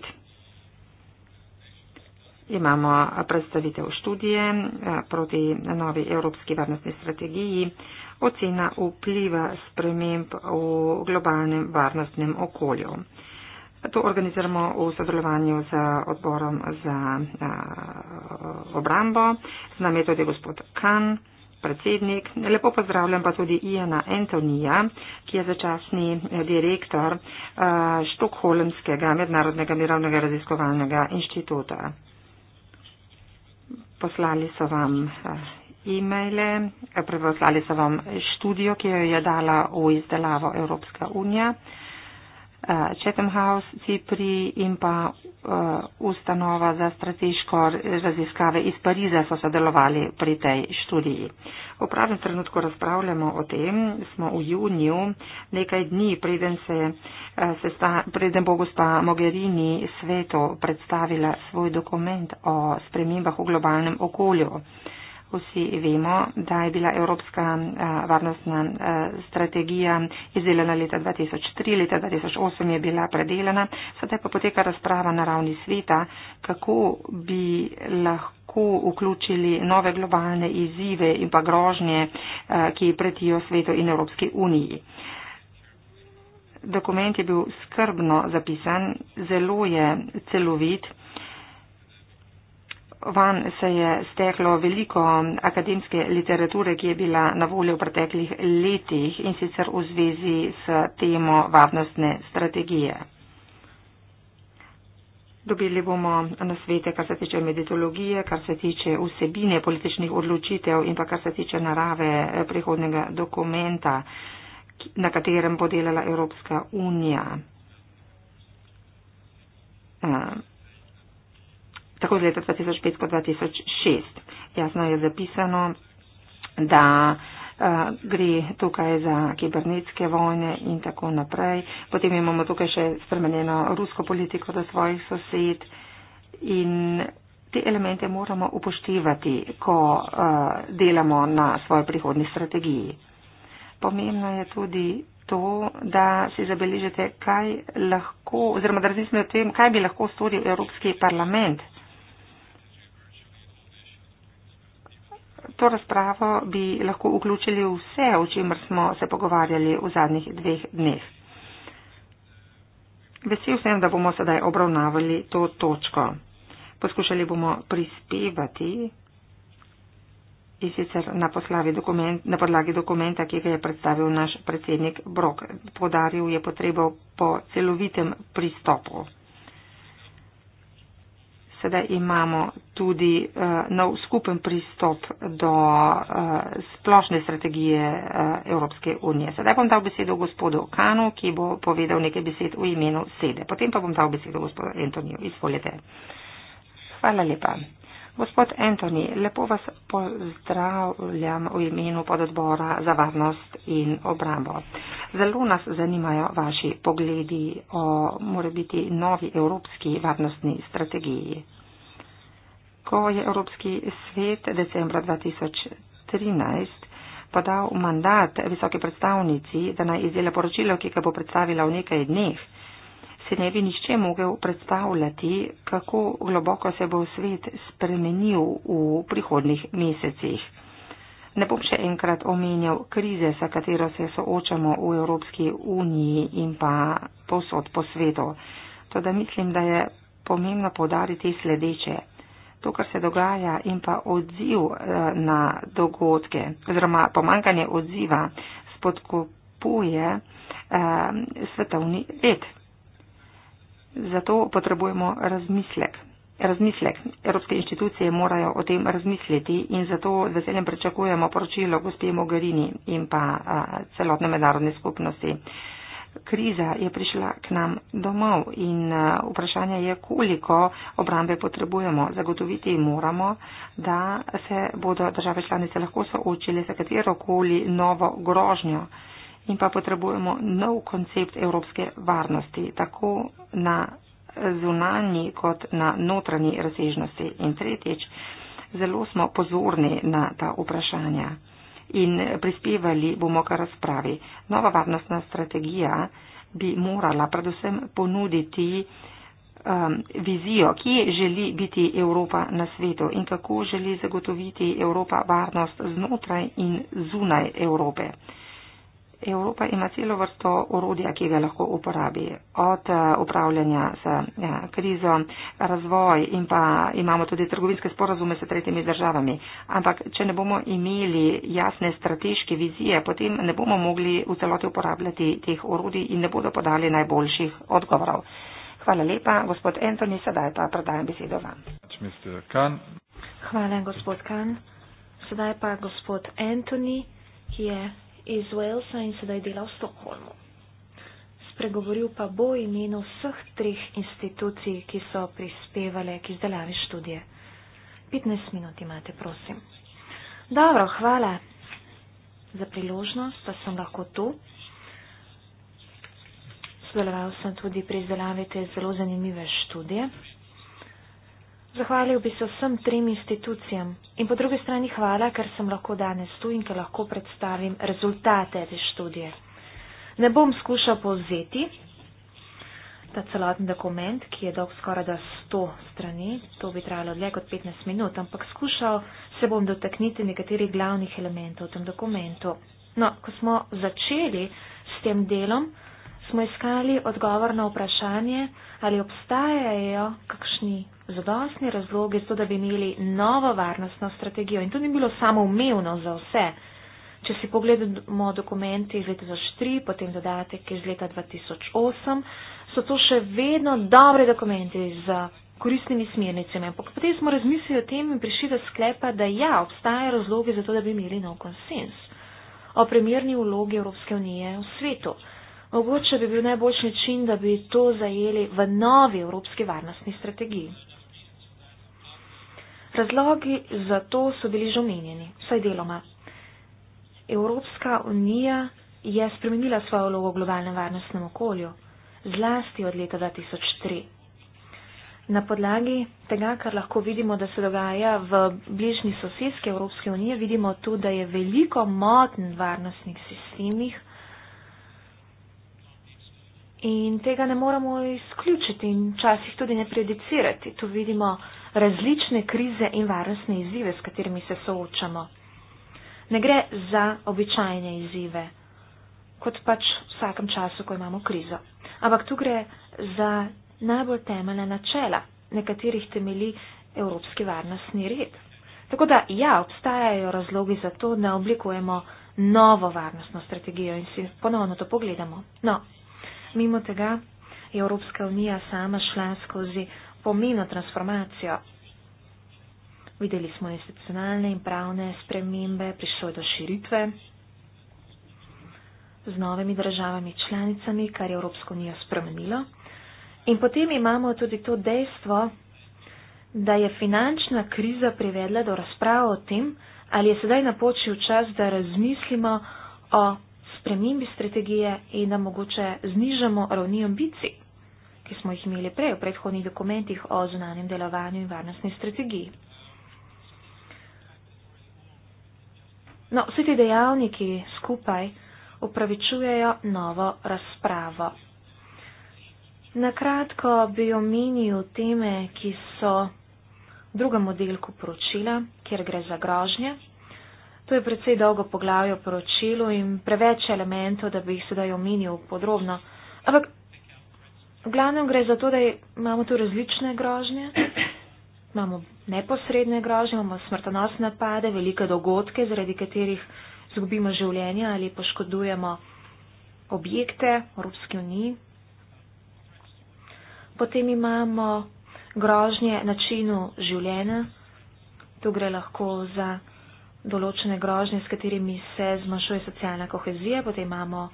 Imamo predstavitev študije eh, proti novi evropski varnostni strategiji, ocena vpliva sprememb v globalnem varnostnem okolju. To organiziramo v sodelovanju z odborom za a, eh, obrambo. Z nami je tudi gospod Kan, predsednik. Lepo pozdravljam pa tudi Iana Antonija, ki je začasni eh, direktor uh, Štokholmskega mednarodnega mirovnega raziskovalnega inštituta. Poslali so vam eh, e-maile, preposlali so vam študijo, ki jo je dala v izdelavo Evropska unija. Uh, Eh, Chatham House, Cipri in pa uh, ustanova za strateško raziskave iz Pariza so sodelovali pri tej študiji. V pravem trenutku razpravljamo o tem, smo v juniju, nekaj dni preden, se, eh, se sta, preden bo gospa Mogherini svetu predstavila svoj dokument o spremembah v globalnem okolju. Uh, Vsi vemo, da je bila Evropska eh, varnostna eh, strategija izdelana leta 2003, leta 2008 je bila predelana, sedaj pa poteka razprava na ravni sveta, kako bi lahko vključili nove globalne izzive in pa grožnje, eh, ki pretijo svetu in Evropski uniji. Dokument je bil skrbno zapisan, zelo je celovit van se je steklo veliko akademske literature, ki je bila na voljo v preteklih letih in sicer v zvezi s temo varnostne strategije. Dobili bomo nasvete, kar se tiče meditologije, kar se tiče vsebine političnih odločitev in pa kar se tiče narave prihodnega dokumenta, na katerem bo delala Evropska unija. Uh tako od leta 2005 kot 2006. Jasno je zapisano, da uh, gre tukaj za kibernetske vojne in tako naprej. Potem imamo tukaj še spremenjeno rusko politiko do svojih sosed in te elemente moramo upoštevati, ko uh, delamo na svoji prihodni strategiji. Pomembno je tudi to, da si zabeležite, kaj lahko, oziroma da razmislite o tem, kaj bi lahko storil Evropski parlament to razpravo bi lahko vključili vse, o čemer smo se pogovarjali v zadnjih dveh dneh. Vesel sem, da bomo sedaj obravnavali to točko. Poskušali bomo prispevati in sicer na, dokument, na podlagi dokumenta, ki ga je predstavil naš predsednik Brok. Podaril je potrebo po celovitem pristopu sedaj imamo tudi uh, nov skupen pristop do uh, splošne strategije uh, Evropske unije. Sedaj bom dal besedo gospodu Kanu, ki bo povedal nekaj besed v imenu sede. Potem pa bom dal besedo gospodu Antoniju. Izvolite. Hvala lepa. Gospod Antoni, lepo vas pozdravljam v imenu pododbora za varnost in obrambo. Zelo nas zanimajo vaši pogledi o morebiti novi evropski varnostni strategiji. Ko je Evropski svet decembra 2013 podal mandat visoke predstavnici, da naj izdela poročilo, ki ga bo predstavila v nekaj dneh, si ne bi nišče mogel predstavljati, kako globoko se bo svet spremenil v prihodnih mesecih. Ne bom še enkrat omenjal krize, sa katero se soočamo v Evropski uniji in pa posod po svetu. Toda mislim, da je pomembno podariti sledeče. To, kar se dogaja in pa odziv eh, na dogodke, oziroma pomankanje odziva, spodkopuje eh, svetovni red. Zato potrebujemo razmislek. Razmislek. Evropske inštitucije morajo o tem razmisliti in zato z veseljem pričakujemo poročilo gospe Mogherini in pa a, celotne mednarodne skupnosti. Kriza je prišla k nam domov in vprašanje je, koliko obrambe potrebujemo. Zagotoviti moramo, da se bodo države članice lahko soočile za katero koli novo grožnjo in pa potrebujemo nov koncept evropske varnosti, tako na zunanji kot na notranji razsežnosti. In tretjič, zelo smo pozorni na ta vprašanja in prispevali bomo k razpravi. Nova varnostna strategija bi morala predvsem ponuditi um, vizijo, kje želi biti Evropa na svetu in kako želi zagotoviti Evropa varnost znotraj in zunaj Evrope. Evropa ima celo vrsto orodja, ki ga lahko uporabi. Od eh, upravljanja s eh, krizo, razvoj in pa imamo tudi trgovinske sporazume s tretjimi državami. Ampak, če ne bomo imeli jasne strateške vizije, potem ne bomo mogli v celoti uporabljati teh orodij in ne bodo podali najboljših odgovorov. Hvala lepa, gospod Antoni, sedaj pa predajam besedo vam. Hvala, gospod Kan. Sedaj pa gospod Antoni, ki je iz Walesa in sedaj dela v Stokholmu. Spregovoril pa bo imenu vseh treh institucij, ki so prispevale k izdelavi študije. 15 minut imate, prosim. Dobro, hvala za priložnost, da sem lahko tu. Sodeloval sem tudi pri izdelavi te zelo zanimive študije. Zahvalil bi se vsem trem institucijam in po drugi strani hvala, ker sem lahko danes tu in ker lahko predstavim rezultate te študije. Ne bom skušal povzeti ta celoten dokument, ki je dolg skoraj da 100 strani, to bi trajalo dlje kot 15 minut, ampak skušal se bom dotakniti nekaterih glavnih elementov v tem dokumentu. No, ko smo začeli s tem delom, smo iskali odgovor na vprašanje, ali obstajajo kakšni zadostni razlogi, zato da bi imeli novo varnostno strategijo. In to ni bilo samo umevno za vse. Če si pogledamo dokumente iz leta 2003, potem dodatek iz leta 2008, so to še vedno dobre dokumente z koristnimi smernicami. Ampak potem smo razmislili o tem in prišli do sklepa, da ja, obstajajo razlogi za to, da bi imeli nov konsens o primerni vlogi Evropske unije v svetu. Mogoče bi bil najboljši način, da bi to zajeli v novi evropski varnostni strategiji. Razlogi za to so bili že omenjeni, saj deloma. Evropska unija je spremenila svojo vlogo v globalnem varnostnem okolju, zlasti od leta 2003. Na podlagi tega, kar lahko vidimo, da se dogaja v bližnji sosedski Evropske unije, vidimo tudi, da je veliko motenj v varnostnih sistemih In tega ne moramo izključiti in včasih tudi ne predicirati. Tu vidimo različne krize in varnostne izzive, s katerimi se soočamo. Ne gre za običajne izzive, kot pač v vsakem času, ko imamo krizo. Ampak tu gre za najbolj temeljna načela, nekaterih temeli evropski varnostni red. Tako da, ja, obstajajo razlogi za to, da oblikujemo novo varnostno strategijo in si ponovno to pogledamo. No, Mimo tega je Evropska unija sama šla skozi pomeno transformacijo. Videli smo institucionalne in pravne spremembe, prišlo je do širitve z novimi državami članicami, kar je Evropsko unijo spremenilo. In potem imamo tudi to dejstvo, da je finančna kriza privedla do razprave o tem, ali je sedaj napočil čas, da razmislimo o spremembi strategije in da mogoče znižamo ravni ambicij, ki smo jih imeli prej v predhodnih dokumentih o zunanjem delovanju in varnostni strategiji. No, vse te dejavniki skupaj upravičujejo novo razpravo. Nakratko bi omenil teme, ki so v drugem oddelku poročila, kjer gre za grožnje, To je predvsej dolgo poglavje o poročilu in preveč elementov, da bi jih sedaj omenil podrobno. Ampak v glavnem gre za to, da imamo tu različne grožnje. Imamo neposredne grožnje, imamo smrtonosne napade, velike dogodke, zaradi katerih zgubimo življenje ali poškodujemo objekte v Evropski uniji. Potem imamo grožnje načinu življenja. Tu gre lahko za določene grožnje, s katerimi se zmanjšuje socialna kohezija, potem imamo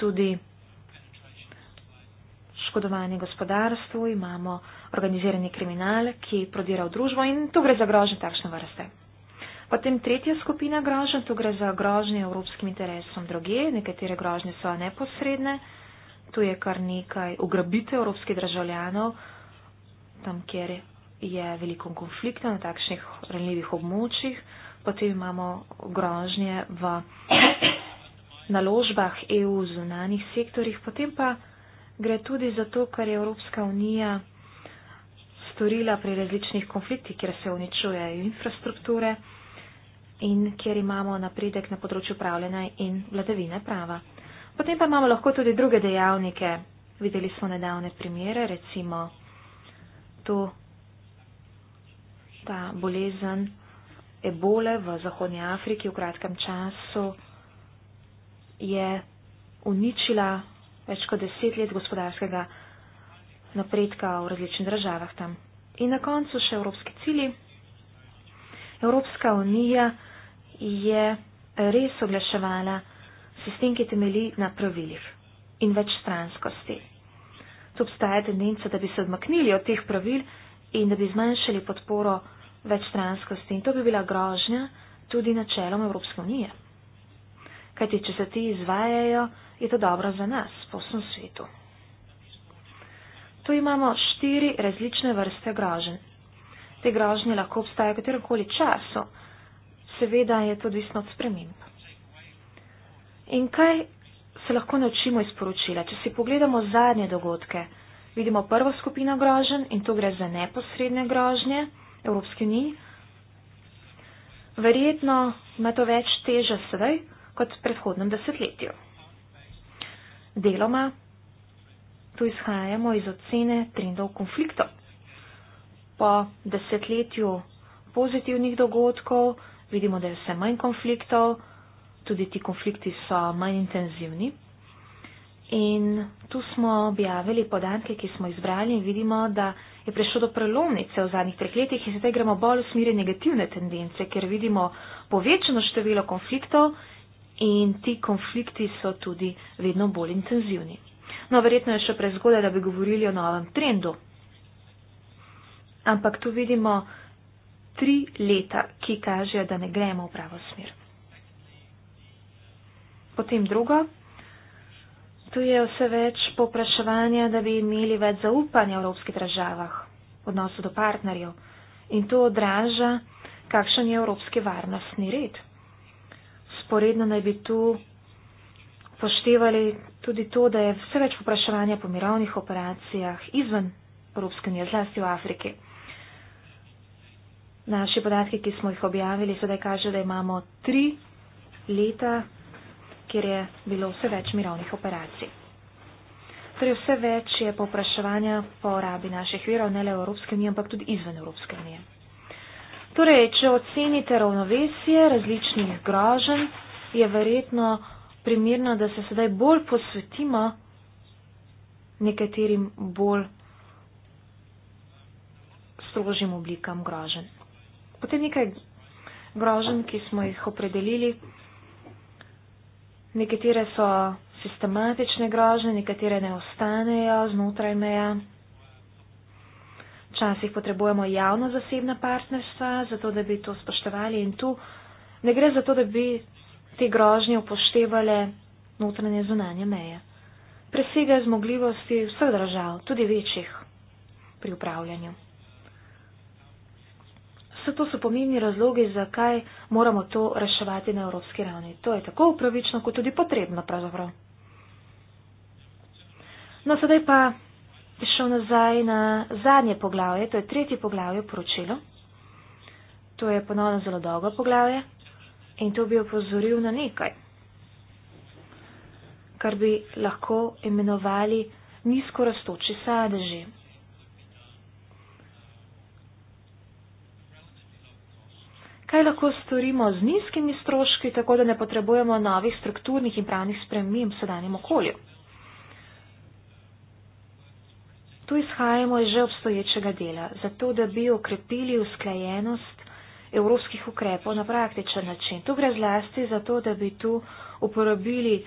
tudi škodovanje gospodarstvu, imamo organizirani kriminal, ki prodira v družbo in tu gre za grožnje takšne vrste. Potem tretja skupina grožnja, tu gre za grožnje evropskim interesom druge, nekatere grožnje so neposredne, tu je kar nekaj ugrabitev evropskih državljanov, tam kjer je veliko konflikta na takšnih ranljivih območjih potem imamo grožnje v naložbah EU v zunanih sektorjih, potem pa gre tudi za to, kar je Evropska unija storila pri različnih konfliktih, kjer se uničujejo infrastrukture in kjer imamo napredek na področju upravljanja in vladavine prava. Potem pa imamo lahko tudi druge dejavnike. Videli smo nedavne primere, recimo to, ta bolezen ebole v Zahodnji Afriki v kratkem času je uničila več kot deset let gospodarskega napredka v različnih državah tam. In na koncu še evropski cili. Evropska unija je res oglaševala sistem, ki temelji na pravilih in večstranskosti. Tu obstaja tendenca, da bi se odmaknili od teh pravil in da bi zmanjšali podporo večstranskosti in to bi bila grožnja tudi načelom Evropske unije. Kajti, če se ti izvajajo, je to dobro za nas po vsem svetu. Tu imamo štiri različne vrste grožen. Te grožnje lahko obstajajo v kateremkoli času, seveda je to odvisno od sprememb. In kaj se lahko naučimo iz poročila? Če si pogledamo zadnje dogodke, vidimo prvo skupino grožen in to gre za neposredne grožnje. Evropski uniji. Verjetno ima to več teže sedaj kot v predhodnem desetletju. Deloma tu izhajamo iz ocene trendov konflikta. Po desetletju pozitivnih dogodkov vidimo, da je vse manj konfliktov, tudi ti konflikti so manj intenzivni. In tu smo objavili podatke, ki smo izbrali in vidimo, da je prišlo do prelomnice v zadnjih treh letih in zdaj gremo bolj v smeri negativne tendence, ker vidimo povečano število konfliktov in ti konflikti so tudi vedno bolj intenzivni. No, verjetno je še prezgodaj, da bi govorili o novem trendu. Ampak tu vidimo tri leta, ki kažejo, da ne gremo v pravo smer. Potem drugo. Tu je vse več popraševanja, da bi imeli več zaupanja v evropskih državah v odnosu do partnerjev in to odraža, kakšen je evropski varnostni red. Sporedno naj bi tu poštevali tudi to, da je vse več popraševanja po mirovnih operacijah izven Evropske unije, zlasti v Afriki. Naši podatki, ki smo jih objavili, sedaj kaže, da imamo tri leta kjer je bilo vse več mirovnih operacij. Torej vse več je povpraševanja po rabi naših virov, ne le v Evropske unije, ampak tudi izven Evropske unije. Torej, če ocenite ravnovesje različnih grožen, je verjetno primirno, da se sedaj bolj posvetimo nekaterim bolj strožjim oblikam grožen. Potem nekaj grožen, ki smo jih opredelili. Nekatere so sistematične grožnje, nekatere ne ostanejo znotraj meja. Včasih potrebujemo javno-zasebna partnerstva, zato da bi to spoštovali in tu ne gre za to, da bi te grožnje upoštevale notranje zunanje meje. Presegajo zmogljivosti vseh držav, tudi večjih, pri upravljanju. Vse to so pomembni razlogi, zakaj moramo to reševati na evropski ravni. To je tako upravično, kot tudi potrebno pravzaprav. No, sedaj pa bi šel nazaj na zadnje poglavje, to je tretje poglavje poročilo. To je ponovno zelo dolgo poglavje in to bi opozoril na nekaj, kar bi lahko imenovali nizko rastoči sadeži. kaj lahko storimo z nizkimi stroški, tako da ne potrebujemo novih strukturnih in pravnih sprememb v sedanjem okolju. Tu izhajamo iz že obstoječega dela, zato da bi okrepili usklajenost evropskih ukrepov na praktičen način. Tu gre zlasti za to, da bi tu uporabili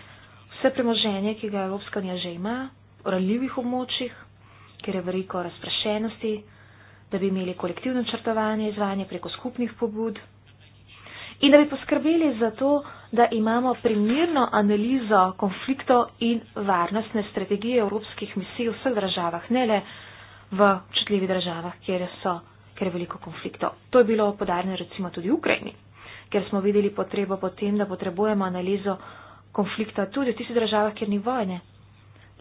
vse premoženje, ki ga Evropska unija že ima, v ranljivih območjih, kjer je veliko razprašenosti, da bi imeli kolektivno črtovanje, izvajanje preko skupnih pobud in da bi poskrbeli za to, da imamo primirno analizo konfliktov in varnostne strategije evropskih misij v vseh državah, ne le v občutljivih državah, kjer, so, kjer je veliko konfliktov. To je bilo podarjeno recimo tudi v Ukrajini, ker smo videli potrebo potem, da potrebujemo analizo konflikta tudi v tistih državah, kjer ni vojne.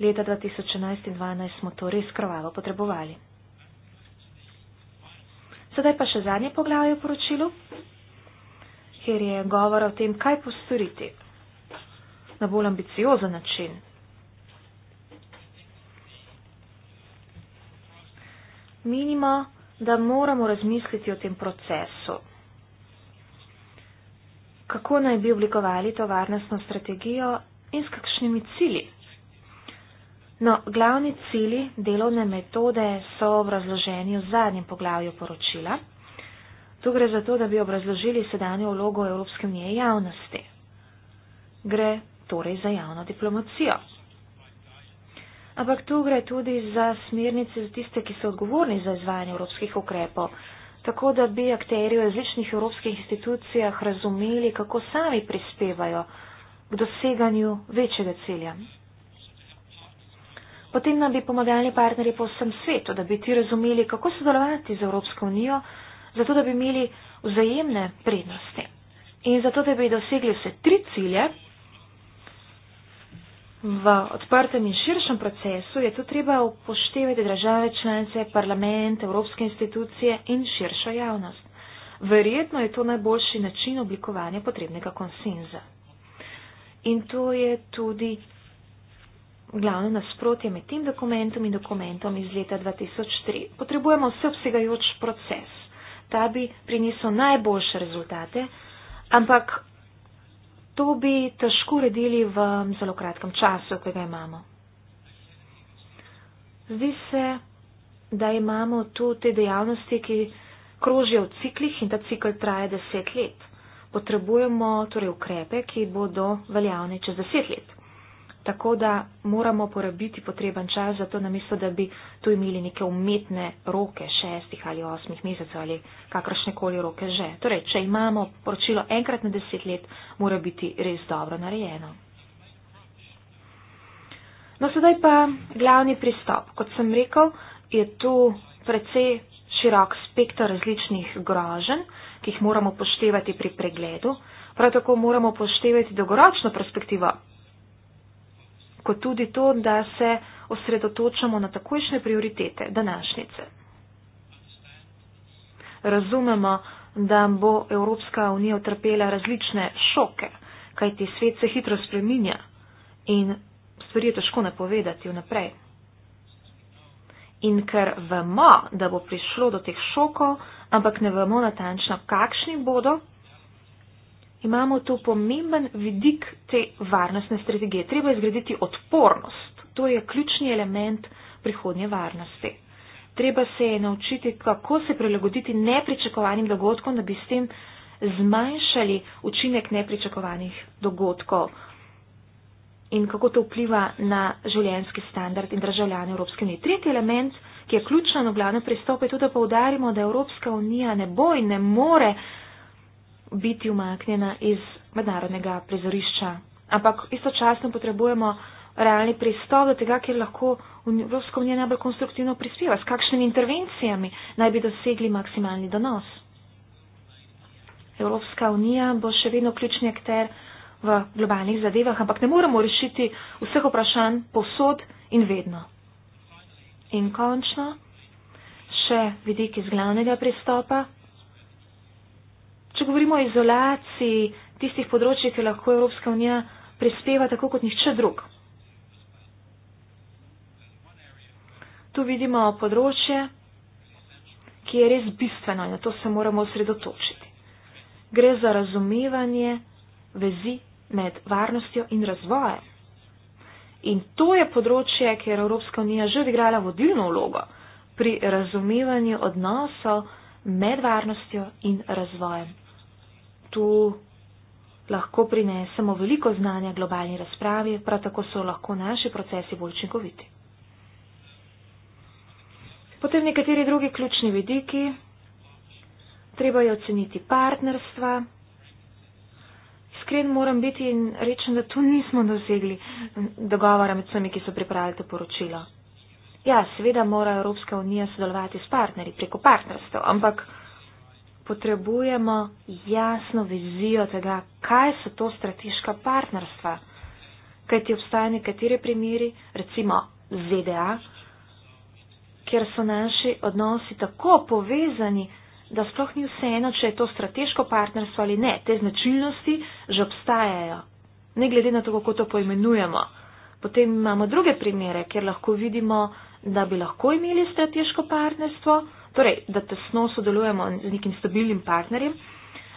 Leta 2011 in 2012 smo to res krvavo potrebovali. Sedaj pa še zadnje poglavje v poročilu kjer je govora o tem, kaj postoriti na bolj ambiciozen način. Menimo, da moramo razmisliti o tem procesu. Kako naj bi oblikovali to varnostno strategijo in s kakšnimi cili? No, glavni cili delovne metode so v razloženju v zadnjem poglavju poročila. Tu gre za to, da bi obrazložili sedanjo vlogo Evropske unije javnosti. Gre torej za javno diplomacijo. Ampak tu gre tudi za smernice za tiste, ki so odgovorni za izvajanje evropskih ukrepov, tako da bi akteri v različnih evropskih institucijah razumeli, kako sami prispevajo k doseganju večjega cilja. Potem nam bi pomagali partnerji po vsem svetu, da bi ti razumeli, kako sodelovati z Evropsko unijo zato da bi imeli vzajemne prednosti in zato da bi dosegli vse tri cilje v odprtem in širšem procesu, je to treba upoštevati države članice, parlament, evropske institucije in širša javnost. Verjetno je to najboljši način oblikovanja potrebnega konsenza. In to je tudi glavno nasprotje med tem dokumentom in dokumentom iz leta 2003. Potrebujemo vseobsegajoč proces ta bi prinesel najboljše rezultate, ampak to bi težko redili v mm, zelo kratkem času, ki ga imamo. Zdi se, da imamo tu te dejavnosti, ki krožijo v ciklih in ta cikl traja deset let. Potrebujemo torej ukrepe, ki bodo veljavni čez deset let. Tako da moramo porabiti potreben čas za to, namesto da bi tu imeli neke umetne roke šestih ali osmih mesecev ali kakršne koli roke že. Torej, če imamo poročilo enkrat na deset let, mora biti res dobro narejeno. No, sedaj pa glavni pristop. Kot sem rekel, je tu precej širok spektr različnih groženj, ki jih moramo poštevati pri pregledu. Prav tako moramo poštevati dolgoročno perspektivo kot tudi to, da se osredotočamo na takojšnje prioritete današnjice. Razumemo, da bo Evropska unija utrpela različne šoke, kajti svet se hitro spreminja in stvari je težko napovedati vnaprej. In ker vemo, da bo prišlo do teh šokov, ampak ne vemo natančno, kakšni bodo, imamo tu pomemben vidik te varnostne strategije. Treba je zgraditi odpornost. To je ključni element prihodnje varnosti. Treba se je naučiti, kako se prilagoditi nepričakovanim dogodkom, da bi s tem zmanjšali učinek nepričakovanih dogodkov in kako to vpliva na življenjski standard in državljane Evropske unije. Tretji element, ki je ključen v glavnem pristopu, je tudi, da poudarimo, da Evropska unija ne bo in ne more biti umaknjena iz mednarodnega prizorišča. Ampak istočasno potrebujemo realni pristop do tega, kjer lahko Evropska unija najbolj konstruktivno prispeva, s kakšnimi intervencijami naj bi dosegli maksimalni donos. Evropska unija bo še vedno ključni akter v globalnih zadevah, ampak ne moremo rešiti vseh vprašanj posod in vedno. In končno, še vidik iz glavnega pristopa, če govorimo o izolaciji tistih področji, ki lahko Evropska unija prispeva tako kot nihče drug. Tu vidimo področje, ki je res bistveno in na to se moramo osredotočiti. Gre za razumevanje vezi med varnostjo in razvojem. In to je področje, kjer Evropska unija že odigrala vodilno vlogo pri razumevanju odnosov med varnostjo in razvojem tu lahko prinesemo veliko znanja globalni razpravi, prav tako so lahko naši procesi bolj učinkoviti. Potem nekateri drugi ključni vidiki. Treba je oceniti partnerstva. Iskren moram biti in rečem, da tu nismo dosegli dogovora med vsemi, ki so pripravili to poročilo. Ja, seveda mora Evropska unija sodelovati s partnerji preko partnerstva, ampak potrebujemo jasno vizijo tega, kaj so to strateška partnerstva. Kaj ti obstaja nekateri primeri, recimo ZDA, kjer so naši odnosi tako povezani, da sploh ni vseeno, če je to strateško partnerstvo ali ne. Te značilnosti že obstajajo. Ne glede na to, kako to poimenujemo. Potem imamo druge primere, kjer lahko vidimo, da bi lahko imeli strateško partnerstvo torej, da tesno sodelujemo z nekim stabilnim partnerjem,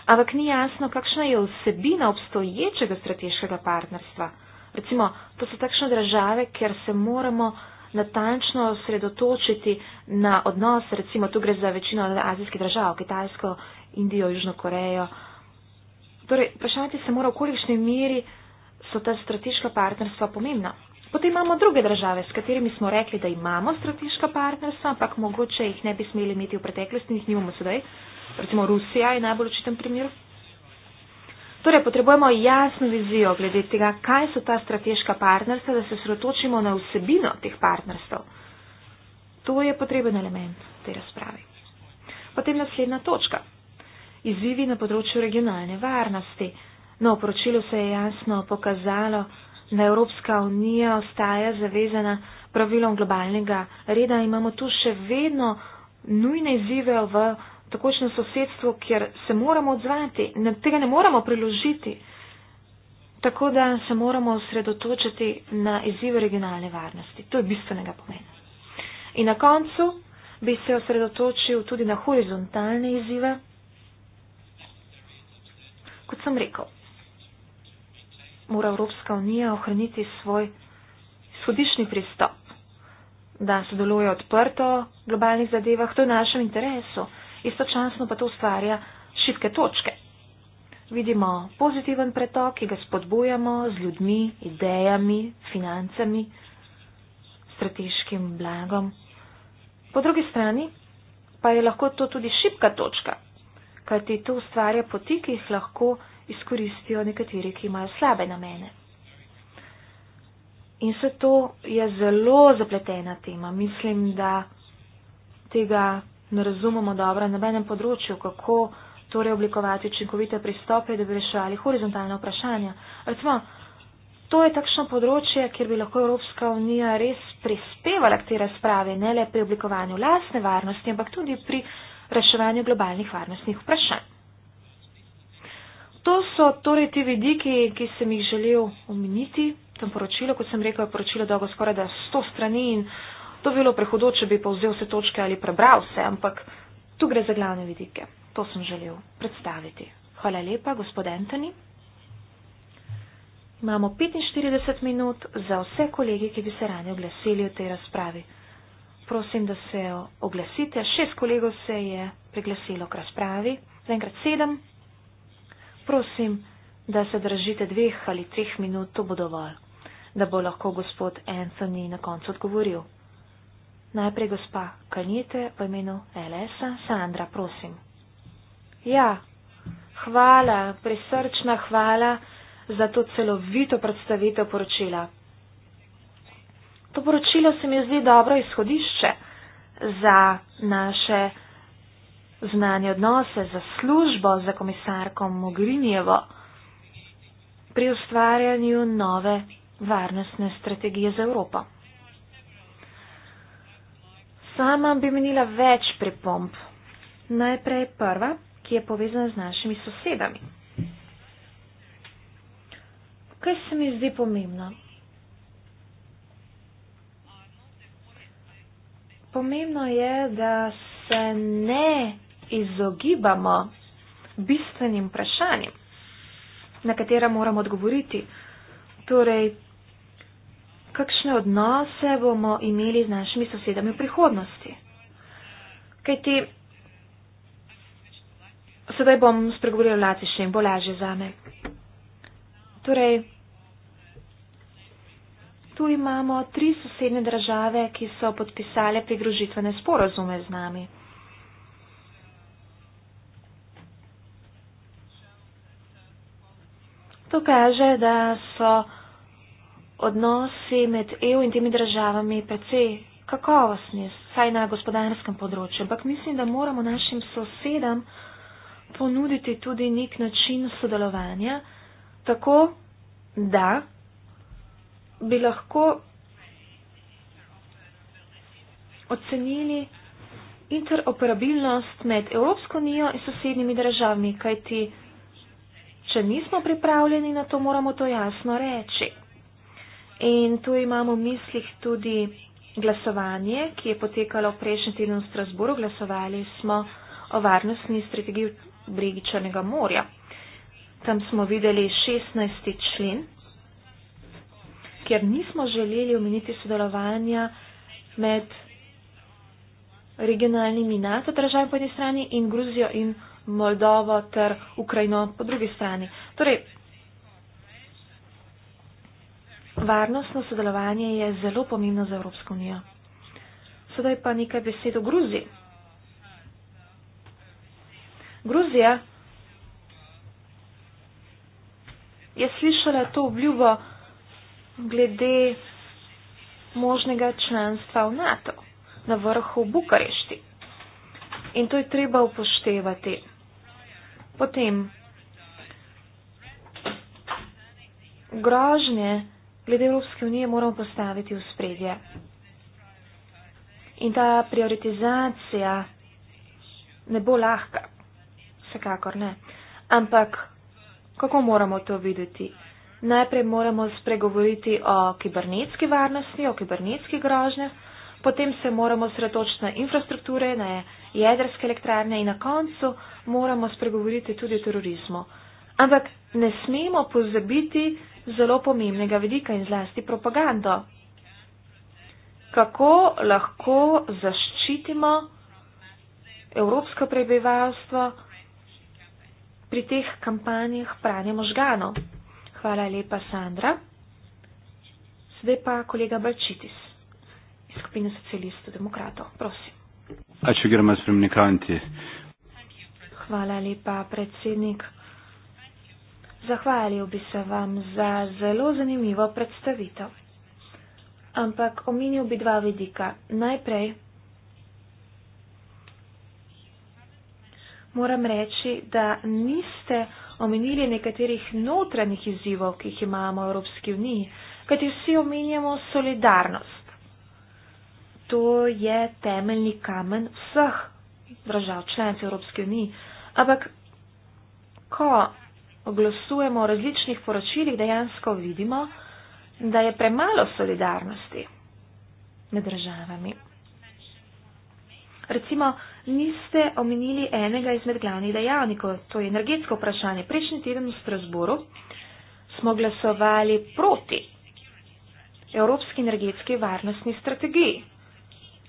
ampak ni jasno, kakšna je vsebina obstoječega strateškega partnerstva. Recimo, to so takšne države, kjer se moramo natančno sredotočiti na odnose, recimo tu gre za večino azijskih držav, Kitajsko, Indijo, Južno Korejo. Torej, vprašati se mora, v kolikšni meri so ta strateška partnerstva pomembna. Potem imamo druge države, s katerimi smo rekli, da imamo strateška partnerstva, ampak mogoče jih ne bi smeli imeti v preteklosti in jih nimamo sedaj. Recimo Rusija je najbolj očiten primer. Torej, potrebujemo jasno vizijo glede tega, kaj so ta strateška partnerstva, da se sredotočimo na vsebino teh partnerstv. To je potreben element te razprave. Potem naslednja točka. Izzivi na področju regionalne varnosti. No, poročilo se je jasno pokazalo, da Evropska unija ostaja zavezana pravilom globalnega reda. Imamo tu še vedno nujne izzive v takočnem sosedstvu, kjer se moramo odzvati, tega ne moramo priložiti. Tako da se moramo osredotočiti na izzive regionalne varnosti. To je bistvenega pomena. In na koncu bi se osredotočil tudi na horizontalne izzive. Kot sem rekel, mora Evropska unija ohraniti svoj izhodišni pristop, da sodeluje odprto v globalnih zadevah, to je v našem interesu, istočasno pa to ustvarja šitke točke. Vidimo pozitiven pretok, ki ga spodbujamo z ljudmi, idejami, financami, strateškim blagom. Po drugi strani pa je lahko to tudi šipka točka, kajti to ustvarja poti, ki jih lahko izkoristijo nekateri, ki imajo slabe namene. In vse to je zelo zapletena tema. Mislim, da tega ne razumemo dobro na menem področju, kako torej oblikovati učinkovite pristope, da bi rešvali horizontalne vprašanja. Recimo, to je takšno področje, kjer bi lahko Evropska unija res prispevala k te razprave, ne le pri oblikovanju lastne varnosti, ampak tudi pri reševanju globalnih varnostnih vprašanj to so torej ti vidiki, ki sem jih želel omeniti. Tam poročilo, kot sem rekel, je poročilo dolgo skoraj da 100 strani in to bi bilo prehodoče, bi povzel vse točke ali prebral vse, ampak tu gre za glavne vidike. To sem želel predstaviti. Hvala lepa, gospod Antoni. Imamo 45 minut za vse kolegi, ki bi se ranje oglasili v tej razpravi. Prosim, da se oglasite. Šest kolegov se je priglasilo k razpravi. Zaenkrat sedem prosim, da se držite dveh ali treh minut, to bo dovolj, da bo lahko gospod Anthony na koncu odgovoril. Najprej gospa Kanjete po imenu Elesa Sandra, prosim. Ja, hvala, prisrčna hvala za to celovito predstavitev poročila. To poročilo se mi zdi dobro izhodišče za naše znanje odnose, za službo za komisarko Mogrinjevo pri ustvarjanju nove varnostne strategije za Evropo. Sama bi menila več pripomb. Najprej prva, ki je povezana z našimi sosedami. Kaj se mi zdi pomembno? Pomembno je, da se ne izogibamo bistvenim vprašanjem, na katera moramo odgovoriti. Torej, kakšne odnose bomo imeli z našimi sosedami v prihodnosti. Kajti, sedaj bom spregovoril latišče in bo lažje za me. Torej, tu imamo tri sosednje države, ki so podpisale pridružitvene sporozume z nami. to kaže, da so odnosi med EU in temi državami precej kakovostni, saj na gospodarskem področju. Ampak mislim, da moramo našim sosedam ponuditi tudi nek način sodelovanja, tako da bi lahko ocenili interoperabilnost med Evropsko unijo in sosednjimi državami, kajti Če nismo pripravljeni na to, moramo to jasno reči. In tu imamo v mislih tudi glasovanje, ki je potekalo prejšnji teden v Strasburu. Glasovali smo o varnostni strategiji Brigičanega morja. Tam smo videli 16. člen, kjer nismo želeli omeniti sodelovanja med regionalnimi NATO državami po eni strani in Gruzijo in Ukrajino. Moldovo ter Ukrajino po drugi strani. Torej, varnostno sodelovanje je zelo pomembno za Evropsko unijo. Sedaj pa nekaj besed o Gruziji. Gruzija je slišala to obljubo glede možnega članstva v NATO na vrhu Bukarešti. In to je treba upoštevati. Potem grožnje glede Evropske unije moramo postaviti v spredje. In ta prioritizacija ne bo lahka, vsekakor ne. Ampak kako moramo to videti? Najprej moramo spregovoriti o kibernetski varnosti, o kibernetski grožnje, potem se moramo sretočiti na infrastrukture, na jedrske elektrarne in na koncu moramo spregovoriti tudi o terorizmu. Ampak ne smemo pozabiti zelo pomembnega vedika in zlasti propagando. Kako lahko zaščitimo evropsko prebivalstvo pri teh kampanjah pranja možganov? Hvala lepa, Sandra. Zdaj pa kolega Balčitis iz skupine socialistov demokratov. Prosim. Ačiū, gerbiamas pirmininkantė. Hvala lepa, predsednik. Zahvalil bi se vam za zelo zanimivo predstavitev. Ampak omenil bi dva vidika. Najprej moram reči, da niste omenili nekaterih notranjih izzivov, ki jih imamo v Evropski uniji, kajti vsi omenjamo solidarnost. To je temeljni kamen vseh držav članic Evropske unije. Ampak, ko oglasujemo o različnih poročilih, dejansko vidimo, da je premalo solidarnosti med državami. Recimo, niste omenili enega izmed glavnih dejavnikov, to je energetsko vprašanje. Prejšnji teden v Strasburu smo glasovali proti Evropski energetski varnostni strategiji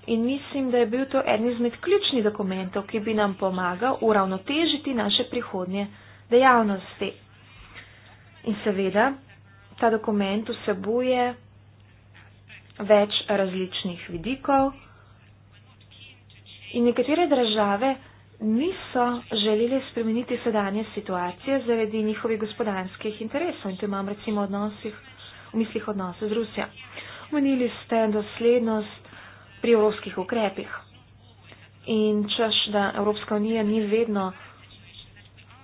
in mislim, da je bil to eden izmed ključnih dokumentov, ki bi nam pomagal uravnotežiti naše prihodnje dejavnosti. In seveda, ta dokument vsebuje več različnih vidikov in nekatere države niso želeli spremeniti sedanje situacije zaradi njihovih gospodarskih interesov in tu imam recimo odnosih, v mislih odnose z Rusijo. Omenili ste doslednost pri evropskih ukrepih. In češ, da Evropska unija ni vedno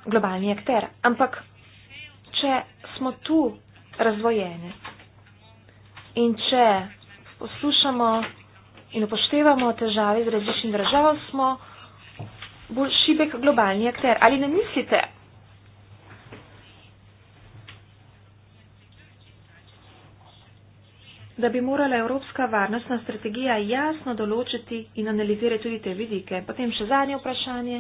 globalni akter. Ampak, če smo tu razvojeni in če poslušamo in upoštevamo težave z različnimi državami, smo bolj šibek globalni akter. Ali ne mislite, da bi morala evropska varnostna strategija jasno določiti in analizirati tudi te vidike. Potem še zadnje vprašanje,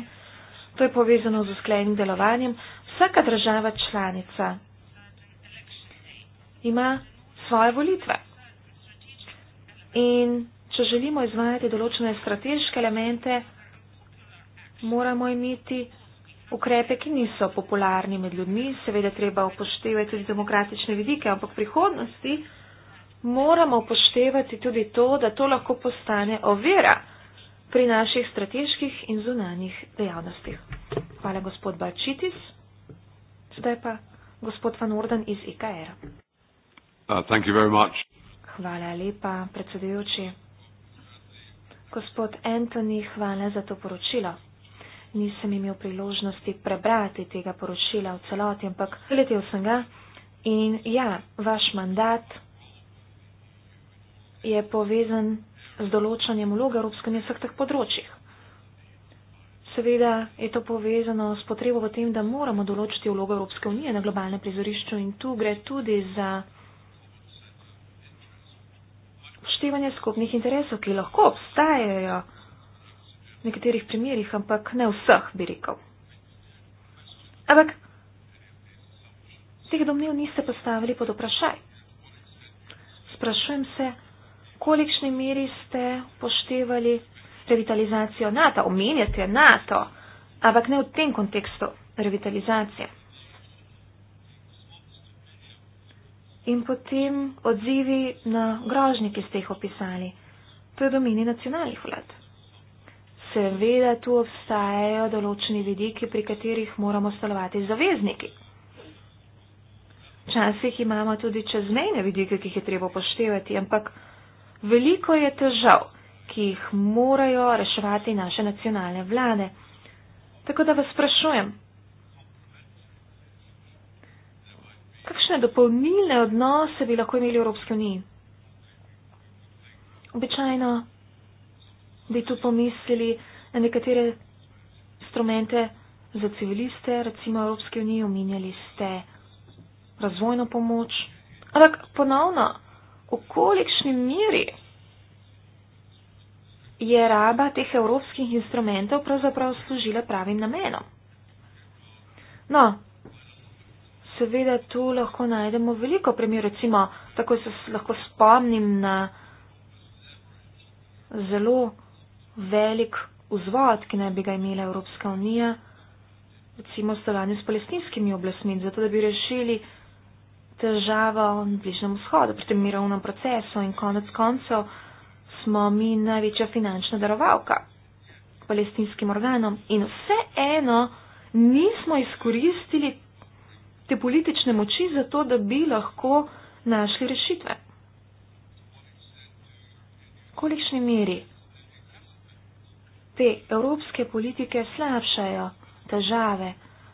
to je povezano z usklenim delovanjem. Vsaka država članica ima svoje volitve. In če želimo izvajati določene strateške elemente, moramo imeti ukrepe, ki niso popularni med ljudmi, seveda treba upoštevati tudi demokratične vidike, ampak v prihodnosti moramo poštevati tudi to, da to lahko postane ovira pri naših strateških in zunanjih dejavnostih. Hvala, gospod Balčitis. Zdaj pa gospod Van Orden iz IKR. Uh, hvala lepa, predsedujoči. Gospod Anthony, hvala za to poročilo. Nisem imel priložnosti prebrati tega poročila v celoti, ampak letel sem ga. In ja, vaš mandat je povezan z določanjem vloge Evropske unije v vseh teh področjih. Seveda je to povezano s potrebo v tem, da moramo določiti vlogo Evropske unije na globalnem prizorišču in tu gre tudi za uštevanje skupnih interesov, ki lahko obstajajo v nekaterih primerjih, ampak ne vseh, bi rekel. Ampak teh domnev niste postavili pod vprašaj. Sprašujem se, kolikšni meri ste poštevali revitalizacijo NATO, omenjate NATO, ampak ne v tem kontekstu revitalizacije. In potem odzivi na grožnje, ki ste jih opisali. To je domini nacionalnih vlad. Seveda tu obstajajo določeni vidiki, pri katerih moramo stalovati zavezniki. Včasih imamo tudi čezmejne vidike, ki jih je treba poštevati, ampak Veliko je težav, ki jih morajo reševati naše nacionalne vlade. Tako da vas sprašujem, kakšne dopolnilne odnose bi lahko imeli v Evropski uniji? Običajno bi tu pomislili na nekatere instrumente za civiliste, recimo v Evropski uniji omenjali ste razvojno pomoč. Ampak ponovno, v kolikšni miri je raba teh evropskih instrumentov pravzaprav služila pravim namenom. No, seveda tu lahko najdemo veliko primerov, recimo, tako se lahko spomnim na zelo velik vzvod, ki naj bi ga imela Evropska unija, recimo v sodelovanju s palestinskimi oblastmi, zato da bi rešili težavo na Bližnjem vzhodu, pri tem mirovnem procesu in konec koncev smo mi največja finančna darovalka palestinskim organom in vseeno nismo izkoristili te politične moči za to, da bi lahko našli rešitve. Kolikšni meri te evropske politike slabšajo težave?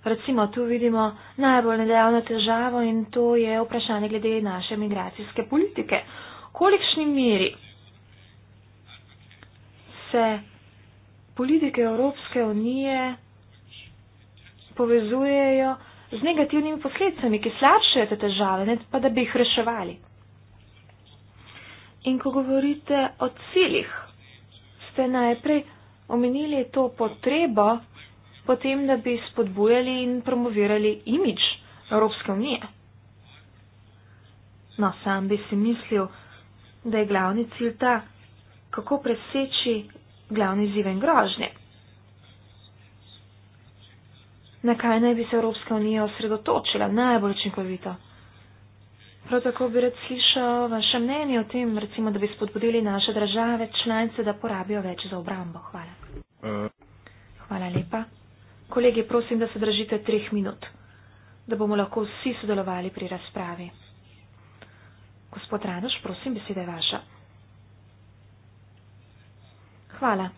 recimo tu vidimo najbolj nedavno težavo in to je vprašanje glede naše migracijske politike. Kolikšni miri se politike Evropske unije povezujejo z negativnimi posledicami, ki slabšajo te težave, ne pa da bi jih reševali. In ko govorite o ciljih, ste najprej omenili to potrebo potem da bi spodbujali in promovirali imič Evropske unije. No, sam bi si mislil, da je glavni cilj ta, kako preseči glavni zive in grožnje. Na kaj naj bi se Evropska unija osredotočila najbolj učinkovito? Prav tako bi rad slišal vaše mnenje o tem, recimo, da bi spodbudili naše države članice, da porabijo več za obrambo. Hvala. Uh. Hvala lepa. Kolegi, prosim, da se držite treh minut, da bomo lahko vsi sodelovali pri razpravi. Gospod Ranoš, prosim, beseda je vaša. Hvala.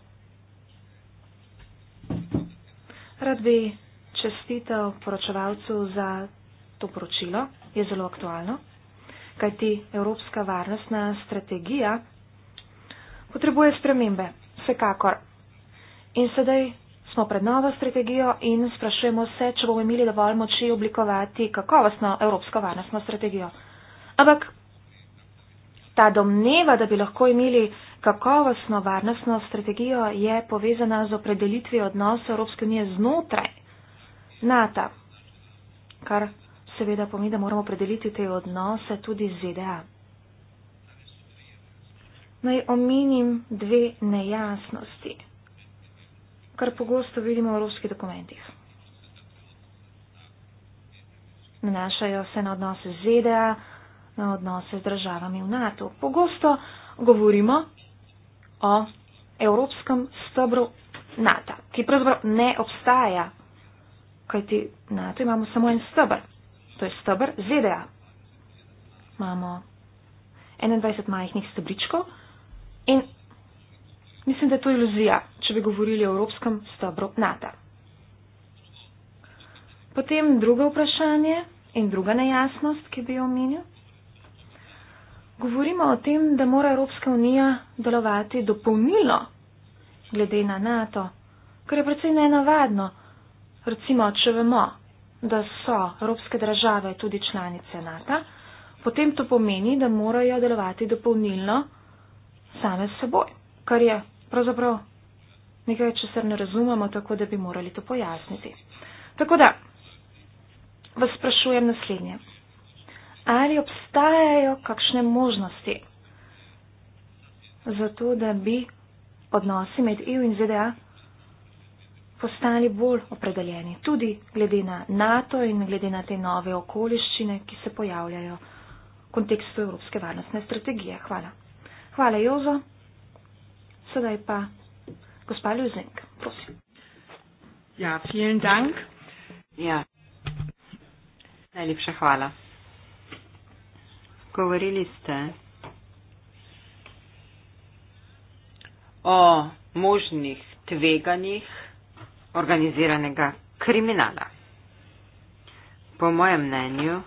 Rad bi čestitev poročevalcu za to poročilo, je zelo aktualno, kajti Evropska varnostna strategija potrebuje spremembe, vsekakor. In sedaj smo pred novo strategijo in sprašujemo se, če bomo imeli dovolj moči oblikovati kakovostno evropsko varnostno strategijo. Ampak ta domneva, da bi lahko imeli kakovostno varnostno strategijo, je povezana z opredelitvi odnosa Evropske unije znotraj NATO, kar seveda pomeni, da moramo opredeliti te odnose tudi z ZDA. Naj omenim dve nejasnosti kar pogosto vidimo v evropskih dokumentih. Nanašajo se na odnose z ZDA, na odnose z državami v NATO. Pogosto govorimo o evropskem stebru NATO, ki pravzaprav ne obstaja, kajti NATO imamo samo en stebr, to je stebr ZDA. Imamo 21 majhnih stebričkov in Mislim, da je to iluzija, če bi govorili o evropskem stebru NATO. Potem drugo vprašanje in druga nejasnost, ki bi jo omenil. Govorimo o tem, da mora Evropska unija delovati dopolnilo glede na NATO, kar je predvsej nenavadno. Recimo, če vemo, da so evropske države tudi članice NATO, potem to pomeni, da morajo delovati dopolnilno same seboj, kar je pravzaprav nekaj, če se ne razumemo, tako da bi morali to pojasniti. Tako da, vas sprašujem naslednje. Ali obstajajo kakšne možnosti za to, da bi odnosi med EU in ZDA postali bolj opredeljeni, tudi glede na NATO in glede na te nove okoliščine, ki se pojavljajo v kontekstu Evropske varnostne strategije? Hvala. Hvala, Jozo. Sedaj pa gospa Ljuzenk, prosim. Ja, vielen dank. Ja. Najlepša hvala. Govorili ste o možnih tveganjih organiziranega kriminala. Po mojem mnenju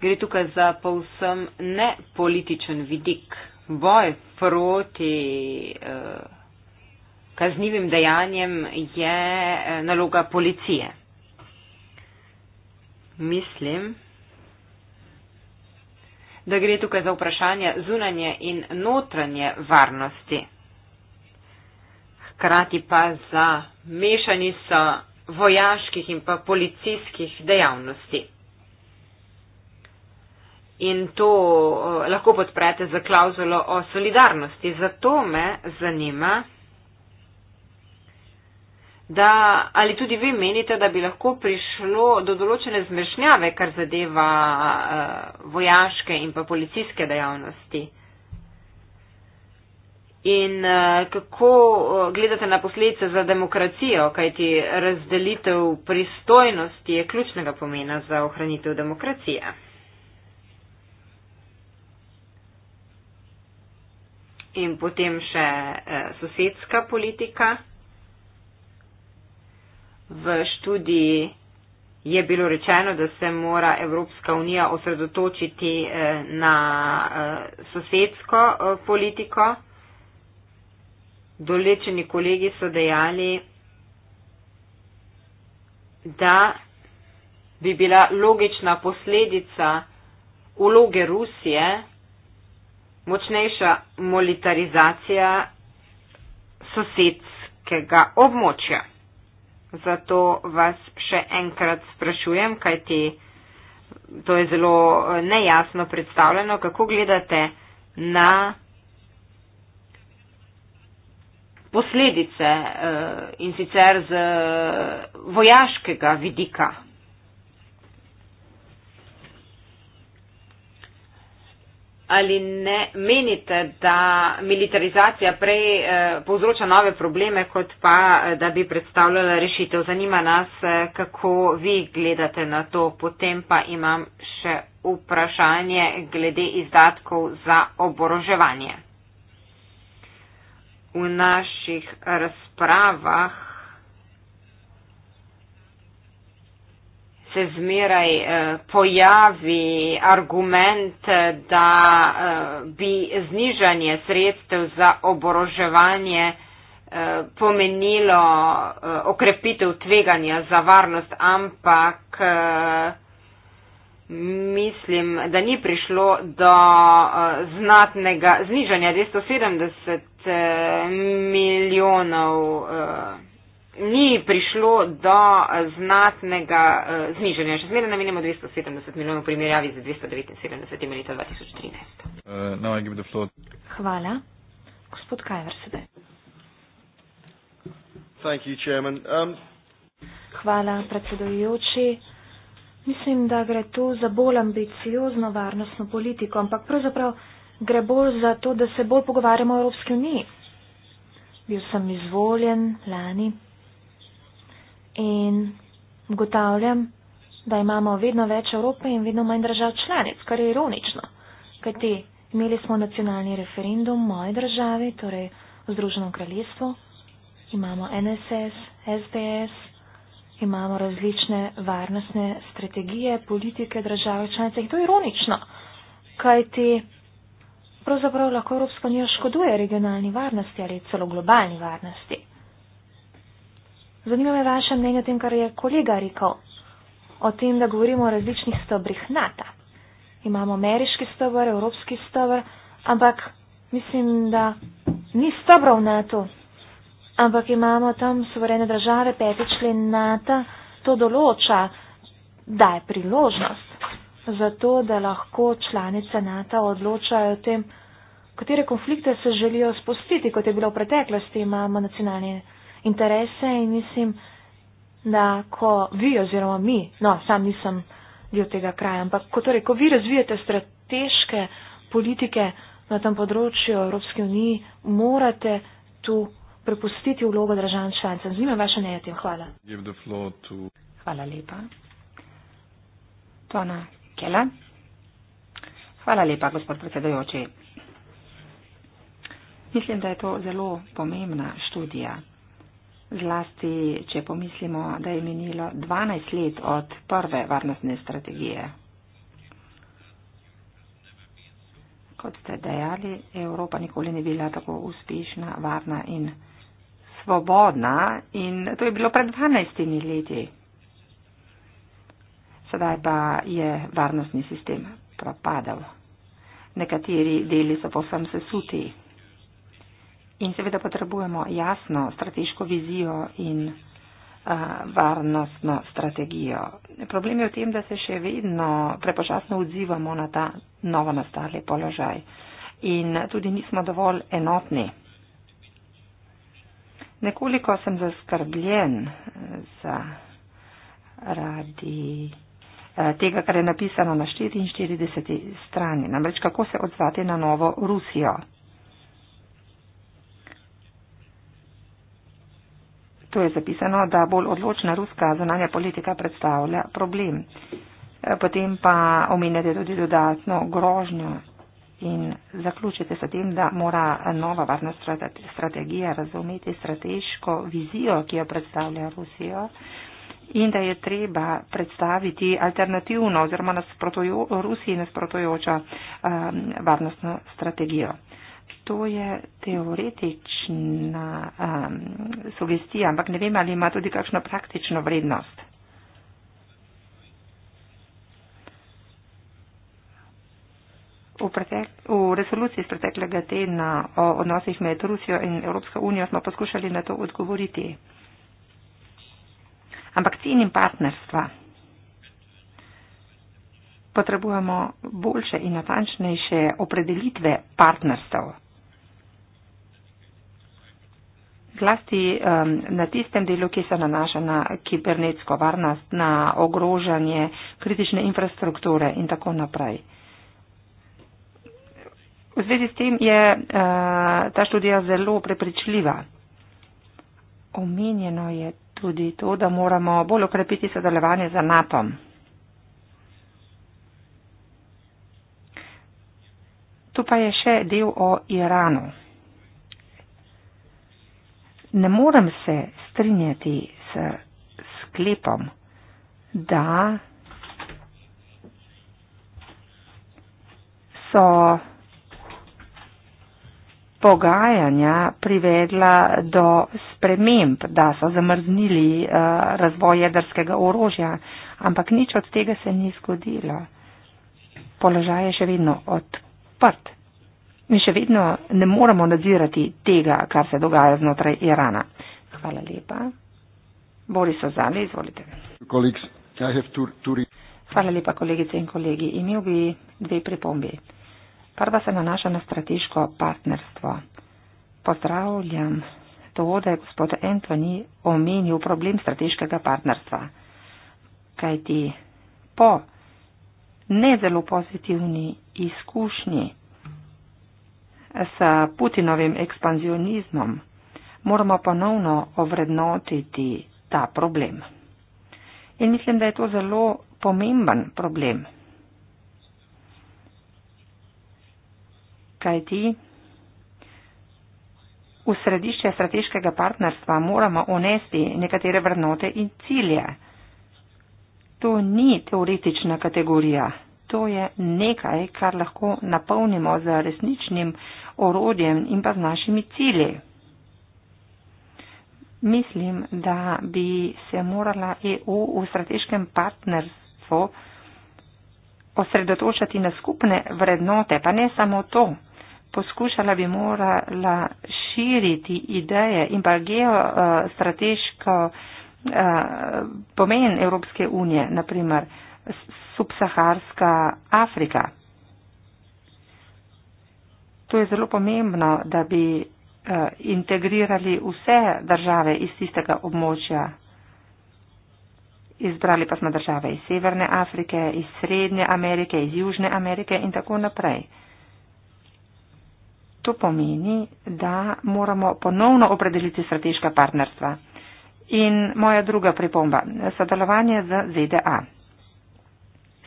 gre tukaj za povsem nepolitičen vidik boj proti eh, kaznjivim dejanjem je eh, naloga policije. Mislim, da gre tukaj za vprašanje zunanje in notranje varnosti, hkrati pa za mešanico vojaških in pa policijskih dejavnosti in to eh, lahko podprete za klauzulo o solidarnosti. Zato me zanima, da ali tudi vi menite, da bi lahko prišlo do določene zmešnjave, kar zadeva eh, vojaške in pa policijske dejavnosti. In eh, kako gledate na posledice za demokracijo, kajti razdelitev pristojnosti je ključnega pomena za ohranitev demokracije. in potem še eh, sosedska politika. V študiji je bilo rečeno, da se mora Evropska unija osredotočiti eh, na eh, sosedsko eh, politiko. Dolečeni kolegi so dejali, da bi bila logična posledica uloge Rusije močnejša militarizacija sosedskega območja. Zato vas še enkrat sprašujem, kaj ti to je zelo eh, nejasno predstavljeno, kako gledate na posledice eh, in sicer z eh, vojaškega vidika. ali ne menite, da militarizacija prej eh, povzroča nove probleme, kot pa eh, da bi predstavljala rešitev. Zanima nas, eh, kako vi gledate na to. Potem pa imam še vprašanje glede izdatkov za oboroževanje. V naših razpravah se zmeraj uh, pojavi argument, da uh, bi znižanje sredstev za oboroževanje eh, pomenilo uh, okrepitev tveganja za varnost, ampak uh, mislim, da ni prišlo do uh, znatnega znižanja 270 uh, milijonov. Uh, ni prišlo do znatnega uh, znižanja. Še zmeraj namenjamo 270 milijonov primerjavi z 279 leta 2013. Uh, no, Hvala. Gospod Kajver, sedaj. Thank you, chairman. Um... Hvala, predsedujoči. Mislim, da gre tu za bolj ambiciozno varnostno politiko, ampak pravzaprav gre bolj za to, da se bolj pogovarjamo o Evropski uniji. Bil sem izvoljen lani in ugotavljam, da imamo vedno več Evrope in vedno manj držav članic, kar je ironično, kajti imeli smo nacionalni referendum moje države, torej v Združenem kraljestvu, imamo NSS, SDS, imamo različne varnostne strategije, politike države članice in to je ironično, kajti pravzaprav lahko Evropska unija škoduje regionalni varnosti ali celo globalni varnosti. Zanima me vaše mnenje o tem, kar je kolega rekel, o tem, da govorimo o različnih stobrih NATO. Imamo ameriški stobr, evropski stobr, ampak mislim, da ni stobrov NATO, ampak imamo tam suverene države, peti člen NATO, to določa, da je priložnost za to, da lahko članice NATO odločajo o tem, katere konflikte se želijo spustiti, kot je bilo v preteklosti, imamo nacionalne interese in mislim, da ko vi oziroma mi, no, sam nisem del tega kraja, ampak ko torej, ko vi razvijete strateške politike na tem področju Evropske unije, morate tu prepustiti vlogo državam članicam. Zanima vaše mnenje o tem. Hvala. Hvala lepa. Tona Kela. Hvala lepa, gospod predsedojoči. Mislim, da je to zelo pomembna študija zlasti če pomislimo, da je minilo 12 let od prve varnostne strategije. Kot ste dejali, Evropa nikoli ni bila tako uspešna, varna in svobodna in to je bilo pred 12 leti. Sedaj pa je varnostni sistem propadal. Nekateri deli so posem sesuti. In seveda potrebujemo jasno strateško vizijo in eh, varnostno strategijo. Problem je v tem, da se še vedno prepočasno odzivamo na ta novo nastali položaj in tudi nismo dovolj enotni. Nekoliko sem zaskrbljen eh, zaradi eh, tega, kar je napisano na 44 strani, namreč kako se odzvati na novo Rusijo. Tu je zapisano, da bolj odločna ruska zunanja politika predstavlja problem. Eh, potem pa omenjate tudi dodatno grožnjo in zaključite s tem, da mora nova varna strategija razumeti strateško vizijo, ki jo predstavlja Rusijo in da je treba predstaviti alternativno oziroma nasprotujo, Rusiji nasprotujočo um, varnostno strategijo. To je teoretična um, sugestija, ampak ne vem, ali ima tudi kakšno praktično vrednost. V, v resoluciji iz preteklega tedna o odnosih med Rusijo in Evropsko unijo smo poskušali na to odgovoriti. Ampak cenim partnerstva. Potrebujemo boljše in natančnejše opredelitve partnerstva. zlasti um, na tistem delu, ki se nanaša na kibernetsko varnost, na ogrožanje kritične infrastrukture in tako naprej. V zvezi s tem je uh, ta študija zelo prepričljiva. Omenjeno je tudi to, da moramo bolj okrepiti sodelovanje za NATO. Tu pa je še del o Iranu ne morem se strinjati s sklepom, da so pogajanja privedla do sprememb, da so zamrznili eh, razvoj jedrskega orožja, ampak nič od tega se ni zgodilo. Položaj je še vedno odprt. Mi še vedno ne moramo nadzirati tega, kar se dogaja znotraj Irana. Hvala lepa. Boris Ozale, izvolite. Hvala lepa, kolegice in kolegi. Imel bi dve pripombi. Prva se nanaša na strateško partnerstvo. Pozdravljam to, da je gospod Antoni omenil problem strateškega partnerstva. Kajti po ne zelo pozitivni izkušnji, s Putinovim ekspanzionizmom, moramo ponovno ovrednotiti ta problem. In mislim, da je to zelo pomemben problem. Kaj ti? V središče strateškega partnerstva moramo unesti nekatere vrednote in cilje. To ni teoretična kategorija. To je nekaj, kar lahko napolnimo z resničnim orodjem in pa z našimi cilji. Mislim, da bi se morala EU v strateškem partnerstvu osredotočati na skupne vrednote, pa ne samo to. Poskušala bi morala širiti ideje in pa geostrateško eh, pomen Evropske unije, naprimer subsaharska Afrika. To je zelo pomembno, da bi uh, integrirali vse države iz tistega območja. Izbrali pa smo države iz Severne Afrike, iz Srednje Amerike, iz Južne Amerike in tako naprej. To pomeni, da moramo ponovno opredeliti strateška partnerstva. In moja druga pripomba, sodelovanje z ZDA.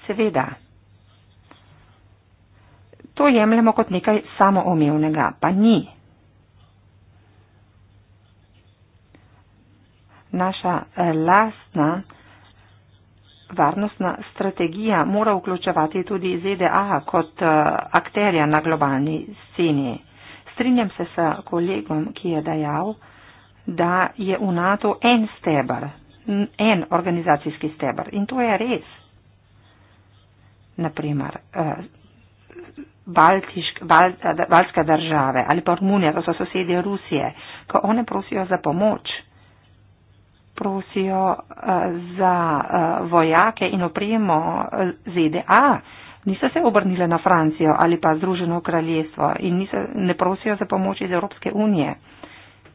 Seveda to jemljemo kot nekaj samoomevnega, pa ni. Naša eh, lastna varnostna strategija mora vključevati tudi ZDA kot eh, akterja na globalni sceni. Strinjam se s kolegom, ki je dejal, da je v NATO en stebr, en organizacijski stebr. In to je res. Naprimer, eh, Baltiš, Bal, eh, Balska države ali pa Romunija, to so sosedje Rusije, ko one prosijo za pomoč, prosijo uh, za uh, vojake in opremo ZDA, niso se obrnile na Francijo ali pa Združeno kraljestvo in niso, ne prosijo za pomoč iz Evropske unije.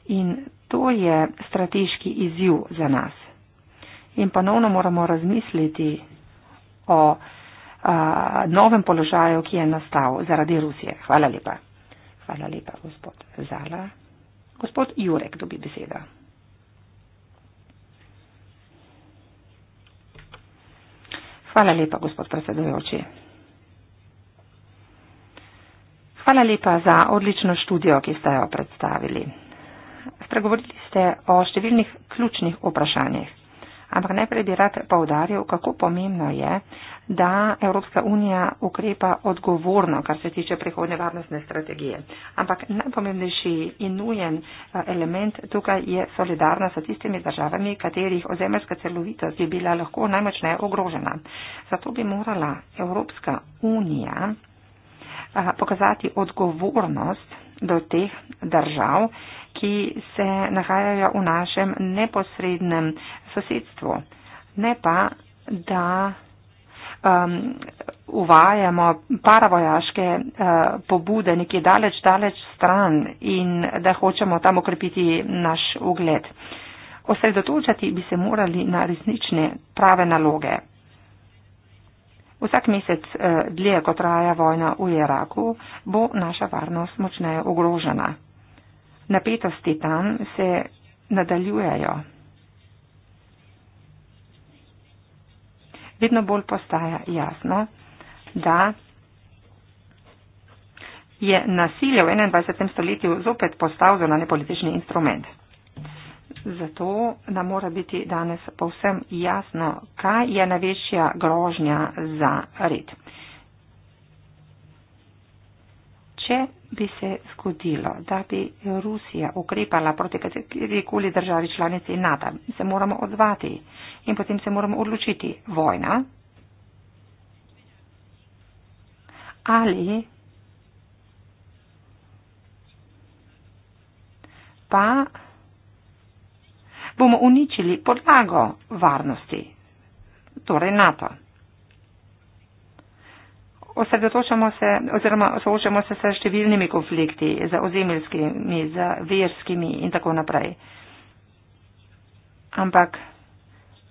In to je strateški izziv za nas. In ponovno moramo razmisliti o novem položaju, ki je nastal zaradi Rusije. Hvala lepa. Hvala lepa, gospod Zala. Gospod Jurek dobi besedo. Hvala lepa, gospod predsedujoči. Hvala lepa za odlično študijo, ki ste jo predstavili. Spregovorili ste o številnih ključnih vprašanjih, ampak najprej bi rad poudaril, kako pomembno je, da Evropska unija ukrepa odgovorno, kar se tiče prihodne varnostne strategije. Ampak najpomembnejši in nujen eh, element tukaj je solidarnost s tistimi državami, katerih ozemeljska celovitost je bila lahko najmočneje ogrožena. Zato bi morala Evropska unija eh, pokazati odgovornost do teh držav, ki se nahajajo v našem neposrednem sosedstvu. Ne pa, da um, uvajamo paravojaške uh, pobude nekje daleč, daleč stran in da hočemo tam okrepiti naš ugled. Osredotočati bi se morali na resnične prave naloge. Vsak mesec uh, dlje, ko traja vojna v Iraku, bo naša varnost močneje ogrožena. Napetosti tam se nadaljujejo. vedno bolj postaja jasno, da je nasilje v 21. stoletju zopet postal zunanje politični instrument. Zato nam mora biti danes povsem jasno, kaj je največja grožnja za red. Če bi se zgodilo, da bi Rusija ukrepala proti katerikoli državi članici NATO, se moramo odzvati in potem se moramo odločiti vojna ali pa bomo uničili podlago varnosti, torej NATO osredotočamo se oziroma soočamo se s številnimi konflikti, z ozemeljskimi, z verskimi in tako naprej. Ampak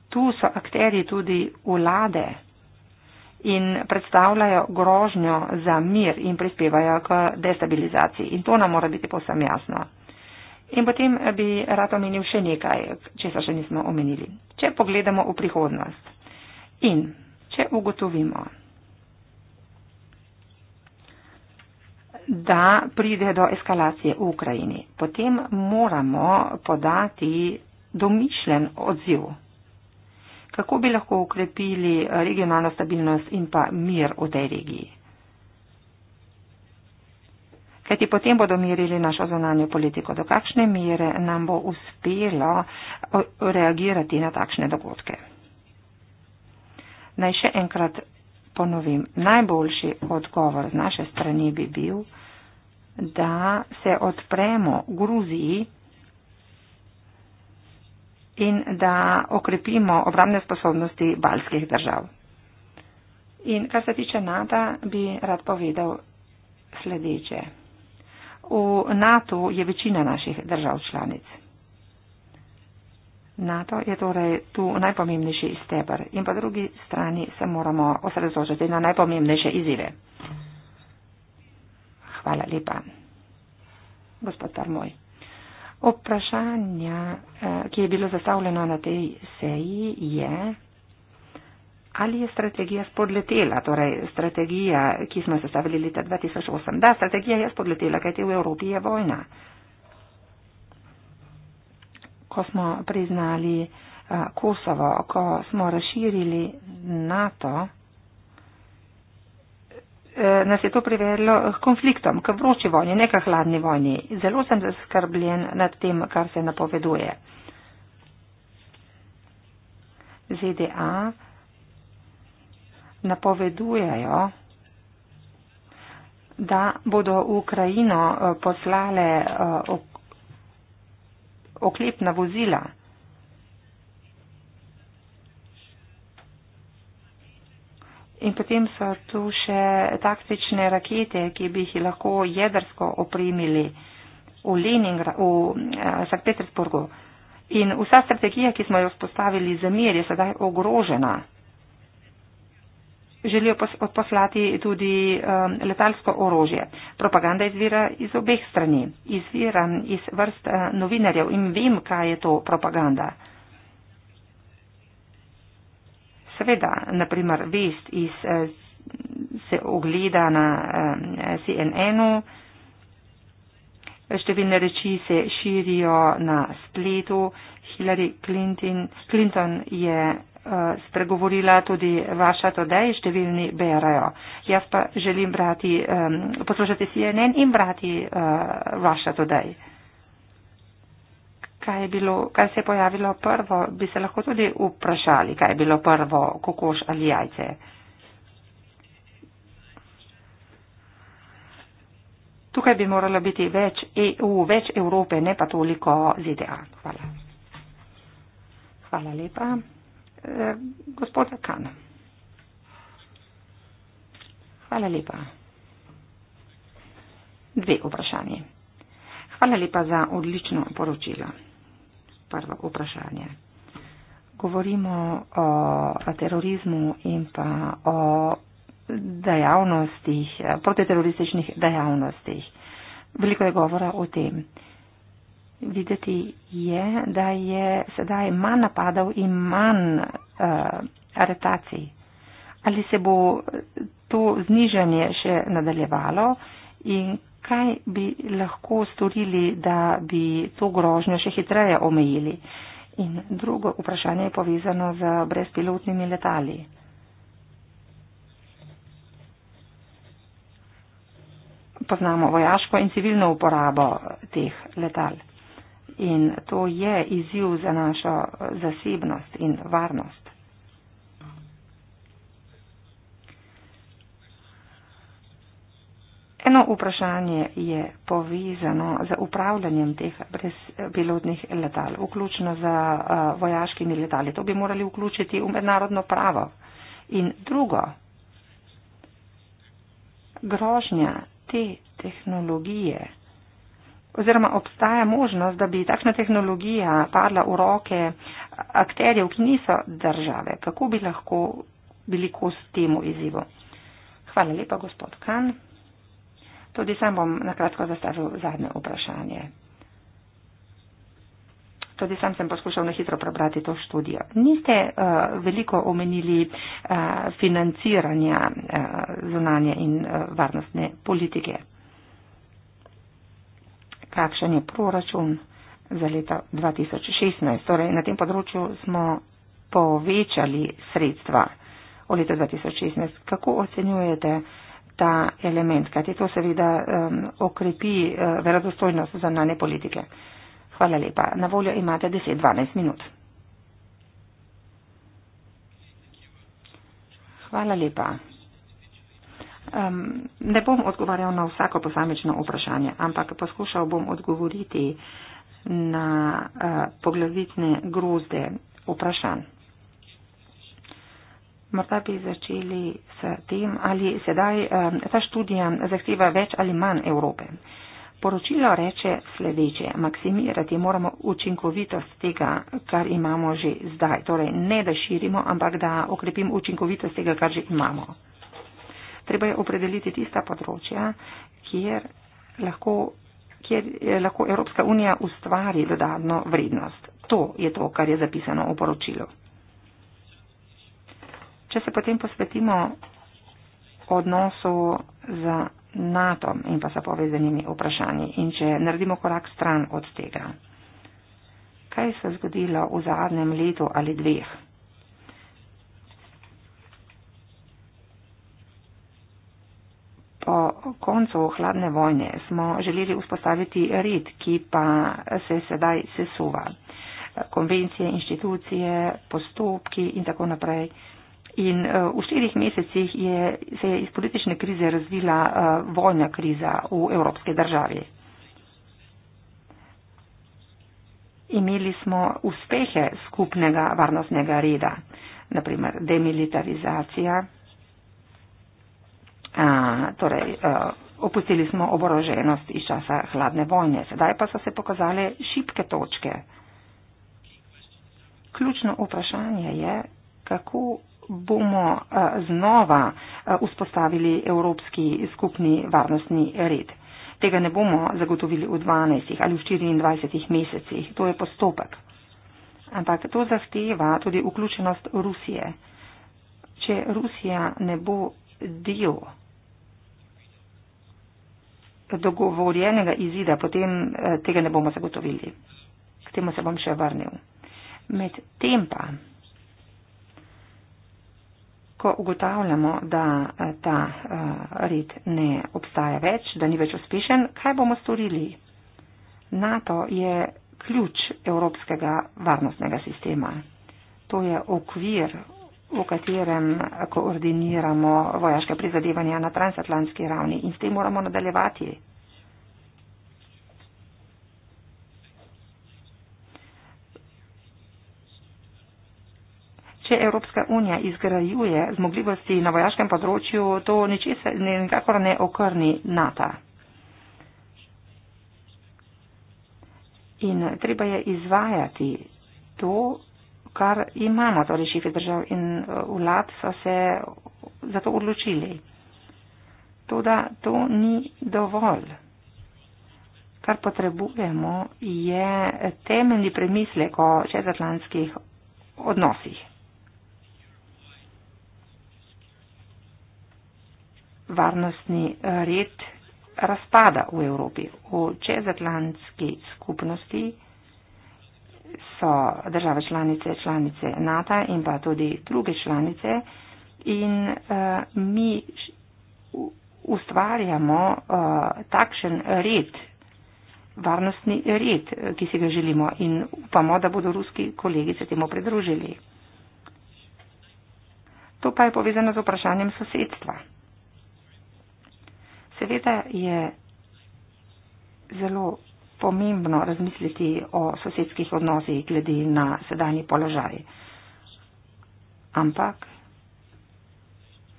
tu so akteri tudi vlade in predstavljajo grožnjo za mir in prispevajo k destabilizaciji. In to nam mora biti posem jasno. In potem bi rad omenil še nekaj, česa še nismo omenili. Če pogledamo v prihodnost in če ugotovimo, da pride do eskalacije v Ukrajini, potem moramo podati domišljen odziv. Kako bi lahko ukrepili regionalno stabilnost in pa mir v tej regiji? Kajti potem bodo mirili našo zonanjo politiko. Do kakšne mere nam bo uspelo reagirati na takšne dogodke? Naj še enkrat ponovim. Najboljši odgovor z naše strani bi bil, da se odpremo Gruziji in da okrepimo obramne sposobnosti balskih držav. In kar se tiče NATO, bi rad povedal sledeče. V NATO je večina naših držav članic. NATO je torej tu najpomembnejši steber in po drugi strani se moramo osredotočiti na najpomembnejše izzive. Hvala lepa. Gospod Tarmoj. Vprašanje, eh, ki je bilo zastavljeno na tej seji, je, ali je strategija spodletela, torej strategija, ki smo jo sestavili leta 2008. Da, strategija je spodletela, kajti v Evropi je vojna. Ko smo priznali eh, Kosovo, ko smo razširili NATO, Eh, nas je to privedlo k konfliktom, k vroči vojni, ne k hladni vojni. Zelo sem zaskrbljen nad tem, kar se napoveduje. ZDA napovedujejo, da bodo v Ukrajino eh, poslale eh, oklepna vozila. In potem so tu še taktične rakete, ki bi jih lahko jedrsko opremili v, Leningra, v eh, Sankt Petersburgu. In vsa strategija, ki smo jo spostavili za mir, je sedaj ogrožena. Želijo odposlati tudi um, letalsko orožje. Propaganda izvira iz obeh strani. Izvira iz vrst uh, novinarjev in vem, kaj je to propaganda. seveda, naprimer, vest iz, eh, se ogleda na eh, CNN-u, številne reči se širijo na spletu. Hillary Clinton, Clinton je eh, spregovorila tudi vaša todej, številni berajo. Jaz pa želim brati, poslušati CNN in brati vaša todej kaj, bilo, kaj se je pojavilo prvo, bi se lahko tudi vprašali, kaj je bilo prvo, kokoš ali jajce. Tukaj bi moralo biti več EU, več Evrope, ne pa toliko ZDA. Hvala. Hvala lepa. E, gospod Kan. Hvala lepa. Dve vprašanje. Hvala lepa za odlično poročilo prvo vprašanje. Govorimo o terorizmu in pa o dejavnostih, protiterorističnih dejavnostih. Veliko je govora o tem. Videti je, da je sedaj manj napadov in manj uh, aretacij. Ali se bo to znižanje še nadaljevalo in kaj bi lahko storili, da bi to grožnjo še hitreje omejili. In drugo vprašanje je povezano z brezpilotnimi letali. Poznamo vojaško in civilno uporabo teh letal. In to je izziv za našo zasebnost in varnost. Eno vprašanje je povezano z upravljanjem teh brezpilotnih letal, vključno z eh, vojaškimi letali. To bi morali vključiti v mednarodno pravo. In drugo, grožnja te tehnologije, oziroma obstaja možnost, da bi takšna tehnologija padla v roke akterjev, ki niso države. Kako bi lahko bili kos temu izzivu? Hvala lepa, gospod Kan. Tudi sam bom nakratko zastavil zadnje vprašanje. Tudi sam sem poskušal na hitro prebrati to študijo. Niste uh, veliko omenili uh, financiranja uh, zunanje in uh, varnostne politike. Kakšen je proračun za leto 2016? Torej, na tem področju smo povečali sredstva v letu 2016. Kako ocenjujete? ta element, kajti to seveda um, okrepi uh, verodostojnost zunanje politike. Hvala lepa. Na voljo imate 10-12 minut. Hvala lepa. Um, ne bom odgovarjal na vsako posamečno vprašanje, ampak poskušal bom odgovoriti na uh, poglavitne grozde vprašanj. Morda bi začeli s tem, ali sedaj eh, ta študija zahteva več ali manj Evrope. Poročilo reče sledeče, maksimirati moramo učinkovitost tega, kar imamo že zdaj. Torej, ne da širimo, ampak da okrepimo učinkovitost tega, kar že imamo. Treba je opredeliti tista področja, kjer lahko, kjer eh, lahko Evropska unija ustvari dodatno vrednost. To je to, kar je zapisano v poročilu. Če se potem posvetimo odnosu z NATO in pa sa povezanimi vprašanji in če naredimo korak stran od tega, kaj se je zgodilo v zadnjem letu ali dveh? Po koncu hladne vojne smo želeli vzpostaviti red, ki pa se sedaj sesuva. Konvencije, inštitucije, postopki in tako naprej In eh, v štirih mesecih je, se je iz politične krize razvila eh, vojna kriza v evropske državi. Imeli smo uspehe skupnega varnostnega reda, naprimer demilitarizacija, a, torej a, eh, opustili smo oboroženost iz časa hladne vojne, sedaj pa so se pokazale šipke točke. Ključno vprašanje je, kako bomo eh, znova eh, vzpostavili Evropski skupni varnostni red. Tega ne bomo zagotovili v 12 ali v 24 mesecih. To je postopek. Ampak to zahteva tudi vključenost Rusije. Če Rusija ne bo del dogovorjenega izida, potem eh, tega ne bomo zagotovili. K temu se bom še vrnil. Med tem pa ko ugotavljamo, da eh, ta eh, red ne obstaja več, da ni več uspešen, kaj bomo storili? NATO je ključ evropskega varnostnega sistema. To je okvir, v katerem koordiniramo vojaške prizadevanja na transatlantski ravni in s tem moramo nadaljevati. Če Evropska unija izgrajuje zmogljivosti na vojaškem področju, to ničesar nikakor ne okrni NATO. In treba je izvajati to, kar imamo, torej šife držav in uh, vlad so se za to odločili. Toda to ni dovolj. Kar potrebujemo je temeljni premislek o čezatlantskih odnosih. varnostni eh, red razpada v Evropi. V čezatlantski skupnosti so države članice, članice NATO in pa tudi druge članice in uh, mi ustvarjamo uh, takšen red, varnostni red, ki si ga želimo in upamo, da bodo ruski kolegi se temu pridružili. To pa je povezano z vprašanjem sosedstva. Seveda je zelo pomembno razmisliti o sosedskih odnozih glede na sedajni položaj. Ampak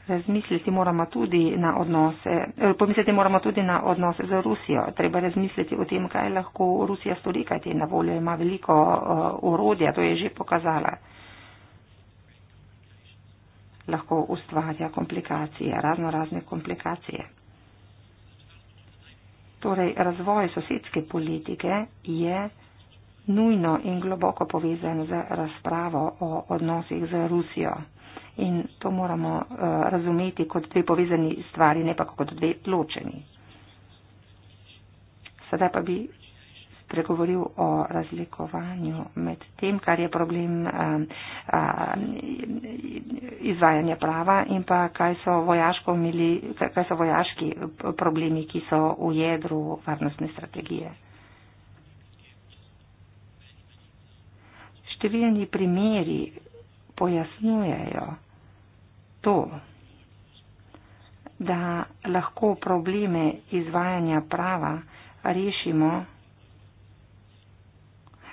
razmisliti moramo tudi na odnose, eh, pomisliti moramo tudi na odnose z Rusijo. Treba razmisliti o tem, kaj lahko Rusija stori, kaj te na voljo ima veliko eh, orodja, to je že pokazala. Lahko ustvarja komplikacije, razno razne komplikacije. Torej, razvoj sosedske politike je nujno in globoko povezan z razpravo o odnosih z Rusijo. In to moramo uh, razumeti kot dve povezani stvari, ne pa kot dve ločeni. Sedaj pa bi pregovoril o razlikovanju med tem, kar je problem um, um, izvajanja prava in pa kaj so, mili, kaj so vojaški problemi, ki so v jedru varnostne strategije. Številni primeri pojasnjujejo to, da lahko probleme izvajanja prava rešimo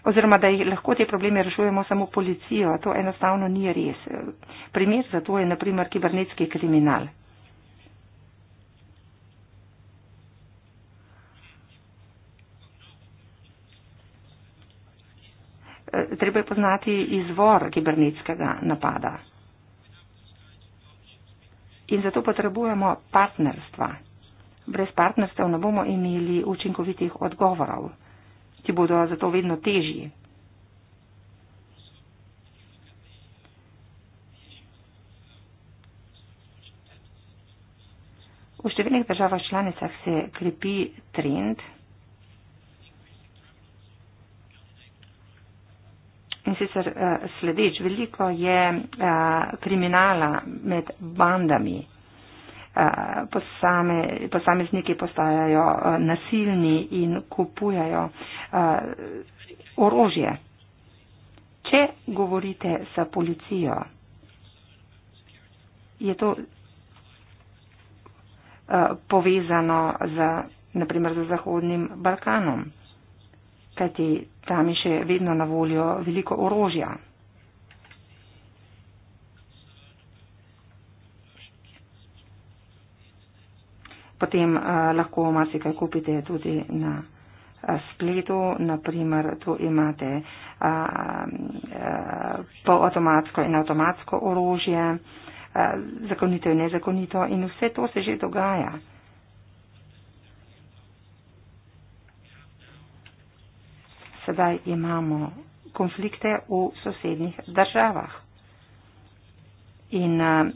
oziroma da lahko te probleme rešujemo samo policijo. To enostavno ni res. Primer za to je naprimer kibernetski kriminal. Treba je poznati izvor kibernetskega napada. In zato potrebujemo partnerstva. Brez partnerstva ne bomo imeli učinkovitih odgovorov ki bodo zato vedno težji. V številnih državah članicah se krepi trend in sicer eh, sledeč, veliko je eh, kriminala med bandami. Eh, posame, posamezniki postajajo eh, nasilni in kupujajo eh, orožje. Če govorite s policijo, je to povezano z, naprimer, z Zahodnim Balkanom, kajti tam je še vedno na voljo veliko orožja. Potem uh, lahko marsikaj kupite tudi na uh, spletu, naprimer tu imate uh, eh, uh, poavtomatsko in avtomatsko orožje, uh, zakonito in nezakonito in vse to se že dogaja. Sedaj imamo konflikte v sosednjih državah. In, uh,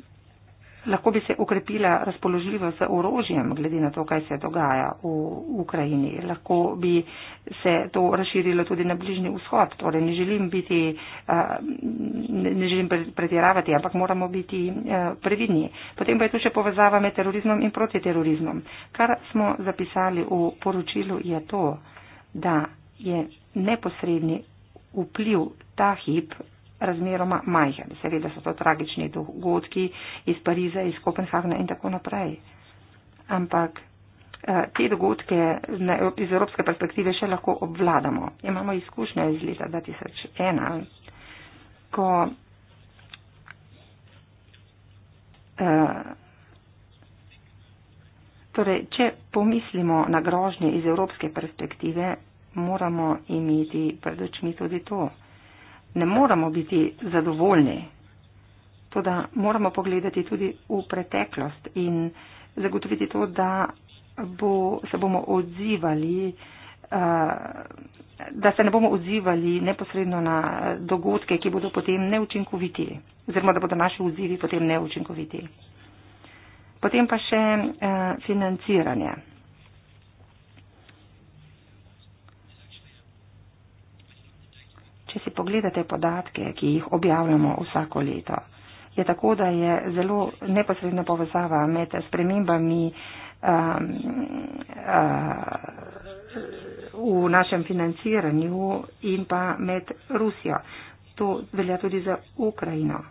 lahko bi se ukrepila razpoložljivo z orožjem, glede na to, kaj se dogaja v Ukrajini. Lahko bi se to razširilo tudi na bližnji vzhod. Torej, ne želim, biti, ne želim pretiravati, ampak moramo biti previdni. Potem pa je tu še povezava med terorizmom in protiterorizmom. Kar smo zapisali v poročilu je to, da je neposredni vpliv ta hip razmeroma majhen. Seveda so to tragični dogodki iz Pariza, iz Kopenhagna in tako naprej. Ampak eh, te dogodke iz evropske perspektive še lahko obvladamo. Imamo izkušnje iz leta 2001, ko eh, torej, če pomislimo na grožnje iz evropske perspektive, moramo imeti pred očmi tudi to ne moramo biti zadovoljni. Toda moramo pogledati tudi v preteklost in zagotoviti to, da bo, se bomo odzivali, eh, da se ne bomo odzivali neposredno na dogodke, ki bodo potem neučinkoviti, oziroma da bodo naši odzivi potem neučinkoviti. Potem pa še eh, financiranje. Če si pogledate podatke, ki jih objavljamo vsako leto, je tako, da je zelo neposredna povezava med spremembami um, uh, v našem financiranju in pa med Rusijo. To velja tudi za Ukrajino.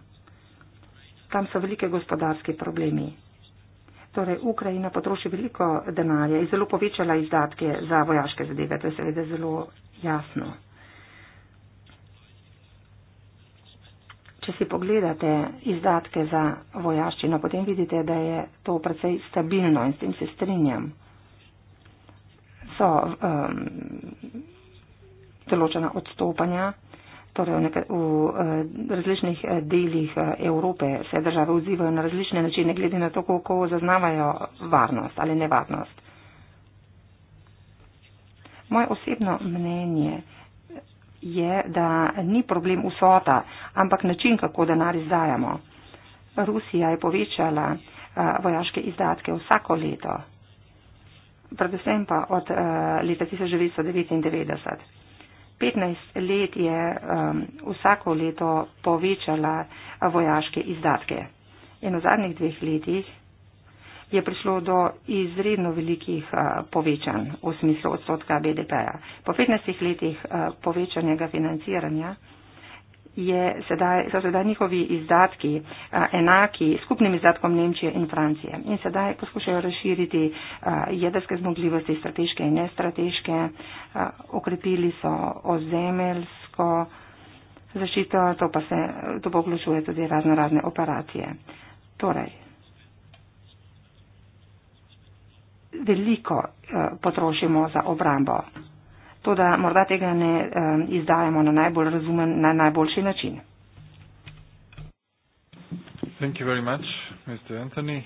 Tam so velike gospodarske problemi. Torej, Ukrajina potroši veliko denarja in zelo povečala izdatke za vojaške zadeve. To je seveda zelo jasno. Če si pogledate izdatke za vojaščino, potem vidite, da je to precej stabilno in s tem se strinjam. So um, določena um, odstopanja, torej v, nekaj, v uh, različnih eh, delih eh, Evrope se države odzivajo na različne načine, glede na to, kako zaznavajo varnost ali nevarnost. Moje osebno mnenje je, je, da ni problem vsota, ampak način, kako denar izdajamo. Rusija je povečala eh, vojaške izdatke vsako leto, predvsem pa od eh, leta 1999. 15 let je vsako leto povečala vojaške izdatke. In v zadnjih dveh letih je prišlo do izredno velikih povečanj v smislu odstotka BDP-ja. Po 15 letih povečanega financiranja sedaj, so sedaj njihovi izdatki enaki skupnim izdatkom Nemčije in Francije. In sedaj poskušajo razširiti jedrske zmogljivosti, strateške in nestrateške, okrepili so ozemelsko zaščito, to pa se, to pa vključuje tudi razno razne operacije. Torej, veliko eh, potrošimo za obrambo. To, da morda tega ne eh, izdajemo na najbolj razumen, na najboljši način. Thank you very much, Mr. Anthony.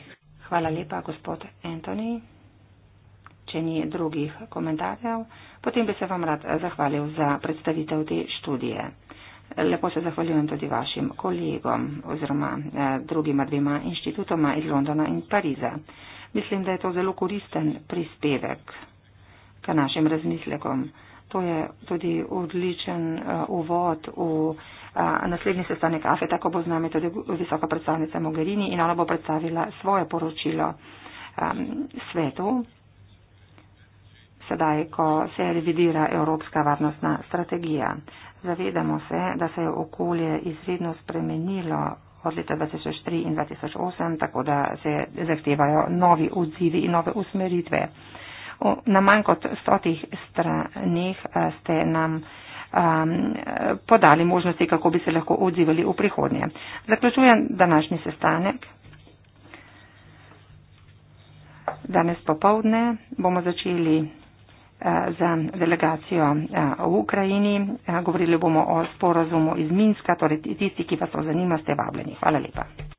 Hvala lepa, gospod Anthony. Če ni drugih komentarjev, potem bi se vam rad eh, zahvalil za predstavitev te študije. Lepo se zahvaljujem tudi vašim kolegom oziroma drugima dvema inštitutoma iz Londona in Pariza. Mislim, da je to zelo koristen prispevek k našim razmislekom. To je tudi odličen eh, uvod v eh, naslednji sestanek AFE, tako bo z nami tudi visoka predstavnica Mogherini in ona bo predstavila svoje poročilo ehm, svetu, sedaj, ko se revidira evropska varnostna strategija. Zavedamo se, da se je okolje izredno spremenilo od leta 2003 in 2008, tako da se zahtevajo novi odzivi in nove usmeritve. Na manj kot stotih stranih ste nam podali možnosti, kako bi se lahko odzivali v prihodnje. Zaključujem današnji sestanek. Danes popovdne bomo začeli Eh, z delegacijo eh, v Ukrajini. Eh, govorili bomo o sporazumu iz Minska, torej tisti, ki vas to zanima, ste vabljeni. Hvala lepa.